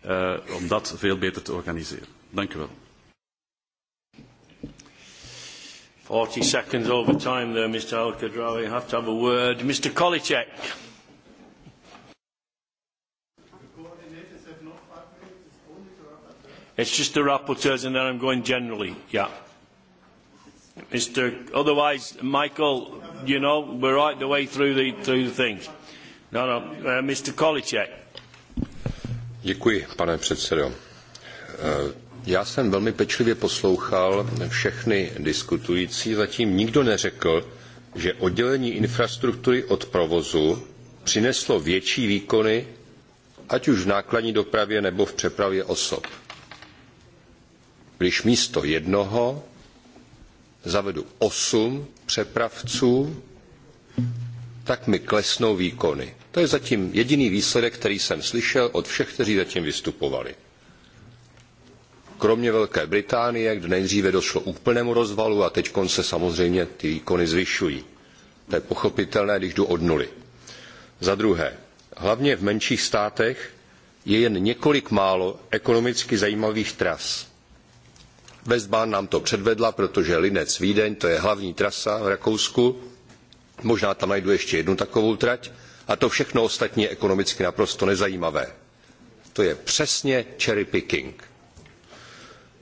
[SPEAKER 15] uh, om dat veel beter te organiseren? Dank u wel.
[SPEAKER 1] 40 seconds over time there, Mr. Al-Khadraoui. You have to have a word. Mr. Kolicek. It's just the rapporteurs and then I'm going generally. Yeah. Mr. Otherwise, Michael, you know, we're right the way through the, through the things. No, no. Uh, Mr. Kolicek.
[SPEAKER 16] Děkuji, pane předsedo. Eh, Já jsem velmi pečlivě poslouchal všechny diskutující. Zatím nikdo neřekl, že oddělení infrastruktury od provozu přineslo větší výkony, ať už v nákladní dopravě nebo v přepravě osob. Když místo jednoho zavedu osm přepravců, tak mi klesnou výkony. To je zatím jediný výsledek, který jsem slyšel od všech, kteří zatím vystupovali kromě Velké Británie, kde nejdříve došlo k úplnému rozvalu a teď se samozřejmě ty výkony zvyšují. To je pochopitelné, když jdu od nuly. Za druhé, hlavně v menších státech je jen několik málo ekonomicky zajímavých tras. Westbahn nám to předvedla, protože Linec Vídeň, to je hlavní trasa v Rakousku, možná tam najdu ještě jednu takovou trať, a to všechno ostatní je ekonomicky naprosto nezajímavé. To je přesně cherry picking.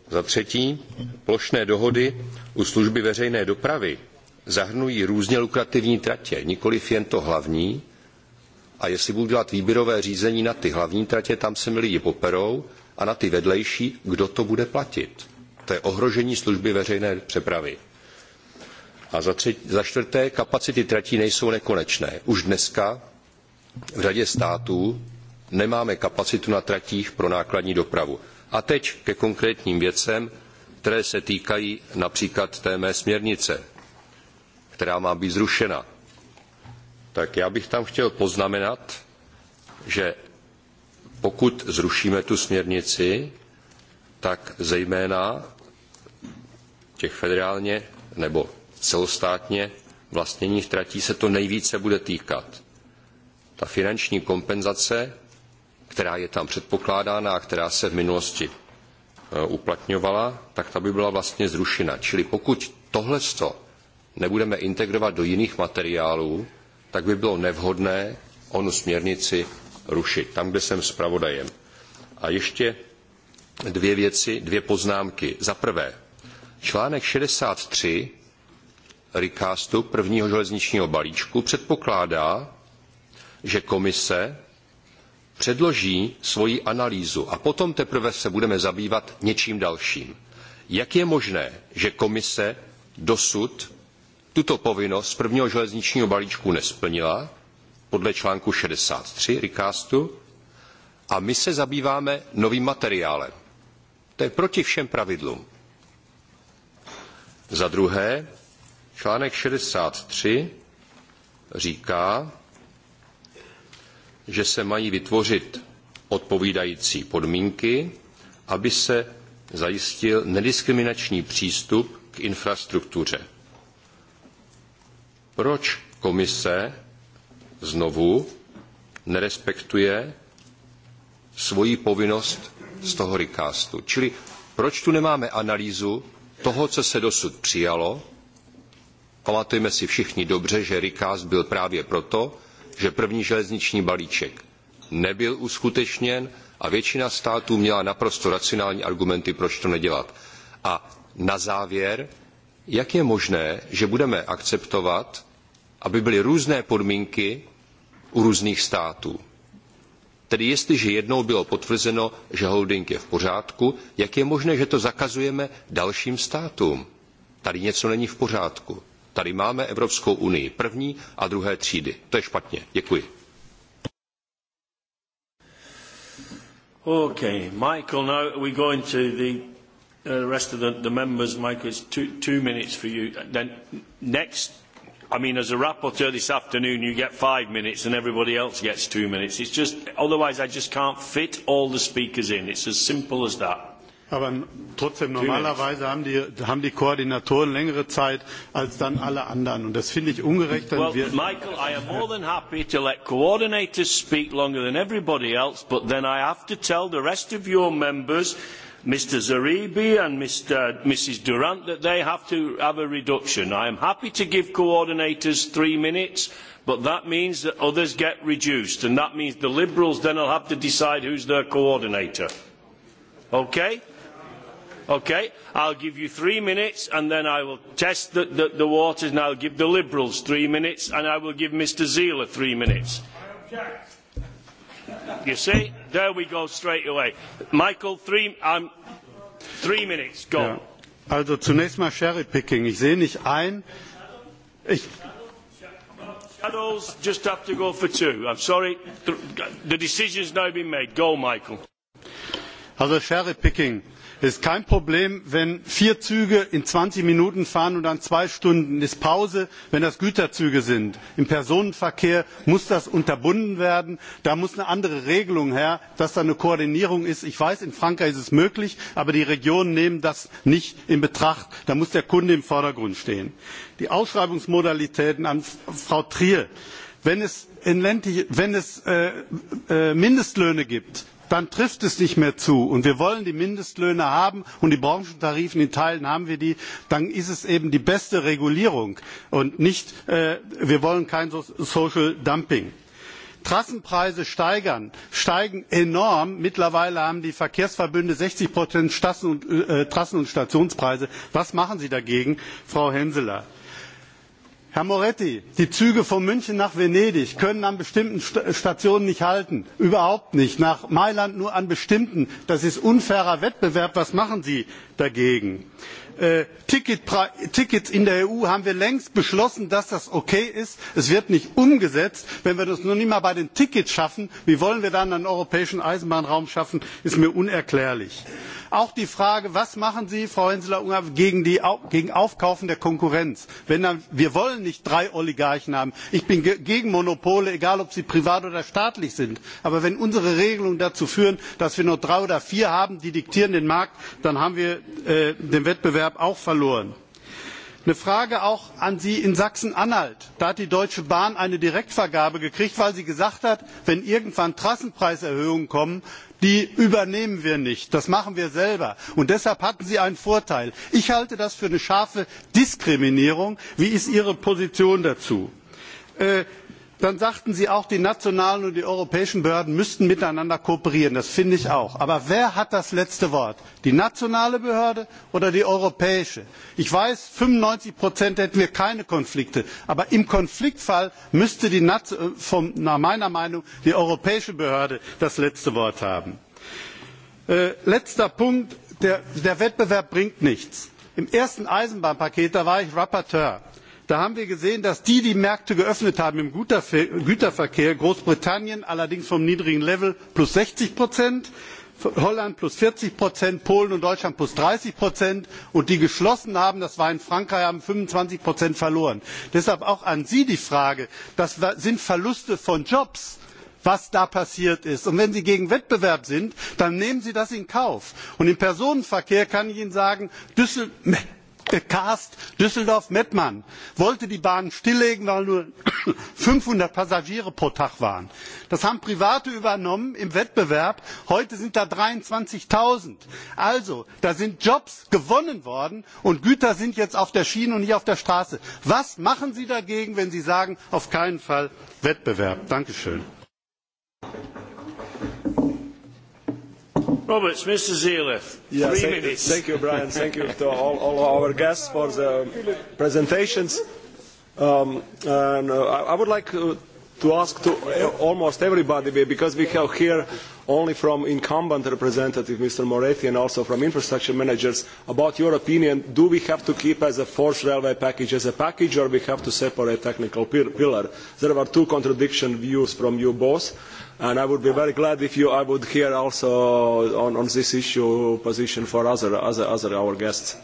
[SPEAKER 16] Za třetí, plošné dohody u služby veřejné dopravy zahrnují různě lukrativní tratě, nikoliv jen to hlavní. A jestli budu dělat výběrové řízení na ty hlavní tratě, tam se mi lidi poperou, a na ty vedlejší, kdo to bude platit. To je ohrožení služby veřejné přepravy. A za, tři, za čtvrté, kapacity tratí nejsou nekonečné. Už dneska v řadě států nemáme kapacitu na tratích pro nákladní dopravu. A teď ke konkrétním věcem, které se týkají například té mé směrnice, která má být zrušena. Tak já bych tam chtěl poznamenat, že pokud zrušíme tu směrnici, tak zejména těch federálně nebo celostátně vlastněních tratí se to nejvíce bude týkat. Ta finanční kompenzace která je tam předpokládána a která se v minulosti eh, uplatňovala, tak ta by byla vlastně zrušena. Čili pokud tohle nebudeme integrovat do jiných materiálů, tak by bylo nevhodné onu směrnici rušit, tam, kde jsem zpravodajem. A ještě dvě věci, dvě poznámky. Za prvé, článek 63 recastu prvního železničního balíčku předpokládá, že komise předloží svoji analýzu a potom teprve se budeme zabývat něčím dalším. Jak je možné, že komise dosud tuto povinnost prvního železničního balíčku nesplnila podle článku 63 Rikástu a my se zabýváme novým materiálem. To je proti všem pravidlům. Za druhé, článek 63 říká, že se mají vytvořit odpovídající podmínky, aby se zajistil nediskriminační přístup k infrastruktuře. Proč komise znovu nerespektuje svoji povinnost z toho rikástu? Čili proč tu nemáme analýzu toho, co se dosud přijalo? Pamatujeme si všichni dobře, že rikast byl právě proto, že první železniční balíček nebyl uskutečněn a většina států měla naprosto racionální argumenty, proč to nedělat. A na závěr, jak je možné, že budeme akceptovat, aby byly různé podmínky u různých států. Tedy jestliže jednou bylo potvrzeno, že holding je v pořádku, jak je možné, že to zakazujeme dalším státům? Tady něco není v pořádku. Tady máme Evropskou unii první a druhé třídy. To je špatně. Děkuji.
[SPEAKER 1] Okay, Michael, now we go into the uh, rest of the, the members. Michael, it's two, two minutes for you. Then next I mean, as a rapporteur this afternoon, you get five minutes and everybody else gets two minutes. It's just, otherwise I just can't fit all the speakers in. It's as simple as that.
[SPEAKER 17] Aber trotzdem, normalerweise haben die, haben die Koordinatoren längere Zeit als dann alle anderen. Und das finde ich ungerecht. well, wir Michael,
[SPEAKER 1] I am more than happy to let coordinators speak longer than everybody else, but then I have to tell the rest of your members, Mr. Zaribi and Mr., Mrs. Durant, that they have to have a reduction. I am happy to give coordinators three minutes, but that means that others get reduced, and that means the Liberals then will have to decide who's their coordinator. Okay? i will give you three minutes and then I will test the, waters and i will give the Liberals three minutes and I will give Mr Zeeler three minutes. You see, there we go straight away. Michael, three, um, three minutes, go. Ja.
[SPEAKER 17] Also zunächst mal cherry Picking. Ich sehe nicht ein. Ich
[SPEAKER 1] shadows just have to go for two. I'm sorry. The decision's now been made. Go, Michael.
[SPEAKER 17] Also cherry Picking es ist kein problem wenn vier züge in zwanzig minuten fahren und dann zwei stunden pause ist wenn das güterzüge sind. im personenverkehr muss das unterbunden werden da muss eine andere regelung her dass da eine koordinierung ist. ich weiß in frankreich ist es möglich aber die regionen nehmen das nicht in betracht. da muss der kunde im vordergrund stehen. die ausschreibungsmodalitäten an frau trier wenn es äh, äh, mindestlöhne gibt dann trifft es nicht mehr zu und wir wollen die mindestlöhne haben und die branchentarife in teilen haben wir die dann ist es eben die beste regulierung und nicht äh, wir wollen kein social dumping. Trassenpreise steigern, steigen enorm. Mittlerweile haben die Verkehrsverbünde 60 Prozent Trassen- und, äh, Trassen- und Stationspreise. Was machen Sie dagegen, Frau Henseler? herr moretti die züge von münchen nach venedig können an bestimmten stationen nicht halten überhaupt nicht nach mailand nur an bestimmten. das ist unfairer wettbewerb. was machen sie dagegen? Äh, tickets in der eu haben wir längst beschlossen dass das okay ist. es wird nicht umgesetzt. wenn wir das noch nicht einmal bei den tickets schaffen wie wollen wir dann einen europäischen eisenbahnraum schaffen? ist mir unerklärlich auch die frage was machen sie frau entseler ungerer gegen aufkaufen der konkurrenz? wir wollen nicht drei oligarchen haben. ich bin gegen monopole egal ob sie privat oder staatlich sind. aber wenn unsere regelungen dazu führen dass wir nur drei oder vier haben die den markt diktieren dann haben wir äh, den wettbewerb auch verloren. eine frage auch an sie in sachsen anhalt da hat die deutsche bahn eine direktvergabe gekriegt weil sie gesagt hat wenn irgendwann trassenpreiserhöhungen kommen die übernehmen wir nicht das machen wir selber und deshalb hatten sie einen vorteil. ich halte das für eine scharfe diskriminierung. wie ist ihre position dazu? Äh, dann sagten sie auch die nationalen und die europäischen behörden müssten miteinander kooperieren. das finde ich auch. aber wer hat das letzte wort die nationale behörde oder die europäische? ich weiß fünfundneunzig hätten wir keine konflikte aber im konfliktfall müsste nach äh, meiner meinung die europäische behörde das letzte wort haben. Äh, letzter punkt der wettbewerb bringt nichts. im ersten eisenbahnpaket war ich berichterstatter da haben wir gesehen dass die die märkte geöffnet haben im güterverkehr großbritannien allerdings vom niedrigen level plus sechzig holland plus vierzig polen und deutschland plus dreißig und die geschlossen haben das war in frankreich haben fünfundzwanzig verloren. deshalb auch an sie die frage das sind verluste von jobs was da passiert ist. und wenn sie gegen wettbewerb sind dann nehmen sie das in kauf. und im personenverkehr kann ich ihnen sagen düsseldorf cast düsseldorf mettmann wollte die bahn stilllegen weil nur fünfhundert passagiere pro tag waren. das haben private übernommen im wettbewerb heute sind da dreiundzwanzig null also da sind jobs gewonnen worden und güter sind jetzt auf der schiene und nicht auf der straße. was machen sie dagegen wenn sie sagen auf keinen fall wettbewerb! danke schön.
[SPEAKER 1] Roberts, Mr. Zeeler, yeah, three thank, minutes. Thank you, Brian. Thank you to all, all our guests for
[SPEAKER 6] the um, presentations. Um, and, uh, I, would like uh, to ask to uh, almost everybody, because we have here only from incumbent representative Mr. Moretti and also from infrastructure managers, about your opinion, do we have to keep as a fourth railway package as a package or we have to separate technical pillar? There are two contradiction views from you both And I would be very glad if you, I would hear also on, on this issue position for other, other, other our guests.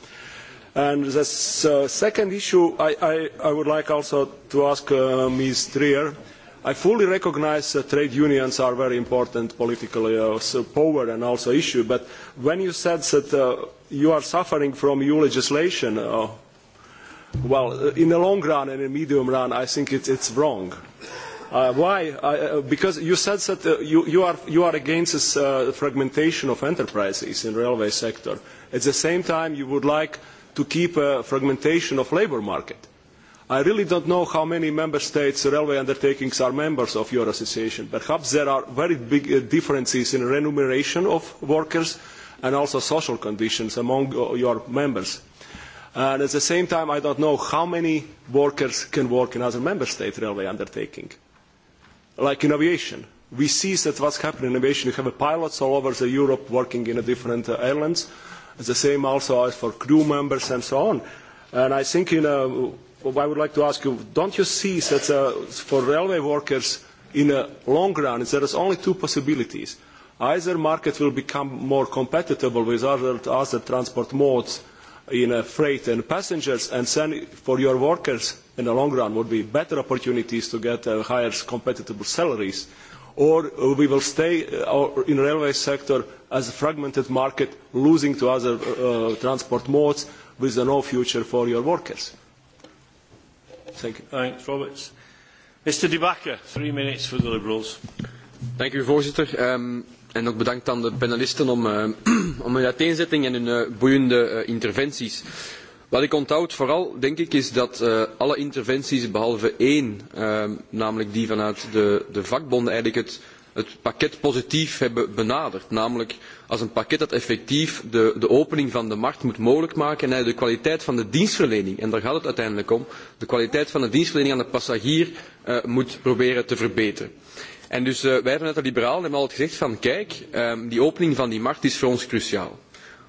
[SPEAKER 6] And the uh, second issue I, I, I would like also to ask uh, Ms. Trier. I fully recognise that trade unions are very important political uh, power and also issue, but when you said that uh, you are suffering from EU legislation, uh, well, uh, in the long run and in the medium run, I think it, it's wrong Uh, why? Uh, uh, because you said that uh, you, you, are, you are against this uh, fragmentation of enterprises in the railway sector. At the same time, you would like to keep a fragmentation of labour market. I really don't know how many member states railway undertakings are members of your association. Perhaps there are very big uh, differences in remuneration of workers and also social conditions among uh, your members. And at the same time, I don't know how many workers can work in other member state railway undertaking like in aviation. We see that what's happening in aviation, you have pilots all over the Europe working in different uh, airlines. The same also as for crew members and so on. And I think, you know, I would like to ask you, don't you see that uh, for railway workers in the long run, there is only two possibilities. Either market will become more compatible with other, other transport modes in uh, freight and passengers and then for your workers in the long run would be better opportunities to get uh, higher competitive salaries or we will stay uh, in railway sector as a fragmented market losing to other uh, uh transport modes with no future for your
[SPEAKER 18] workers. Thank you. Thanks, Roberts. Mr. De Backer, three minutes for the Liberals. Thank you, voorzitter. Um, en ook bedankt aan de panelisten om, uh, om hun uiteenzetting en hun uh, boeiende uh, interventies. Wat ik onthoud vooral, denk ik, is dat uh, alle interventies behalve één, uh, namelijk die vanuit de, de vakbonden, eigenlijk het, het pakket positief hebben benaderd. Namelijk als een pakket dat effectief de, de opening van de markt moet mogelijk maken en de kwaliteit van de dienstverlening, en daar gaat het uiteindelijk om, de kwaliteit van de dienstverlening aan de passagier uh, moet proberen te verbeteren. En dus uh, wij vanuit de liberalen hebben er altijd gezegd van kijk, um, die opening van die markt is voor ons cruciaal.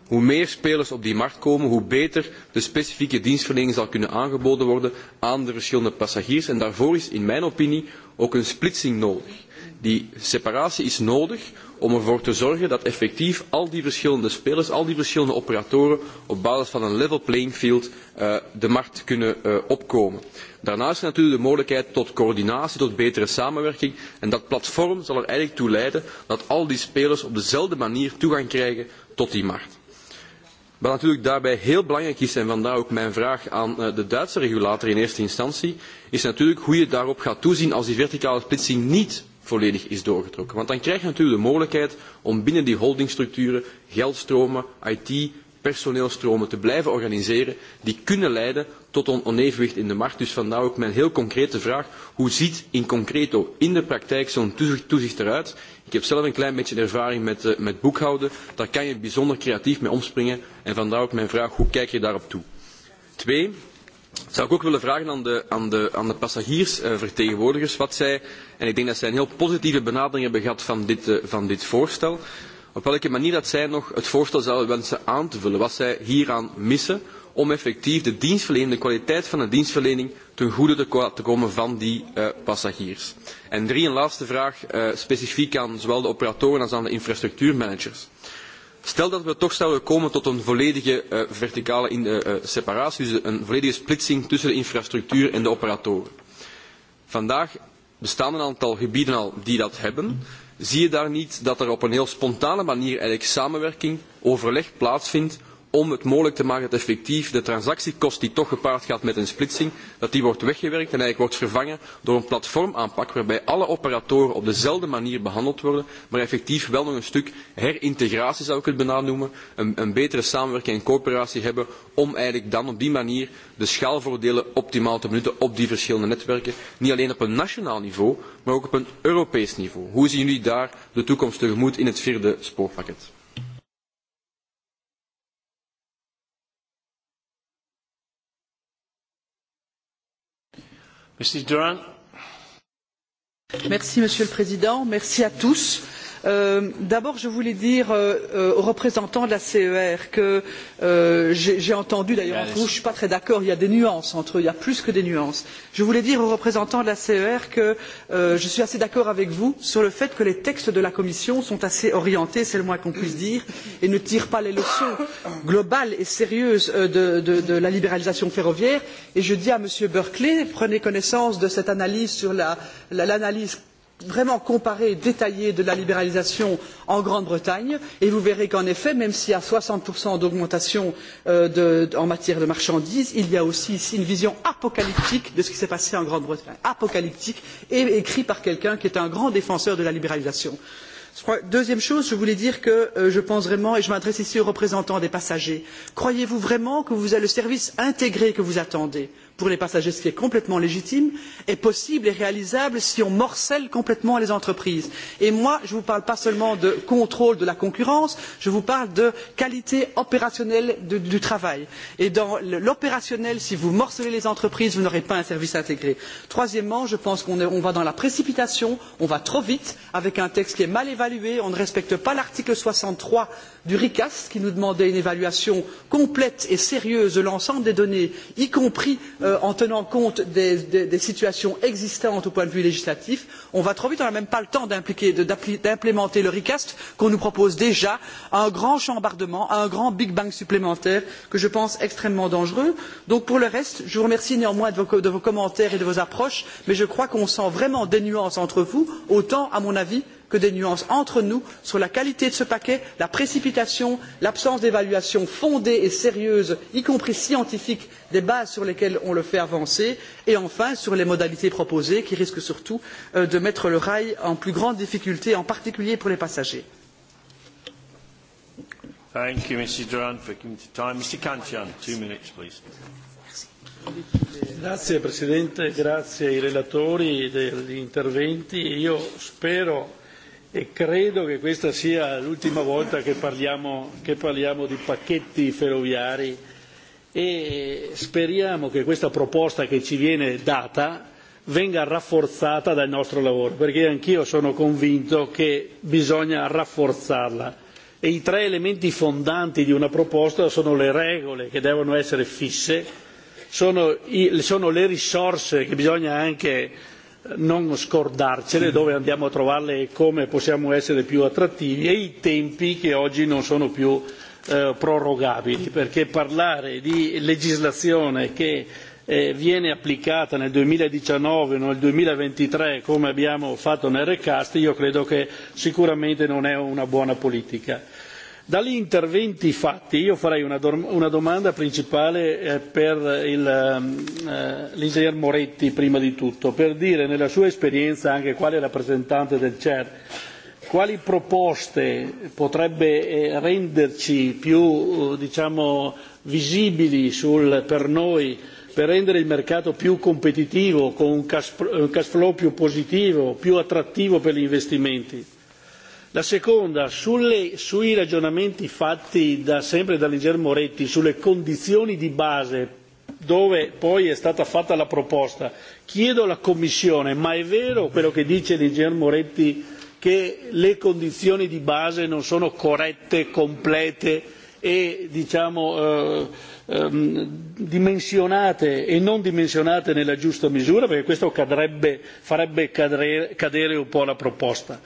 [SPEAKER 18] Hoe meer spelers op die markt komen, hoe beter de specifieke dienstverlening zal kunnen aangeboden worden aan de verschillende passagiers. En daarvoor is in mijn opinie ook een splitsing nodig. Die separatie is nodig om ervoor te zorgen dat effectief al die verschillende spelers, al die verschillende operatoren op basis van een level playing field uh, de markt kunnen uh, opkomen. Daarnaast er natuurlijk de mogelijkheid tot coördinatie, tot betere samenwerking. En dat platform zal er eigenlijk toe leiden dat al die spelers op dezelfde manier toegang krijgen tot die markt. Wat natuurlijk daarbij heel belangrijk is, en vandaar ook mijn vraag aan eh, de Duitse regulator in eerste instantie, is natuurlijk hoe je daarop gaat toezien als die verticale splitsing niet volledig is doorgetrokken. Want dan krijg je natuurlijk de mogelijkheid om binnen die holdingstructuren geldstromen, IT, personeelstromen te blijven organiseren die kunnen leiden tot een onevenwicht in de markt. Dus vandaar ook mijn heel concrete vraag. Hoe ziet in concreto in de praktijk zo'n toezicht, eruit? Ik heb zelf een klein beetje ervaring met, uh, met boekhouden. Daar kan je bijzonder creatief mee omspringen. En vandaar ook mijn vraag. Hoe kijk je daarop toe? Twee zou ik ook willen vragen aan de, aan de, aan de passagiersvertegenwoordigers eh, wat zij, en ik denk dat zij een heel positieve benadering hebben gehad van dit, eh, van dit voorstel, op welke manier dat zij nog het voorstel zouden wensen aan te vullen, wat zij hieraan missen om effectief de dienstverlening, de kwaliteit van de dienstverlening ten goede te, te komen van die uh, passagiers. En drie, een laatste vraag, uh, specifiek aan zowel de operatoren als aan de infrastructuurmanagers. Stel dat we toch zouden komen tot een volledige uh, verticale in, uh, separatie, dus een volledige splitsing tussen de infrastructuur en de operatoren. Vandaag bestaan een aantal gebieden al die dat hebben. Zie je daar niet dat er op een heel spontane manier eigenlijk samenwerking, overleg plaatsvindt om het mogelijk te maken dat effectief de transactiekost die toch gepaard gaat met een splitsing, dat die wordt weggewerkt en eigenlijk wordt vervangen door een platformaanpak waarbij alle operatoren op dezelfde manier behandeld worden, maar effectief wel nog een stuk herintegratie zou ik het bijna noemen, een, een betere samenwerking en coöperatie hebben om eigenlijk dan op die manier de schaalvoordelen optimaal te benutten op die verschillende netwerken. Niet alleen op een nationaal niveau, maar ook op een Europees niveau. Hoe zien jullie daar de toekomst tegemoet in het vierde spoorpakket?
[SPEAKER 5] Monsieur le Président. Merci à tous. Euh, d'abord je voulais dire euh, euh aux représentants de la cer que euh, j'ai entendu d'ailleurs entre vous je ne suis pas très d'accord il y a des nuances entre eux il y a plus que des nuances je voulais dire aux représentants de la cer que je suis assez d'accord avec vous sur le fait que les textes de la commission sont assez orientés c'est le moins qu'on puisse dire et ne tirent pas les leçons globales et sérieuses de, de, de la libéralisation ferroviaire et je dis à m. berkeley prenez connaissance de cette analyse sur l'analyse la, la, vraiment comparé et détaillé de la libéralisation en grande bretagne et vous verrez qu'en effet même s'il y a soixante d'augmentation euh, en matière de marchandises il y a aussi ici une vision apocalyptique de ce qui s'est passé en grande bretagne apocalyptique et écrite par quelqu'un qui est un grand défenseur de la libéralisation. deuxième chose je voulais dire que euh, je pense vraiment et je m'adresse ici aux représentants des passagers croyez vous vraiment que vous avez le service intégré que vous attendez? pour les passagers ce qui est complètement légitime est possible et réalisable si on morcelle complètement les entreprises. et moi je ne vous parle pas seulement de contrôle de la concurrence je vous parle de qualité opérationnelle de, du travail et dans l'opérationnel si vous morcelez les entreprises vous n'aurez pas un service intégré. troisièmement je pense qu'on va dans la précipitation on va trop vite avec un texte qui est mal évalué on ne respecte pas l'article soixante trois du recast qui nous demandait une évaluation complète et sérieuse de l'ensemble des données y compris euh, Euh, en tenant compte des, des, des situations existantes au point de vue législatif. On va trop vite, on n'a même pas le temps d'implémenter le recast qu'on nous propose déjà un grand chambardement, un grand big bang supplémentaire que je pense extrêmement dangereux. Donc pour le reste, je vous remercie néanmoins de vos, de vos commentaires et de vos approches, mais je crois qu'on sent vraiment des nuances entre vous, autant à mon avis que des nuances entre nous sur la qualité de ce paquet la précipitation l'absence d'évaluation fondée et sérieuse y compris scientifique des bases sur lesquelles on le fait avancer et enfin sur les modalités proposées qui risquent surtout euh, de mettre le rail en plus grande difficulté en particulier pour les passagers
[SPEAKER 19] e credo che questa sia l'ultima volta che parliamo, che parliamo di pacchetti ferroviari e speriamo che questa proposta che ci viene data venga rafforzata dal nostro lavoro, perché anch'io sono convinto che bisogna rafforzarla. E I tre elementi fondanti di una proposta sono le regole che devono essere fisse, sono, i, sono le risorse che bisogna anche non scordarcele dove andiamo a trovarle e come possiamo essere più attrattivi e i tempi che oggi non sono più eh, prorogabili perché parlare di legislazione che eh, viene applicata nel 2019 o nel 2023 come abbiamo fatto nel recast io credo che sicuramente non è una buona politica Dagli interventi fatti io farei una, una domanda principale eh, per ehm, eh, l'ingegner Moretti prima di tutto, per dire nella sua esperienza anche quale rappresentante del CER quali proposte potrebbe eh, renderci più diciamo, visibili sul, per noi per rendere il mercato più competitivo, con un cash flow più positivo, più attrattivo per gli investimenti? La seconda, sulle, sui ragionamenti fatti da, sempre dall'Inger Moretti sulle condizioni di base dove poi è stata fatta la proposta. Chiedo alla Commissione, ma è vero quello che dice l'Inger Moretti che le condizioni di base non sono corrette, complete e diciamo eh, ehm, dimensionate e non dimensionate nella giusta misura perché questo cadrebbe, farebbe cadere, cadere un po' la proposta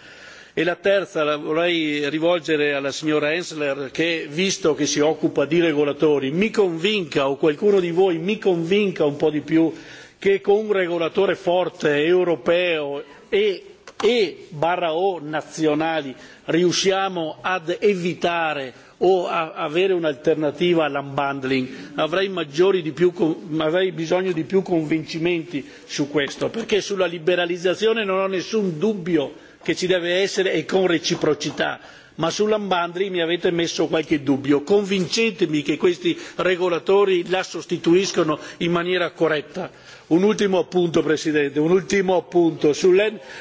[SPEAKER 19] e la terza la vorrei rivolgere alla signora Ensler che visto che si occupa di regolatori mi convinca o qualcuno di voi mi convinca un po' di più che con un regolatore forte europeo e, e o nazionali riusciamo ad evitare o a avere un'alternativa all'unbundling avrei, maggiori di più, avrei bisogno di più convincimenti su questo perché sulla liberalizzazione non ho nessun dubbio che ci deve essere e con reciprocità ma sull'Ambandri mi avete messo qualche dubbio. Convincetemi che questi regolatori la sostituiscono in maniera corretta. Un ultimo appunto, Presidente, un ultimo appunto.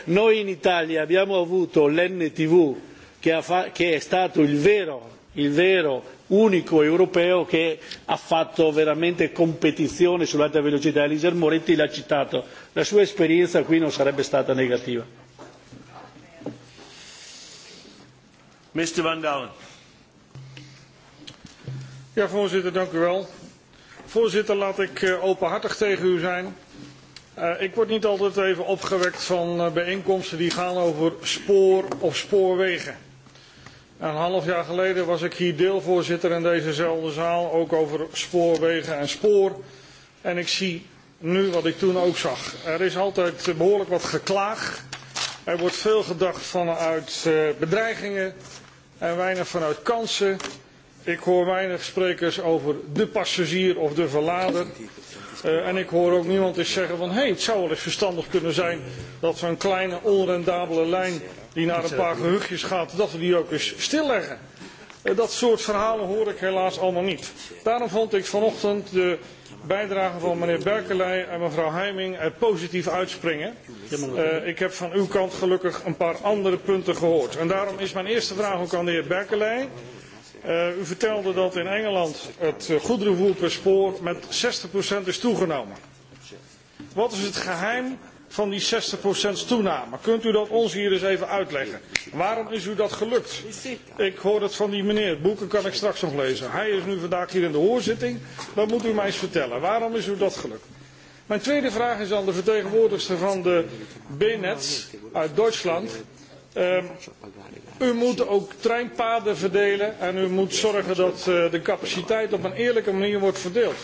[SPEAKER 19] Noi in Italia abbiamo avuto l'NTV che, che è stato il vero, il vero unico europeo che ha fatto veramente competizione sull'alta velocità. Elisir Moretti l'ha citato. La sua esperienza qui non sarebbe stata negativa.
[SPEAKER 20] voorzitter, dank u Voorzitter, laat ik eh, openhartig tegen u zijn. Eh, ik word niet altijd even opgewekt van uh, bijeenkomsten die gaan over spoor of spoorwegen. Een half jaar geleden was ik hier deelvoorzitter in dezezelfde zaal, ook over spoorwegen en spoor. En ik zie nu wat ik toen ook zag. Er is altijd behoorlijk wat geklaag. Er wordt veel gedacht vanuit bedreigingen, en weinig vanuit kansen. Ik hoor weinig sprekers over de passagier of de verlader. Uh, en ik hoor ook niemand eens zeggen van... hé, hey, het zou wel eens verstandig kunnen zijn dat zo'n kleine onrendabele lijn... die naar een paar gehuchtjes gaat, dat we die ook eens stilleggen. Uh, dat soort verhalen hoor ik helaas allemaal niet. Daarom vond ik vanochtend de bijdrage van meneer Berkeley en mevrouw Heiming er positief uitspringen. Uh, ik heb van uw kant gelukkig een paar andere punten gehoord. En daarom is mijn eerste vraag ook aan de heer Berkeley. Uh, u vertelde dat in Engeland het eh, goederenvoer per spoor met 60% is toegenomen. Wat is het geheim van die 60% toename. Kunt u dat ons hier eens even uitleggen? Waarom is u dat gelukt? Ik hoor het van die meneer. Boeken kan ik straks nog lezen. Hij is nu vandaag hier in de hoorzitting. Dat moet u mij eens vertellen. Waarom is u dat gelukt? Mijn tweede vraag is aan de vertegenwoordigster van de BNet uit Duitsland. Um, u moet ook treinpaden verdelen en u moet zorgen dat uh, de capaciteit op een eerlijke manier wordt verdeeld.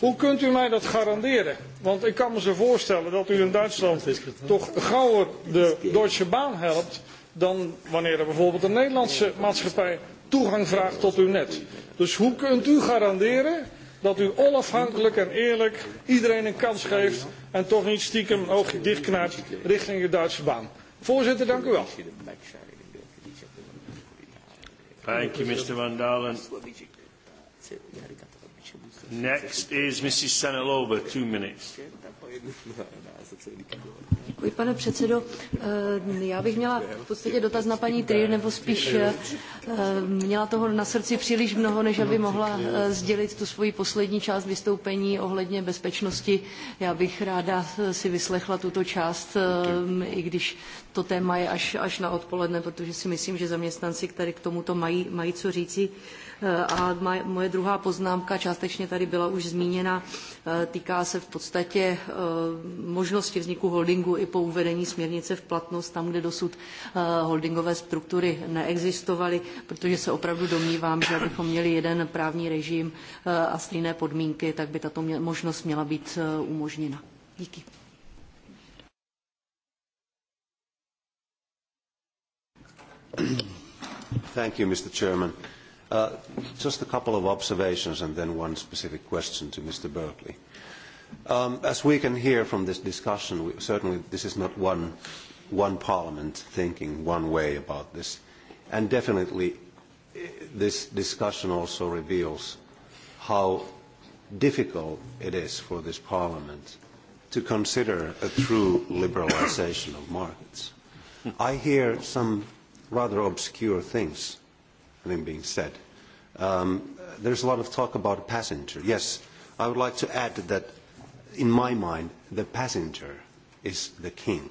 [SPEAKER 20] Hoe kunt u mij dat garanderen? Want ik kan me zo voorstellen dat u in Duitsland toch gauwer de Deutsche Bahn helpt dan wanneer er bijvoorbeeld een Nederlandse maatschappij toegang vraagt tot uw net. Dus hoe kunt u garanderen dat u onafhankelijk en eerlijk iedereen een kans geeft en toch niet stiekem een oogje dichtknijpt richting de Duitse baan? Voorzitter, dank u wel.
[SPEAKER 1] Thank you, Mr. Van Dalen. Next is Mrs. Senelova, two minutes.
[SPEAKER 13] Děkuji, pane předsedo. Eh, já bych měla v podstatě dotaz na paní Trier, nebo spíš eh, měla toho na srdci příliš mnoho, než aby mohla eh, sdělit tu svoji poslední část vystoupení ohledně bezpečnosti. Já bych ráda si vyslechla tuto část, i když to téma je až, až na odpoledne, protože si myslím, že zaměstnanci, kteří k tomuto mají, mají co říci. Eh, a moje druhá poznámka, částečně tady byla už zmíněna, eh, týká se v podstatě eh, možnosti vzniku holdingu i po uvedení směrnice v platnost tam, kde dosud holdingové struktury neexistovaly, protože se opravdu domnívám, že abychom měli jeden právní režim a stejné podmínky, tak by tato možnost měla být umožněna. Díky.
[SPEAKER 21] Thank you, Mr. Chairman. Uh, just a couple of observations and then one specific question to Mr. Berkeley. Um, as we can hear from this discussion, certainly this is not one, parliament thinking one way about this. And definitely eh, this discussion also reveals how difficult it is for this parliament to consider a true liberalization of markets. I hear some rather obscure things than being said. Um, there's a lot of talk about passenger. Yes, I would like to add that in my mind, the passenger is the king.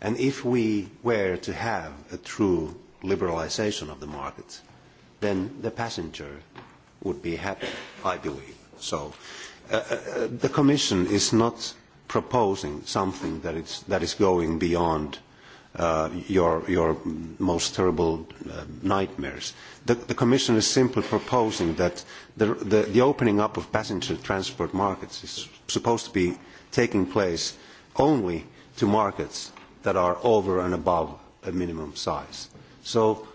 [SPEAKER 21] And if we were to have a true liberalization of the market, then the passenger would be happy, I believe. So uh, uh, the Commission is not proposing something that is, that is going beyond uh, uh, your, your most terrible uh, nightmares. The, the Commission is simply proposing that the, the, the opening up of passenger transport markets is supposed to be taking place only to markets that are over and above a minimum size. So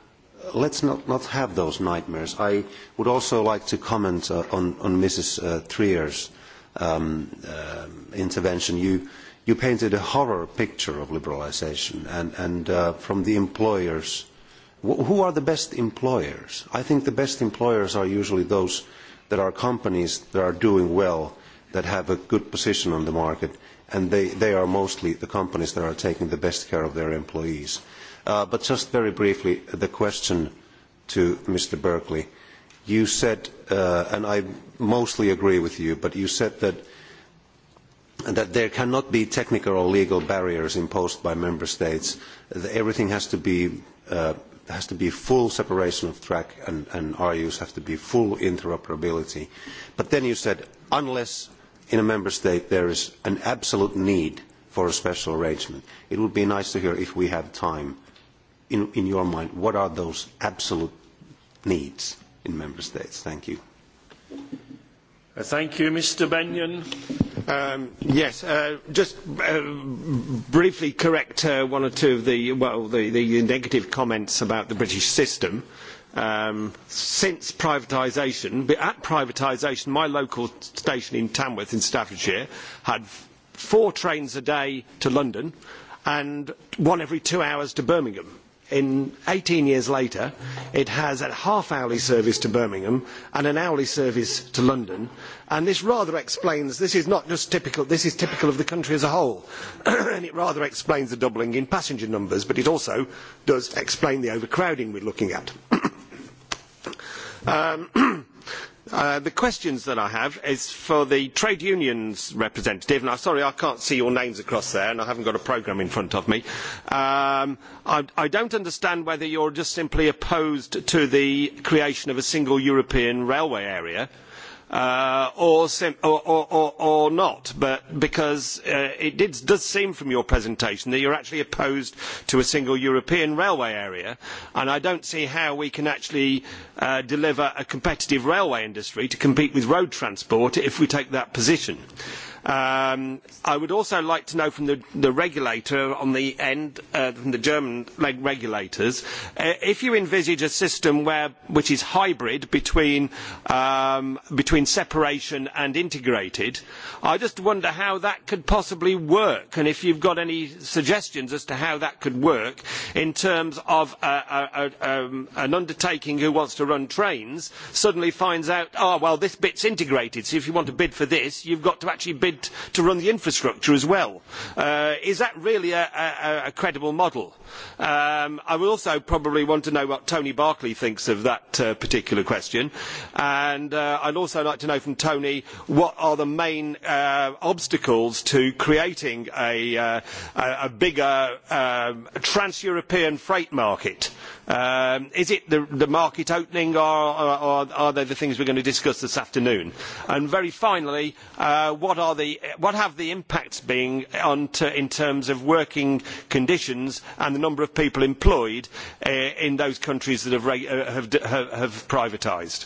[SPEAKER 21] uh, let's not, not have those nightmares. I would also like to comment uh, on, on Mrs. Uh, Trier's um, uh, intervention. You, you painted a horror picture of liberalisation and, and uh, from the employers. who are the best employers? I think the best employers are usually those that are companies that are doing well, that have a good position on the market, and they, they are mostly the companies that are taking the best care of their employees. Uh, but just very briefly, the question to Mr. Berkeley. You said, uh, and I mostly agree with you, but you said that that there cannot be technical or legal barriers imposed by member states. Everything has to be uh, has to be full separation of track and, and RUs have to be full interoperability. But then you said, unless in a member state there is an absolute need for a special arrangement, it would be nice to hear if we have time, in, in your mind, what are those absolute needs in member states? Thank you.
[SPEAKER 1] Uh, Mr. Benyon.
[SPEAKER 22] Um, uh, just uh, briefly correct uh, one or two of the, well, the, the negative comments about the British system. Um, since privatisation, at privatisation, my local station in Tamworth in Staffordshire had four trains a day to London and one every two hours to Birmingham in 18 years later, it has a half-hourly service to Birmingham and an hourly service to London. And this rather explains, this is not just typical, this is typical of the country as a whole. and it rather explains the doubling in passenger numbers, but it also does explain the overcrowding we're looking at. um, Uh, the questions that I have is for the trade unions representative, and I'm sorry I can't see your names across there, and I haven't got a programme in front of me. Um, I, I don't understand whether you're just simply opposed to the creation of a single European railway area, uh, Uh, or, not but because uh, it did, does seem from your presentation that you're actually opposed to a single European railway area and I don't see how we can actually uh, deliver a competitive railway industry to compete with road transport if we take that position. Um, I would also like to know from the, the regulator on the end, uh, from the German regulators, uh, if you envisage a system where, which is hybrid between, um, between separation and integrated, I just wonder how that could possibly work and if you've got any suggestions as to how that could work in terms of uh, uh, uh, um, an undertaking who wants to run trains suddenly finds out, oh, well, this bit's integrated, so if you want to bid for this, you've got to actually bid grid to run the infrastructure as well. Uh, is that really a, a, a credible model? Um, I would also probably want to know what Tony Barclay thinks of that uh, particular question. And uh, I'd also like to know from Tony what are the main uh, obstacles to creating a, uh, a bigger um, trans-European freight market? Um, is it the, the market opening or, or, or are they the things we're going to discuss this afternoon? And very finally, uh, what are the, what have the impacts been on to, in terms of working conditions and the number of people employed uh, in those countries that have, uh, have, have
[SPEAKER 23] privatised?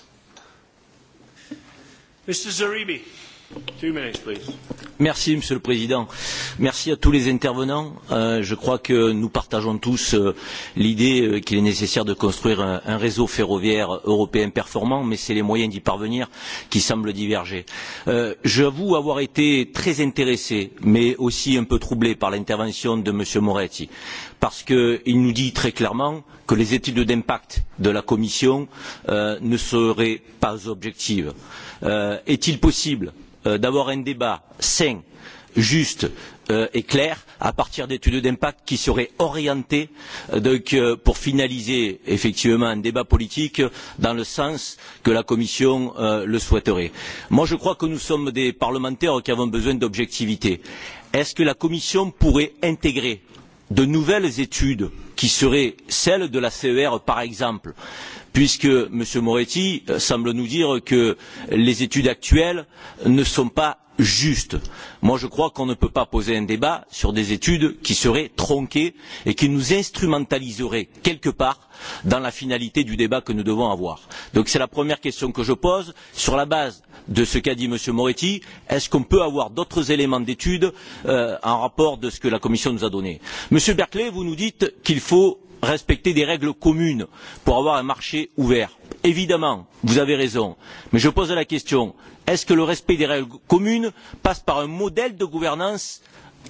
[SPEAKER 1] Mr Zaribi.
[SPEAKER 23] Merci, Monsieur le Président. Merci à tous les intervenants. Euh, je crois que nous partageons tous euh, l'idée euh, qu'il est nécessaire de construire un, un réseau ferroviaire européen performant, mais c'est les moyens d'y parvenir qui semblent diverger. Euh, J'avoue avoir été très intéressé, mais aussi un peu troublé par l'intervention de Monsieur Moretti, parce qu'il nous dit très clairement que les études d'impact de la Commission euh, ne seraient pas objectives. Euh, Est-il possible euh, d'avoir un débat sain, juste euh, et clair à partir d'études d'impact qui seraient orientées euh, donc, euh, pour finaliser effectivement un débat politique dans le sens que la Commission euh, le souhaiterait. Moi je crois que nous sommes des parlementaires qui avons besoin d'objectivité. Est-ce que la Commission pourrait intégrer de nouvelles études qui seraient celles de la CER par exemple puisque M. Moretti euh, semble nous dire que les études actuelles ne sont pas justes. Moi, je crois qu'on ne peut pas poser un débat sur des études qui seraient tronquées et qui nous instrumentaliseraient quelque part dans la finalité du débat que nous devons avoir. Donc c'est la première question que je pose. Sur la base de ce qu'a dit M. Moretti, est-ce qu'on peut avoir d'autres éléments d'études euh, en rapport de ce que la Commission nous a donné M. Berkeley, vous nous dites qu'il faut respecter des règles communes pour avoir un marché ouvert. Évidemment, vous avez raison, mais je pose la question est-ce que le respect des règles communes passe par un modèle de gouvernance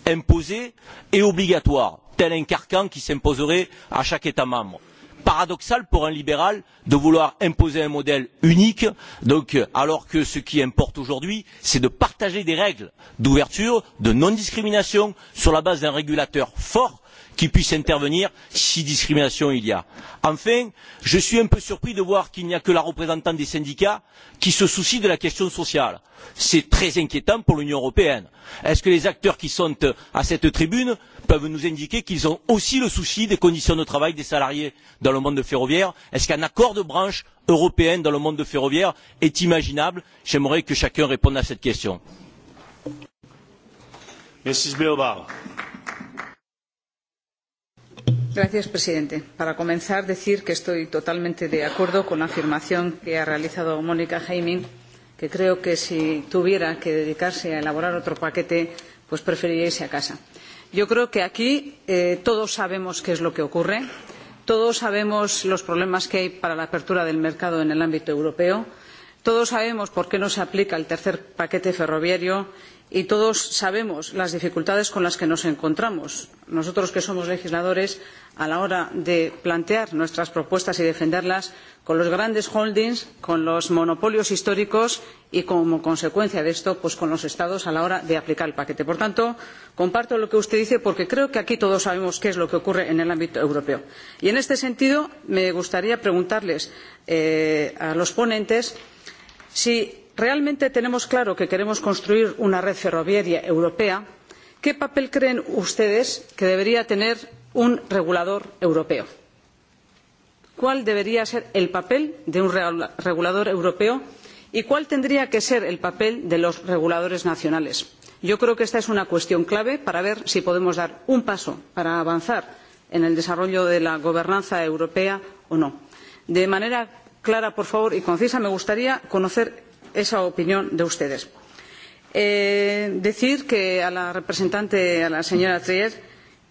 [SPEAKER 23] imposé et obligatoire, tel un carcan qui s'imposerait à chaque État membre paradoxal pour un libéral de vouloir imposer un modèle unique donc, alors que ce qui importe aujourd'hui c'est de partager des règles d'ouverture de non discrimination sur la base d'un régulateur fort qui puisse intervenir si discrimination il y a. enfin je suis un peu surpris de voir qu'il n'y a que la représentante des syndicats qui se soucie de la question sociale. c'est très inquiétant pour l'union européenne. est ce que les acteurs qui sont euh, à cette tribune peuvent nous indiquer qu'ils ont aussi le souci des conditions de travail des salariés dans le monde ferroviaire? est ce qu'un accord de branche européen dans le monde ferroviaire est imaginable? j'aimerais que chacun réponde à cette question. Mrs. Bilbao.
[SPEAKER 24] Señor presidente. Para comenzar, decir que estoy totalmente de acuerdo con la afirmación que ha realizado Mónica Jaimín, que creo que si tuviera que dedicarse a elaborar otro paquete, pues preferiría irse a casa. Yo creo que aquí eh, todos sabemos qué es lo que ocurre, todos sabemos los problemas que hay para la apertura del mercado en el ámbito europeo, todos sabemos por qué no se aplica el tercer paquete ferroviario y todos sabemos las dificultades con las que nos encontramos nosotros que somos legisladores a la hora de plantear nuestras propuestas y defenderlas con los grandes holdings con los monopolios históricos y como consecuencia de esto pues con los estados a la hora de aplicar el paquete. por tanto comparto lo que usted dice porque creo que aquí todos sabemos qué es lo que ocurre en el ámbito europeo. y en este sentido me gustaría preguntarles eh, a los ponentes si realmente tenemos claro que queremos construir una red ferroviaria europea qué papel creen ustedes que debería tener un regulador europeo? cuál debería ser el papel de un regulador europeo y cuál tendría que ser el papel de los reguladores nacionales? yo creo que esta es una cuestión clave para ver si podemos dar un paso para avanzar en el desarrollo de la gobernanza europea o no. de manera clara por favor, y concisa me gustaría conocer esa opinión de ustedes. Eh, decir a la representante, a la señora Trier,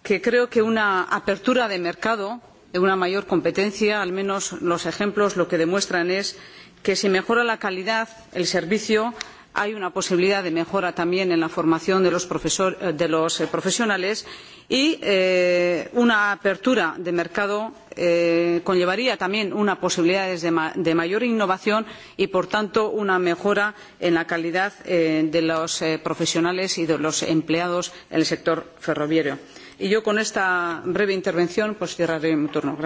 [SPEAKER 24] que creo que una apertura de mercado, una mayor competencia, al menos los ejemplos lo que demuestran es que se mejora la calidad, el servicio, hay una posibilidad de mejora también en la formación de los, eh, eh, profesionales y eh, una apertura de mercado conllevaría también una posibilidad de, mayor innovación y por tanto una mejora en la calidad de los profesionales y de los empleados en el sector ferroviario. Y yo con esta breve intervención cerraré mi turno.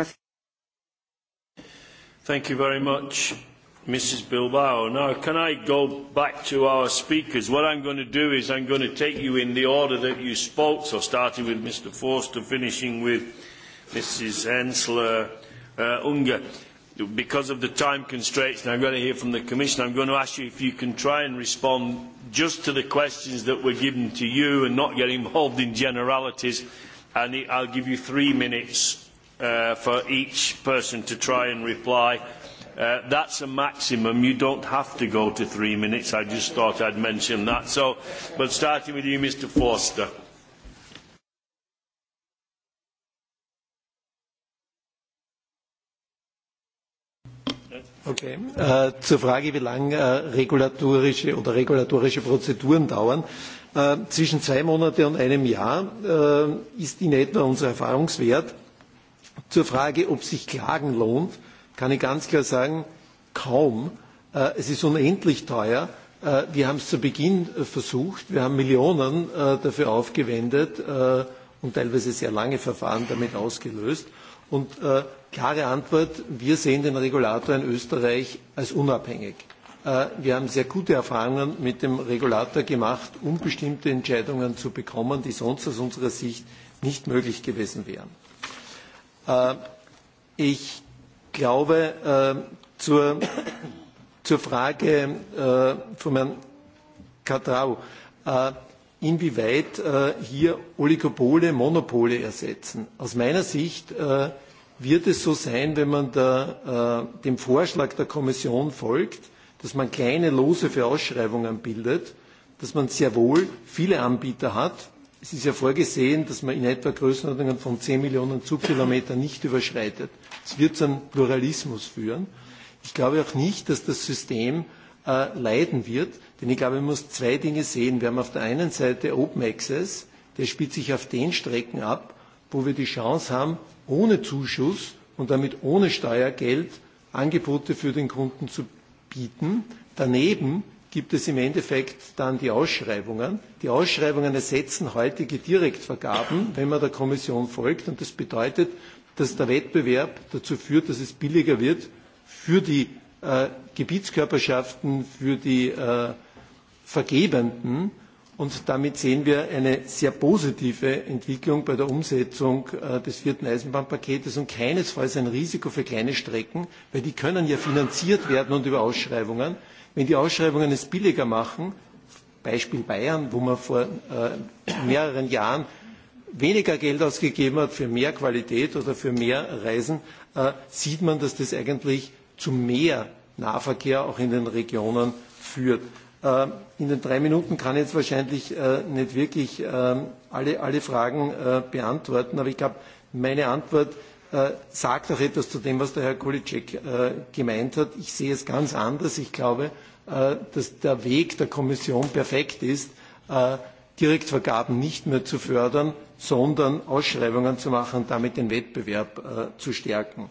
[SPEAKER 1] Mrs. Bilbao. Now, can I go back to our speakers? What I'm going to do is I'm going to take you in the order that you spoke, so starting with Mr. Forster, finishing with Mrs. Hensler uh, Unger. Because of the time constraints, and I'm going to hear from the Commission, I'm going to ask you if you can try and respond just to the questions that were given to you and not get involved in generalities. And I'll give you three minutes uh, for each person to try and reply Uh, that's a maximum. You don't have to go to three minutes. I just thought I'd mention that. So, but starting with you, Mr. Forster.
[SPEAKER 7] Okay. Äh, zur Frage, wie lange äh, uh, regulatorische oder regulatorische Prozeduren dauern. Äh, zwischen zwei Monate und einem Jahr ist in etwa unser Erfahrungswert. Zur Frage, ob sich Klagen lohnt kann ich ganz klar sagen, kaum. Äh, es ist unendlich teuer. Äh, wir haben es zu Beginn äh, versucht. Wir haben Millionen dafür aufgewendet und teilweise sehr lange Verfahren damit ausgelöst. Und klare Antwort, wir sehen den Regulator in Österreich als unabhängig. Wir haben sehr gute Erfahrungen mit dem Regulator gemacht, um bestimmte Entscheidungen zu bekommen, die sonst aus unserer Sicht nicht möglich gewesen wären. Ich glaube, äh, zur, zur Frage äh, von Herrn Katrau, äh, inwieweit äh, hier Oligopole Monopole ersetzen. Aus meiner Sicht äh, wird es so sein, wenn man der, äh, dem Vorschlag der Kommission folgt, dass man kleine Lose für Ausschreibungen bildet, dass man sehr wohl viele Anbieter hat. Es ist ja vorgesehen, dass man in etwa Größenordnungen von 10 Millionen Zugkilometern nicht überschreitet. Es wird zu einem Pluralismus führen. Ich glaube auch nicht, dass das System äh, leiden wird, denn ich glaube, man muss zwei Dinge sehen. Wir haben auf der einen Seite Open Access, der spielt sich auf den Strecken ab, wo wir die Chance haben, ohne Zuschuss und damit ohne Steuergeld Angebote für den Kunden zu bieten. Daneben gibt es im Endeffekt dann die Ausschreibungen. Die Ausschreibungen ersetzen heutige Direktvergaben, wenn man der Kommission folgt. Und das bedeutet, dass der Wettbewerb dazu führt, dass es billiger wird für die äh, Gebietskörperschaften, für die äh, Vergebenden. Und damit sehen wir eine sehr positive Entwicklung bei der Umsetzung äh, des vierten Eisenbahnpaketes und keinesfalls ein Risiko für kleine Strecken, weil die können ja finanziert werden und über Ausschreibungen. Wenn die Ausschreibungen es billiger machen, Beispiel Bayern, wo man vor äh, mehreren Jahren weniger Geld ausgegeben hat für mehr Qualität oder für mehr Reisen, äh, sieht man, dass das eigentlich zu mehr Nahverkehr auch in den Regionen führt. Äh, in den drei Minuten kann ich jetzt wahrscheinlich äh, nicht wirklich alle, alle Fragen beantworten, aber ich glaube, meine Antwort sagt auch etwas zu dem, was der Herr Kulitschek gemeint hat. Ich sehe es ganz anders. Ich glaube, dass der Weg der Kommission perfekt ist, Direktvergaben nicht mehr zu fördern, sondern Ausschreibungen zu machen, und damit den Wettbewerb äh, zu stärken.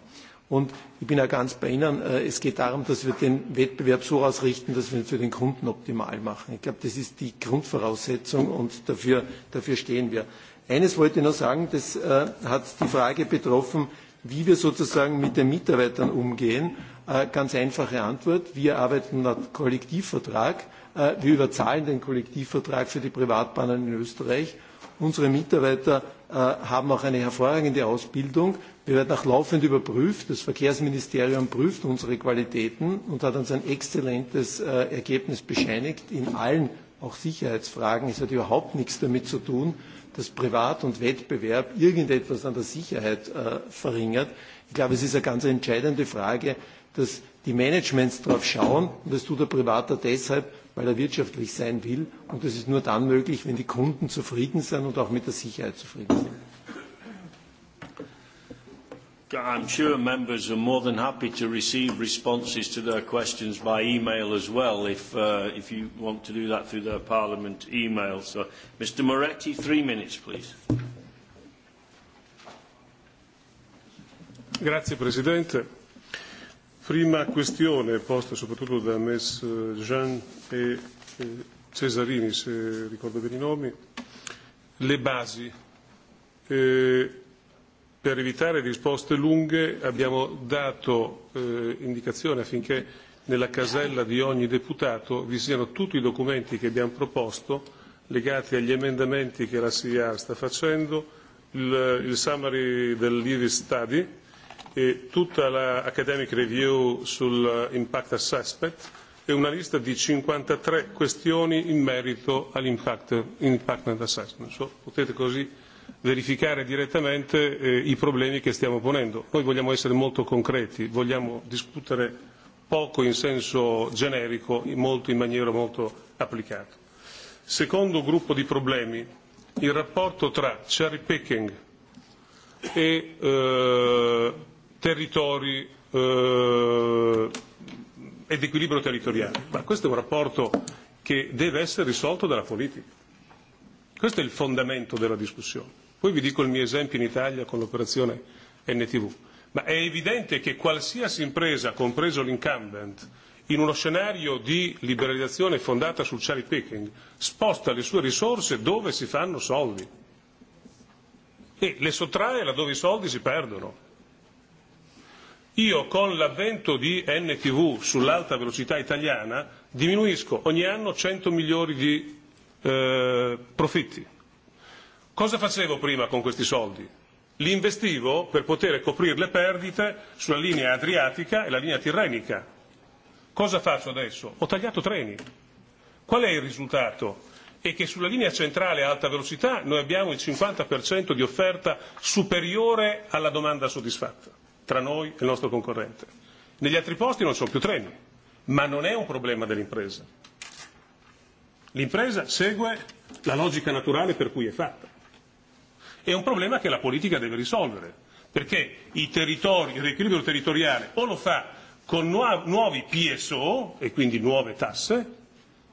[SPEAKER 7] Und ich bin ja ganz bei Ihnen, äh, es geht darum, dass wir den Wettbewerb so ausrichten, dass wir ihn für den Kunden optimal machen. Ich glaube, das ist die Grundvoraussetzung und dafür, dafür stehen wir. Eines wollte ich noch sagen, das äh, hat die Frage betroffen, wie wir sozusagen mit den Mitarbeitern umgehen. Äh, ganz einfache Antwort. Wir arbeiten nach Kollektivvertrag. Äh, wir überzahlen den Kollektivvertrag für die Privatbahnen in Österreich. Unsere Mitarbeiter äh, haben auch eine hervorragende Ausbildung. Wir werden auch laufend überprüft. Das Verkehrsministerium prüft unsere Qualitäten und hat uns ein exzellentes äh, Ergebnis bescheinigt in allen auch Sicherheitsfragen. Es hat überhaupt nichts damit zu tun, dass Privat und Wettbewerb irgendetwas an der Sicherheit äh, verringert. Ich glaube, es ist eine ganz entscheidende Frage, dass die Managements darauf schauen. Und das tut der Privater deshalb, weil er wirtschaftlich sein will. Und das ist nur dann möglich, wenn die Kunden zufrieden sind und auch mit der Sicherheit zufrieden sind.
[SPEAKER 1] I'm sure members are more than happy to receive responses to their questions by email as well, if, uh, if you want to do that through their Parliament email. So, Mr. Moretti, three minutes, please.
[SPEAKER 8] Grazie, Presidente Prima questione posta soprattutto da Ms. Eh, Jean e eh, Cesarini, se ricordo bene i nomi, le basi. Eh, per evitare risposte lunghe abbiamo dato eh, indicazione affinché nella casella di ogni deputato vi siano tutti i documenti che abbiamo proposto legati agli emendamenti che la CIA sta facendo, il, il summary dell'IRIS study, E eh, tutta l'Academic la Review sull'impact assessment e una lista di 53 questioni in merito all'impact impact assessment. So, potete così verificare direttamente eh, i problemi che stiamo ponendo. Noi vogliamo essere molto concreti, vogliamo discutere poco in senso generico, molto in maniera molto applicata. Secondo gruppo di problemi, il rapporto tra cherry picking e eh, territori eh, ed equilibrio territoriale. Ma questo è un rapporto che deve essere risolto dalla politica. Questo è il fondamento della discussione. Poi vi dico il mio esempio in Italia con l'operazione NTV. Ma è evidente che qualsiasi impresa, compreso l'incumbent, in uno scenario di liberalizzazione fondata sul cherry picking, sposta le sue risorse dove si fanno soldi e le sottrae laddove i soldi si perdono Io con l'avvento di NTV sull'alta velocità italiana diminuisco ogni anno 100 milioni di eh, profitti. Cosa facevo prima con questi soldi? Li investivo per poter coprire le perdite sulla linea adriatica e la linea tirrenica. Cosa faccio adesso? Ho tagliato treni. Qual è il risultato? È che sulla linea centrale a alta velocità noi abbiamo il 50% di offerta superiore alla domanda soddisfatta tra noi e il nostro concorrente. Negli altri posti non ci sono più treni, ma non è un problema dell'impresa. L'impresa segue la logica naturale per cui è fatta. È un problema che la politica deve risolvere, perché i territori, il riequilibrio territoriale o lo fa con nuovi PSO e quindi nuove tasse,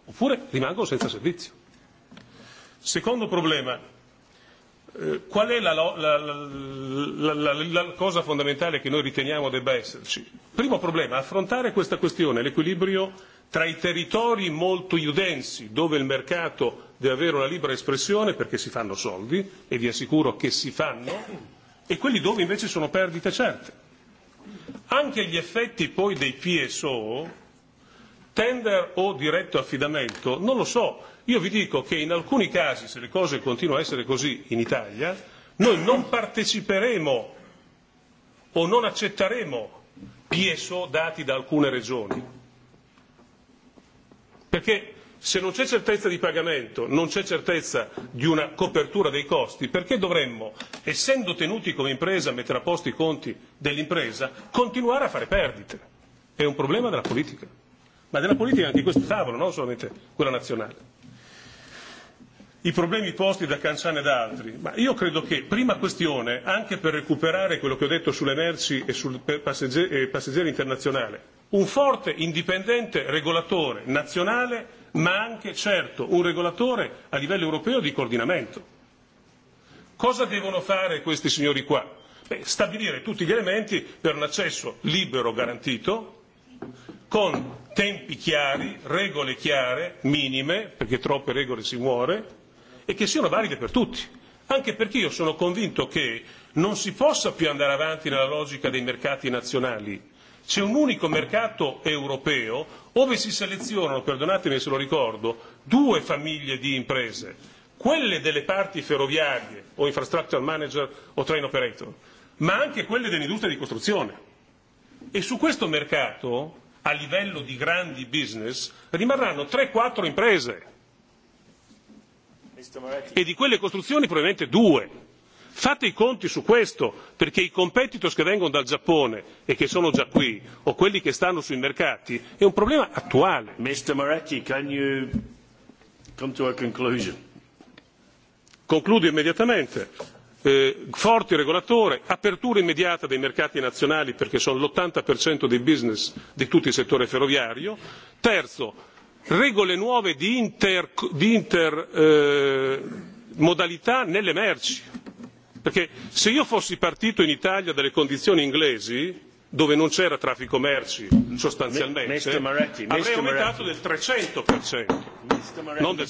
[SPEAKER 8] oppure rimangono senza servizio. Secondo problema, Eh, qual è la, la, la, la, la, la cosa fondamentale che noi riteniamo debba esserci? Primo problema, affrontare questa questione, l'equilibrio tra i territori molto iudensi, dove il mercato deve avere una libera espressione perché si fanno soldi, e vi assicuro che si fanno, e quelli dove invece sono perdite certe. Anche gli effetti poi dei PSO Tender o diretto affidamento? Non lo so. Io vi dico che in alcuni casi, se le cose continuano a essere così in Italia, noi non parteciperemo o non accetteremo PSO dati da alcune regioni. Perché se non c'è certezza di pagamento, non c'è certezza di una copertura dei costi, perché dovremmo, essendo tenuti come impresa a mettere a posto i conti dell'impresa, continuare a fare perdite? È un problema della politica ma della politica di questo tavolo, non solamente quella nazionale. I problemi posti da e da altri, ma io credo che prima questione, anche per recuperare quello che ho detto sulle merci e sul passeggeri, eh, passeggeri internazionale, un forte indipendente regolatore nazionale, ma anche certo un regolatore a livello europeo di coordinamento. Cosa devono fare questi signori qua? Beh, stabilire tutti gli elementi per un accesso libero garantito con tempi chiari, regole chiare, minime, perché troppe regole si muore, e che siano valide per tutti. Anche perché io sono convinto che non si possa più andare avanti nella logica dei mercati nazionali. C'è un unico mercato europeo dove si selezionano, perdonatemi se lo ricordo, due famiglie di imprese, quelle delle parti ferroviarie o infrastructure manager o train operator, ma anche quelle dell'industria di costruzione. E su questo mercato a livello di grandi business rimarranno 3-4 imprese e di quelle costruzioni probabilmente due. Fate i conti su questo, perché i competitors che vengono dal Giappone e che sono già qui, o quelli che stanno sui mercati, è un problema attuale. Mr. Moretti, can you come to a conclusion? Concludo immediatamente Eh, forte regolatore apertura immediata dei mercati nazionali perché sono l' ottanta dei business di tutto il settore ferroviario terzo regole nuove di intermodalità eh, nelle merci perché se io fossi partito in italia dalle condizioni inglesi dove non c'era traffico merci sostanzialmente
[SPEAKER 1] avrei aumentato del trecento non del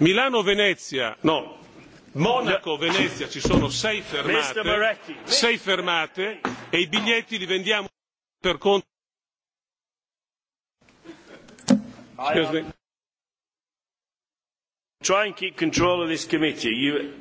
[SPEAKER 8] Milano Venezia, no, Monaco Venezia ci sono sei fermate, sei fermate e i biglietti li vendiamo per conto. Excuse me.
[SPEAKER 1] Try and keep control of this committee. You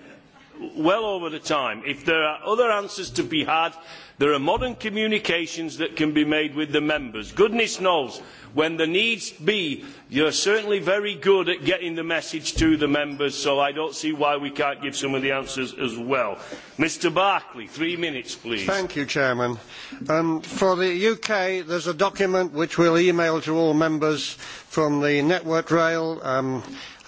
[SPEAKER 1] well over the time. If there are other answers to be had, there are modern communications that can be made with the members. goodness knows when the needs be you are certainly very good at getting the message to the members so i do not see why we cannot give some of the answers as well. mr barclay three minutes please. thank
[SPEAKER 9] you chairman. Um, for the uk there is a document which we will email to all members from the network rail um,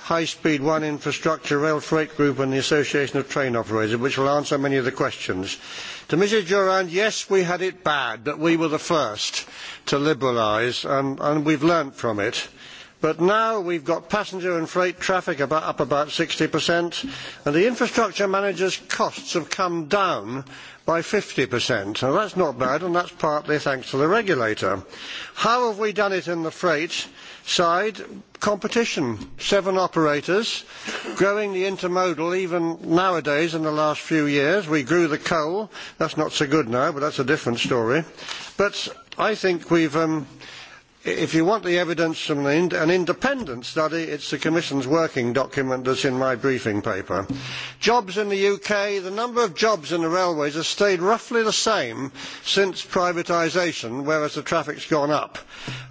[SPEAKER 9] high speed one infrastructure rail freight group and the association of train operators which will answer many of the questions. to mrs durand yes we had it bad but we were the first to liberalise and, we have learnt from it but now we have got passenger and freight traffic about, up about 60% and the infrastructure managers' costs have come down by 50%. Now that's not bad and that's partly thanks to the regulator. How have we done it in the freight side? Competition. Seven operators, growing the intermodal even nowadays in the last few years. We grew the coal. That's not so good now, but that's a different story. But I think we've... Um, if you want the evidence from an independent study it is the commission's working document that is in my briefing paper. jobs in the uk the number of jobs in the railways has stayed roughly the same since privatisation whereas the traffic has gone up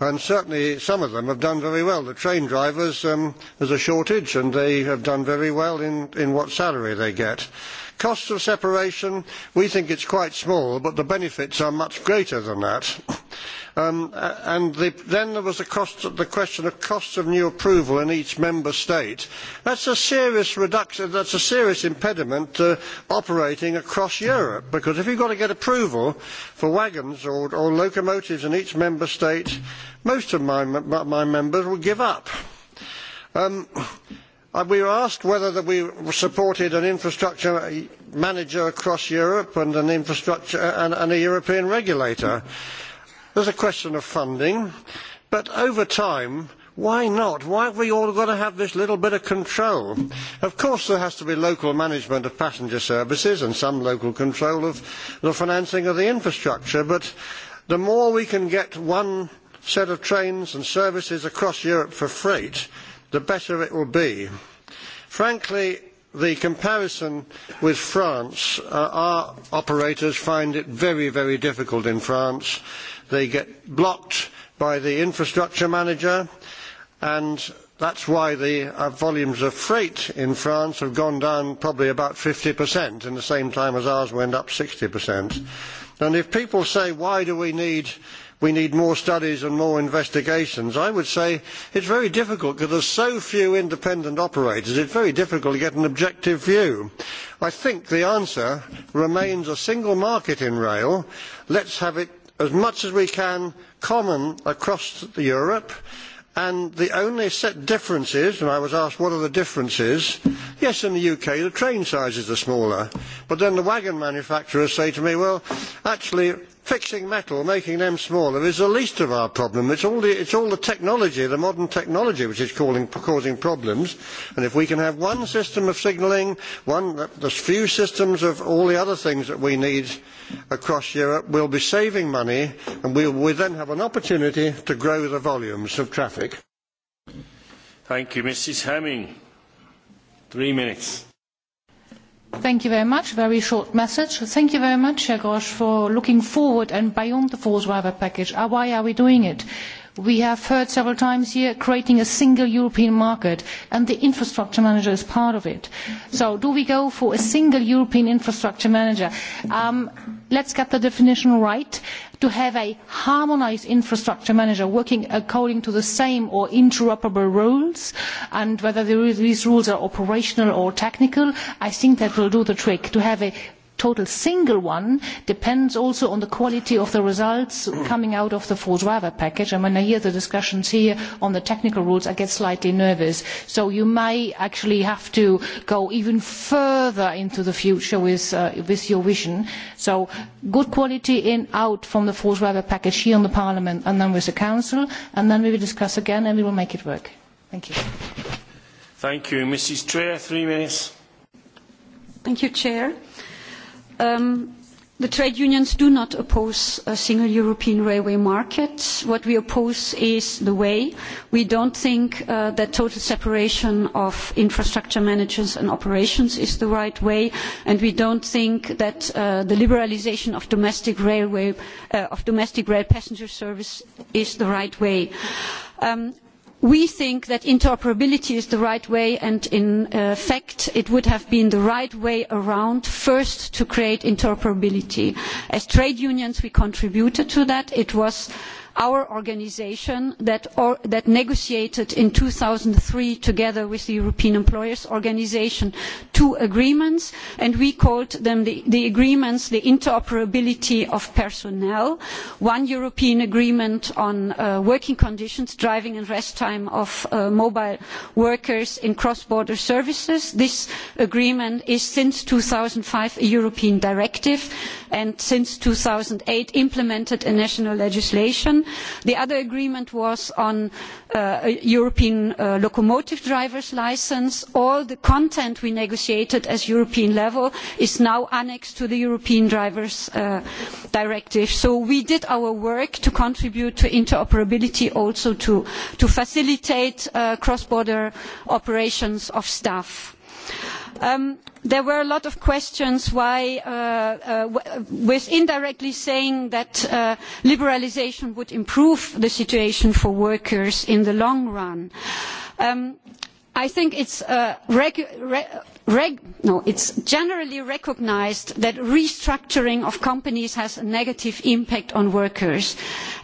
[SPEAKER 9] and certainly some of them have done very well. the train drivers um, there is a shortage and they have done very well in what salary they get cost of separation we think it is quite small but the benefits are much greater than that. Um, and the, then there was the, cost, the question of costs of new approval in each member state. That's a serious reduction. That's a serious impediment to operating across Europe because if you've got to get approval for wagons or, or locomotives in each member state, most of my, my members will give up. Um, Uh, we were asked whether we supported an infrastructure manager across europe and an infrastructure and a european regulator. there is a question of funding but over time why not? why have we all got to have this little bit of control? of course there has to be local management of passenger services and some local control of the financing of the infrastructure but the more we can get one set of trains and services across europe for freight the better it will be. Frankly, the comparison with France, uh, our operators find it very, very difficult in France. They get blocked by the infrastructure manager, and that's why the uh, volumes of freight in France have gone down probably about 50% in the same time as ours went up 60%. And if people say, why do we need we need more studies and more investigations. I would say it's very difficult because there's so few independent operators, it's very difficult to get an objective view. I think the answer remains a single market in rail. Let's have it as much as we can common across Europe and the only set differences and i was asked what are the differences yes in the uk the train sizes are smaller but then the wagon manufacturers say to me well actually fixing metal, making them smaller, is the least of our problem. It's all the, it's all the technology, the modern technology, which is calling, causing problems. And if we can have one system of signalling, one, the few systems of all the other things that we need across Europe, we'll be saving money, and we'll, we then have an opportunity to grow the volumes of traffic.
[SPEAKER 1] Thank you, Mrs. Hemming. Three minutes.
[SPEAKER 10] Thank you very much. Very short message. Thank you very much, Gros, for looking forward and beyond the fourth driver package. Why are we doing it? we have heard several times here, creating a single European market, and the infrastructure manager is part of it. So do we go for a single European infrastructure manager? Um, let's get the definition right. To have a harmonised infrastructure manager working according to the same or interoperable rules, and whether these rules are operational or technical, I think that will do the trick. To have a total single one depends also on the quality of the results mm. coming out of the four-driver package. And when I hear the discussions here on the technical rules, I get slightly nervous. So you may actually have to go even further into the future with, uh, your vision. So good quality in, out from the four-driver package here in the Parliament and then with the Council, and then we will discuss again and we will make it work. Thank you.
[SPEAKER 1] Thank you. Mrs. Trier, three minutes.
[SPEAKER 11] Thank you, Chair. Um, the trade unions do not oppose a single European railway market. What we oppose is the way. We don't think uh, that total separation of infrastructure managers and operations is the right way, and we don't think that uh, the liberalisation of domestic railway uh, of domestic rail passenger service is the right way. Um, we think that interoperability is the right way and in uh, fact it would have been the right way around first to create interoperability. as trade unions we contributed to that. it was our organisation that, or, that negotiated in two thousand and three together with the european employers organisation two agreements and we called them the, the agreements the interoperability of personnel one european agreement on uh, working conditions driving and rest time of uh, mobile workers in cross border services this agreement is since two thousand and five a european directive and since two thousand and eight implemented in national legislation The other agreement was on uh, a European uh, locomotive driver's licence. All the content we negotiated at European level is now annexed to the European Drivers uh, Directive. So we did our work to contribute to interoperability also to, to facilitate uh, cross-border operations of staff. Um, there were a lot of questions why, uh, uh, with indirectly saying that uh, liberalisation would improve the situation for workers in the long run. Um, I think it's, uh, no, it's generally recognised that restructuring of companies has a negative impact on workers.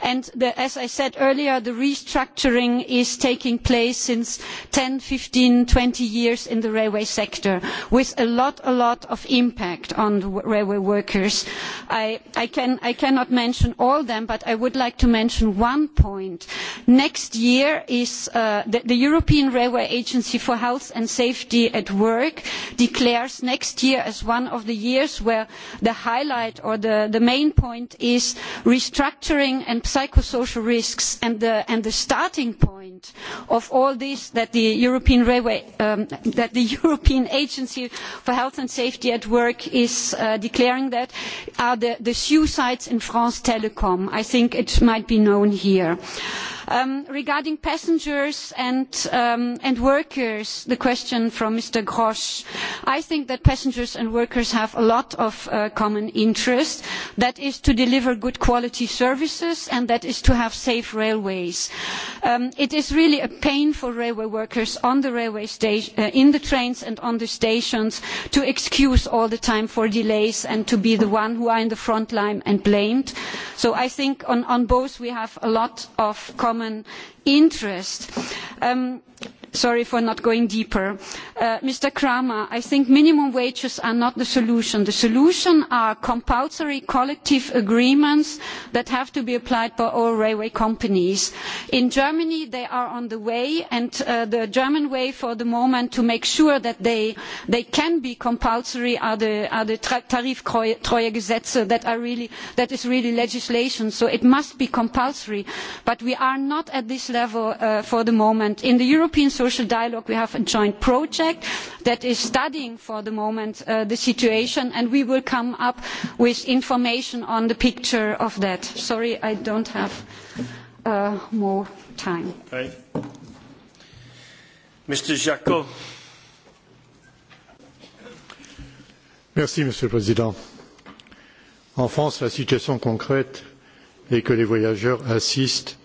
[SPEAKER 11] And the, as I said earlier, the restructuring is taking place since 10, 15, 20 years in the railway sector, with a lot, a lot of impact on railway workers. I, I, can, I cannot mention all them, but I would like to mention one point. Next year is uh, the, the European Railway Agency agency for health and safety at work declares next year as one of the years where the highlight or the, the main point is restructuring and psychosocial risks and the, and the starting point of all this that the european, railway, um, that the european agency for health and safety at work is uh, declaring that are the, the suicides in france telecom. i think it might be known here. Uh, Um, regarding passengers and, um, and workers, the question from Mr. Grosch, I think that passengers and workers have a lot of uh, common interest. That is to deliver good quality services and that is to have safe railways. Um, it is really a pain for railway workers on the railway station, uh, in the trains and on the stations to excuse all the time for delays and to be the one who are in the front line and blamed. So I think on, on both we have a lot of common common interest. Um, sorry for not going deeper. Uh, Mr. Kramer, I think minimum wages are not the solution. The solution are compulsory collective agreements that have to be applied by all railway companies. In Germany, they are on the way, and uh, the German way for the moment to make sure that they, they can be compulsory are the, are the Gesetze that, are really, that is really legislation, so it must be compulsory. But we are not at this level uh, for the moment. In the European social dialogue we have a joint project that is studying for the moment uh, the situation and we will come up with information on the picture of that. sorry i do not have uh, more time.
[SPEAKER 1] Okay. Mr. Jacot.
[SPEAKER 12] Merci, monsieur le président en france la situation concrète est que les voyageurs assistent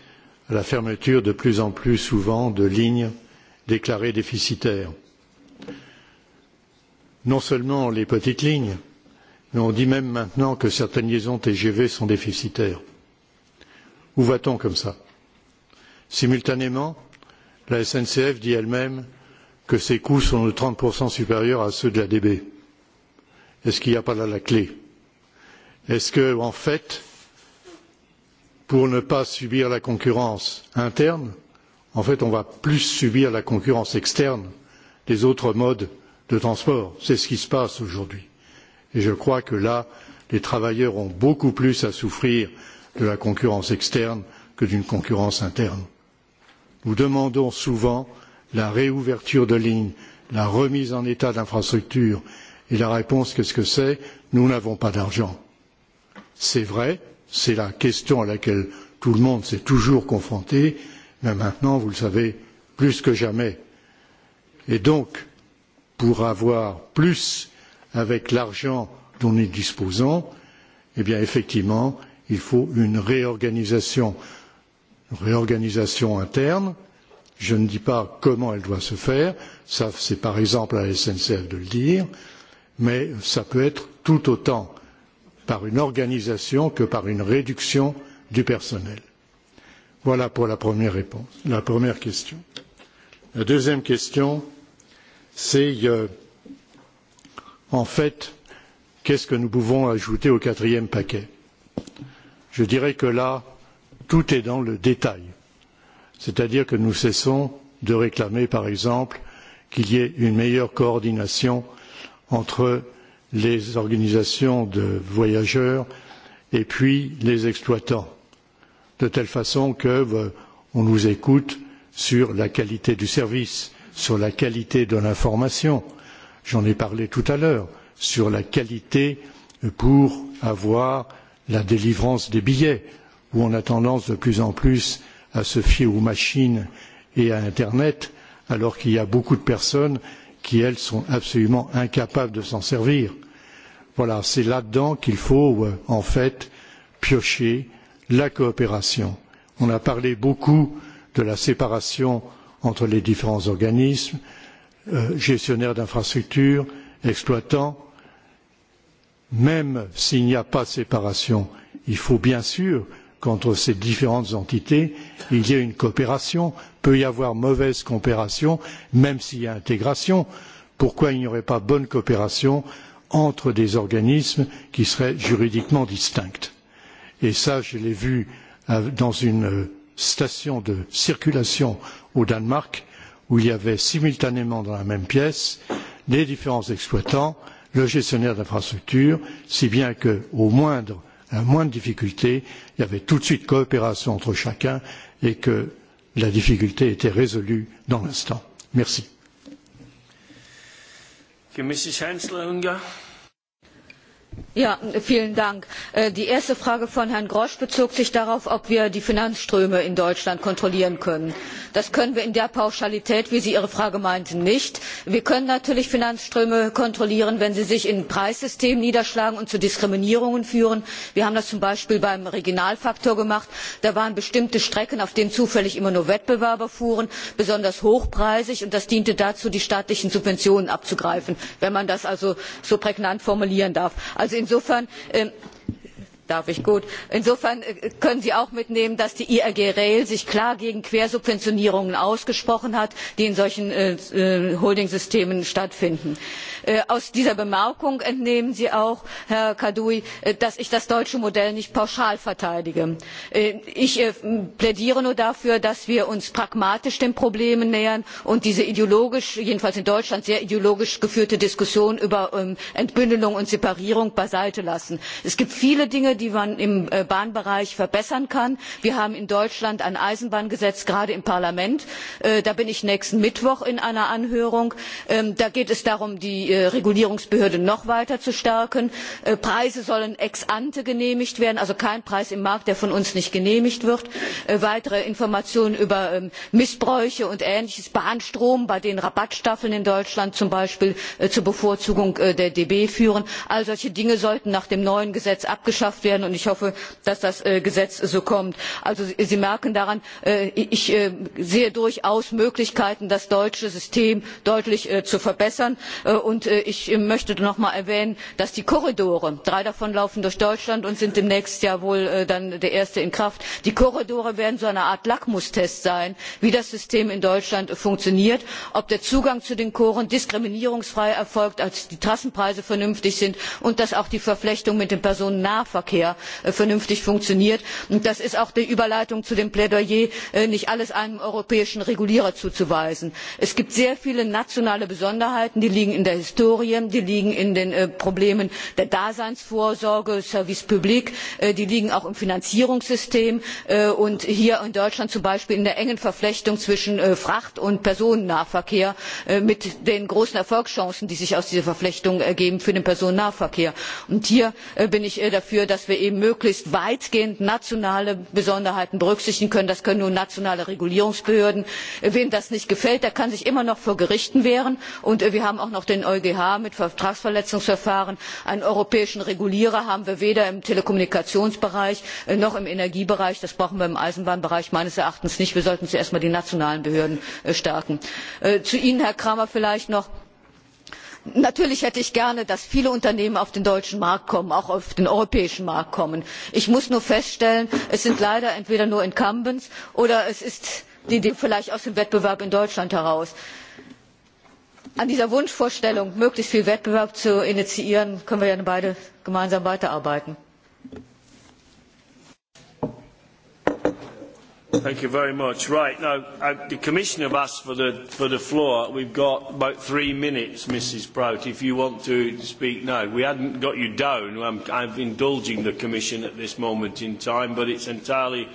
[SPEAKER 12] à la fermeture de plus en plus souvent de lignes déclarés déficitaires. Non seulement les petites lignes, mais on dit même maintenant que certaines liaisons TGV sont déficitaires. Où va-t-on comme ça Simultanément, la SNCF dit elle-même que ses coûts sont de 30% supérieurs à ceux de la DB. Est-ce qu'il n'y a pas là la clé Est-ce que, en fait, pour ne pas subir la concurrence interne, en fait, on va plus subir la concurrence externe des autres modes de transport. C'est ce qui se passe aujourd'hui. Et je crois que là, les travailleurs ont beaucoup plus à souffrir de la concurrence externe que d'une concurrence interne. Nous demandons souvent la réouverture de lignes, la remise en état d'infrastructures. Et la réponse, qu'est-ce que c'est Nous n'avons pas d'argent. C'est vrai, c'est la question à laquelle tout le monde s'est toujours confronté mais maintenant, vous le savez, plus que jamais. Et donc, pour avoir plus avec l'argent dont nous disposons, eh bien, effectivement, il faut une réorganisation, une réorganisation interne. Je ne dis pas comment elle doit se faire, ça c'est par exemple à la SNCF de le dire, mais ça peut être tout autant par une organisation que par une réduction du personnel. Voilà pour la première réponse, la première question. La deuxième question, c'est euh, en fait qu'est-ce que nous pouvons ajouter au quatrième paquet Je dirais que là, tout est dans le détail. C'est-à-dire que nous cessons de réclamer, par exemple, qu'il y ait une meilleure coordination entre les organisations de voyageurs et puis les exploitants de telle façon que euh, on nous écoute sur la qualité du service, sur la qualité de l'information. J'en ai parlé tout à l'heure sur la qualité pour avoir la délivrance des billets, où on a tendance de plus en plus à se fier aux machines et à Internet, alors qu'il y a beaucoup de personnes qui, elles, sont absolument incapables de s'en servir. Voilà, c'est là-dedans qu'il faut, euh, en fait, piocher la coopération. On a parlé beaucoup de la séparation entre les différents organismes, euh, gestionnaires d'infrastructures, exploitants. Même s'il n'y a pas de séparation, il faut bien sûr qu'entre ces différentes entités, il y ait une coopération. Peut y avoir mauvaise coopération, même s'il y a intégration. Pourquoi il n'y aurait pas bonne coopération entre des organismes qui seraient juridiquement distincts et ça je l'ai vu euh, dans une euh, station de circulation au Danemark où il y avait simultanément dans la même pièce les différents exploitants, le gestionnaire d'infrastructure, si bien qu'au moindre, à la moindre difficulté, il y avait tout de suite coopération entre chacun et que la difficulté était résolue dans l'instant. Merci.
[SPEAKER 13] Ja, vielen äh, Die erste Frage von Herrn Grosch bezog sich darauf, ob wir die Finanzströme in Deutschland kontrollieren können. Das können wir in der Pauschalität, wie Sie Ihre Frage meinten, nicht. Wir können natürlich Finanzströme kontrollieren, wenn sie sich in Preissystemen niederschlagen und zu Diskriminierungen führen. Wir haben das zum Beispiel beim Regionalfaktor gemacht. Da waren bestimmte Strecken, auf denen zufällig immer nur Wettbewerber fuhren, besonders hochpreisig und das diente dazu, die staatlichen Subventionen abzugreifen, wenn man das so prägnant formulieren darf insofern darf ich gut. insofern äh, können sie auch mitnehmen dass die irg rail sich klar gegen quersubventionierungen ausgesprochen hat die in solchen äh, äh, holdingsystemen stattfinden. aus dieser bemerkung entnehmen sie auch herr kaddoui dass ich das deutsche modell nicht pauschal verteidige. ich plädiere nur dafür dass wir uns pragmatisch den problemen nähern und diese ideologisch jedenfalls in deutschland sehr ideologisch geführte diskussion über ähm, entbündelung und separierung beiseite lassen. es gibt viele die man im äh, bahnbereich verbessern kann. wir haben in deutschland ein eisenbahngesetz gerade im parlament äh, da bin ich nächsten mittwoch in einer anhörung. Ähm, da geht es darum die äh, regulierungsbehörde noch weiter zu stärken. preise sollen ex ante genehmigt werden also kein preis im markt der von uns nicht genehmigt wird. weitere informationen über ähm, missbräuche und ähnliches bahnstrom bei den rabattstaffeln in deutschland zum beispiel zur bevorzugung der db führen all solche dinge sollten nach dem neuen gesetz abgeschafft werden werden und ich hoffe dass das äh, gesetz so kommt. sie merken daran äh, ich äh, sehe durchaus möglichkeiten das deutsche system deutlich zu verbessern und ich möchte noch einmal erwähnen dass die korridore drei davon laufen durch deutschland und sind im nächsten jahr wohl dann der erste in kraft so eine art lackmustest sein werden wie das system in deutschland funktioniert ob der zugang zu den koren diskriminierungsfrei erfolgt ob die trassenpreise vernünftig sind und dass auch die verflechtung mit dem personennahverkehr verkehr äh, vernünftig funktioniert. das ist auch die überleitung zu dem plädoyer äh, nicht alles einem europäischen regulierer zuzuweisen. es gibt sehr viele nationale besonderheiten die liegen in der historie die liegen in den äh, problemen der daseinsvorsorge service public die liegen auch im finanzierungssystem und hier in deutschland zum beispiel in der engen verflechtung zwischen fracht und personennahverkehr mit den großen erfolgschancen die sich aus dieser verflechtung ergeben für den personennahverkehr. hier bin ich dafür wir eben möglichst weitgehend nationale besonderheiten berücksichtigen können. das können nur nationale regulierungsbehörden. wem das nicht gefällt der kann sich immer noch vor gerichten wehren. und äh, wir haben auch noch den eugh mit vertragsverletzungsverfahren. einen europäischen regulierer haben wir weder im telekommunikationsbereich äh, noch im energiebereich. das brauchen wir im eisenbahnbereich meines erachtens nicht. wir sollten zuerst einmal die nationalen behörden äh, stärken. zu ihnen herr cramer vielleicht natürlich hätte ich gerne dass viele unternehmen auf den deutschen markt kommen auch auf den europäischen markt kommen. ich muss nur feststellen es sind leider entweder nur incumbents oder es ist die vielleicht aus dem wettbewerb in deutschland heraus. an dieser wunschvorstellung möglichst viel wettbewerb zu initiieren können wir ja beide gemeinsam weiterarbeiten.
[SPEAKER 1] Thank you very much. Right, now, I, uh, the Commissioner have asked for the, for the floor. We've got about three minutes, Mrs Prout, if you want to speak now. We hadn't got you down. I'm, I'm indulging the Commission at this moment in time, but it's entirely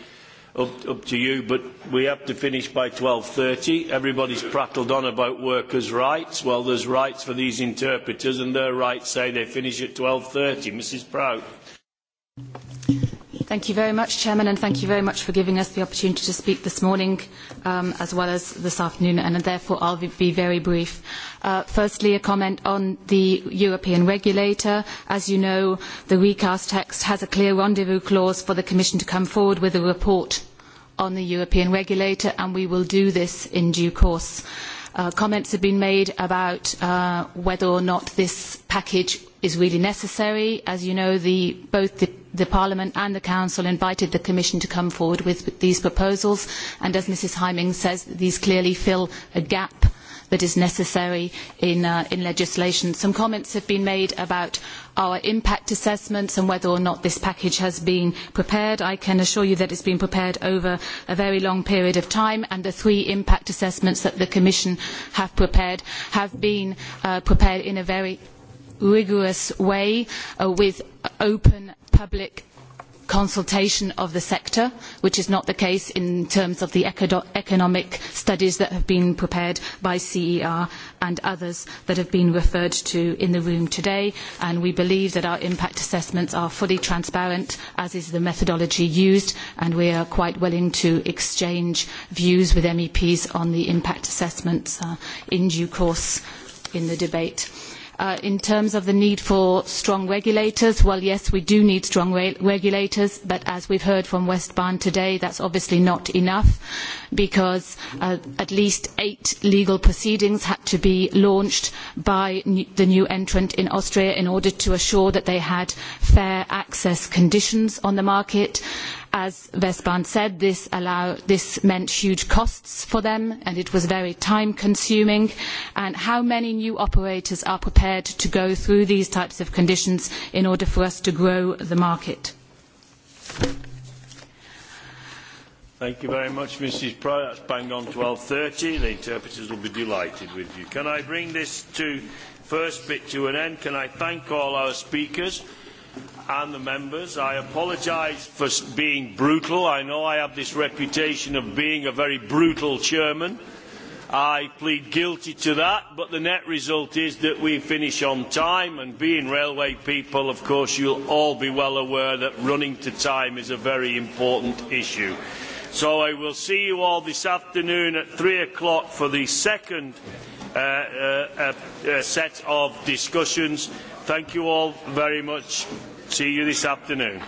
[SPEAKER 1] up, up to you. But we have to finish by 12.30. Everybody's prattled on about workers' rights. Well, there's rights for these interpreters, and their rights say they finish at 12.30. Mrs Prout.
[SPEAKER 25] Thank you very much, Chairman, and thank you very much for giving us the opportunity to speak this morning um, as well as this afternoon, and therefore I'll be very brief. Uh, firstly, a comment on the European regulator. As you know, the recast text has a clear rendezvous clause for the Commission to come forward with a report on the European regulator, and we will do this in due course. Uh, Uh, comments have been made about uh, whether or not this package is really necessary. As you know, the, both the, the, Parliament and the Council invited the Commission to come forward with these proposals, and as Mrs. Hyming says, these clearly fill a gap that is necessary in, uh, in legislation. Some comments have been made about our impact assessments and whether or not this package has been prepared. I can assure you that it's been prepared over a very long period of time and the three impact assessments that the Commission have prepared have been uh, prepared in a very rigorous way uh, with open public consultation of the sector, which is not the case in terms of the economic studies that have been prepared by CER and others that have been referred to in the room today. And we believe that our impact assessments are fully transparent, as is the methodology used, and we are quite willing to exchange views with MEPs on the impact assessments uh, in due course in the debate. Uh, in terms of the need for strong regulators, well, yes, we do need strong regulators, but as we've heard from Westbahn today, that's obviously not enough because uh, at least eight legal proceedings had to be launched by the new entrant in Austria in order to assure that they had fair access conditions on the market as Vesbant said, this, allow, this meant huge costs for them and it was very time consuming. And how many new operators are prepared to go through these types of conditions in order for us to grow the market?
[SPEAKER 1] Thank you very much, Mrs. Pry. That's bang on 12.30. The interpreters will be delighted with you. Can I bring this to first bit to an end? Can I thank all our speakers? and the members. I apologise for being brutal. I know I have this reputation of being a very brutal chairman. I plead guilty to that, but the net result is that we finish on time. And being railway people, of course, you'll all be well aware that running to time is a very important issue. So I will see you all this afternoon at three o'clock for the second uh, uh, uh, uh set of discussions. Thank you all very much. See you this afternoon.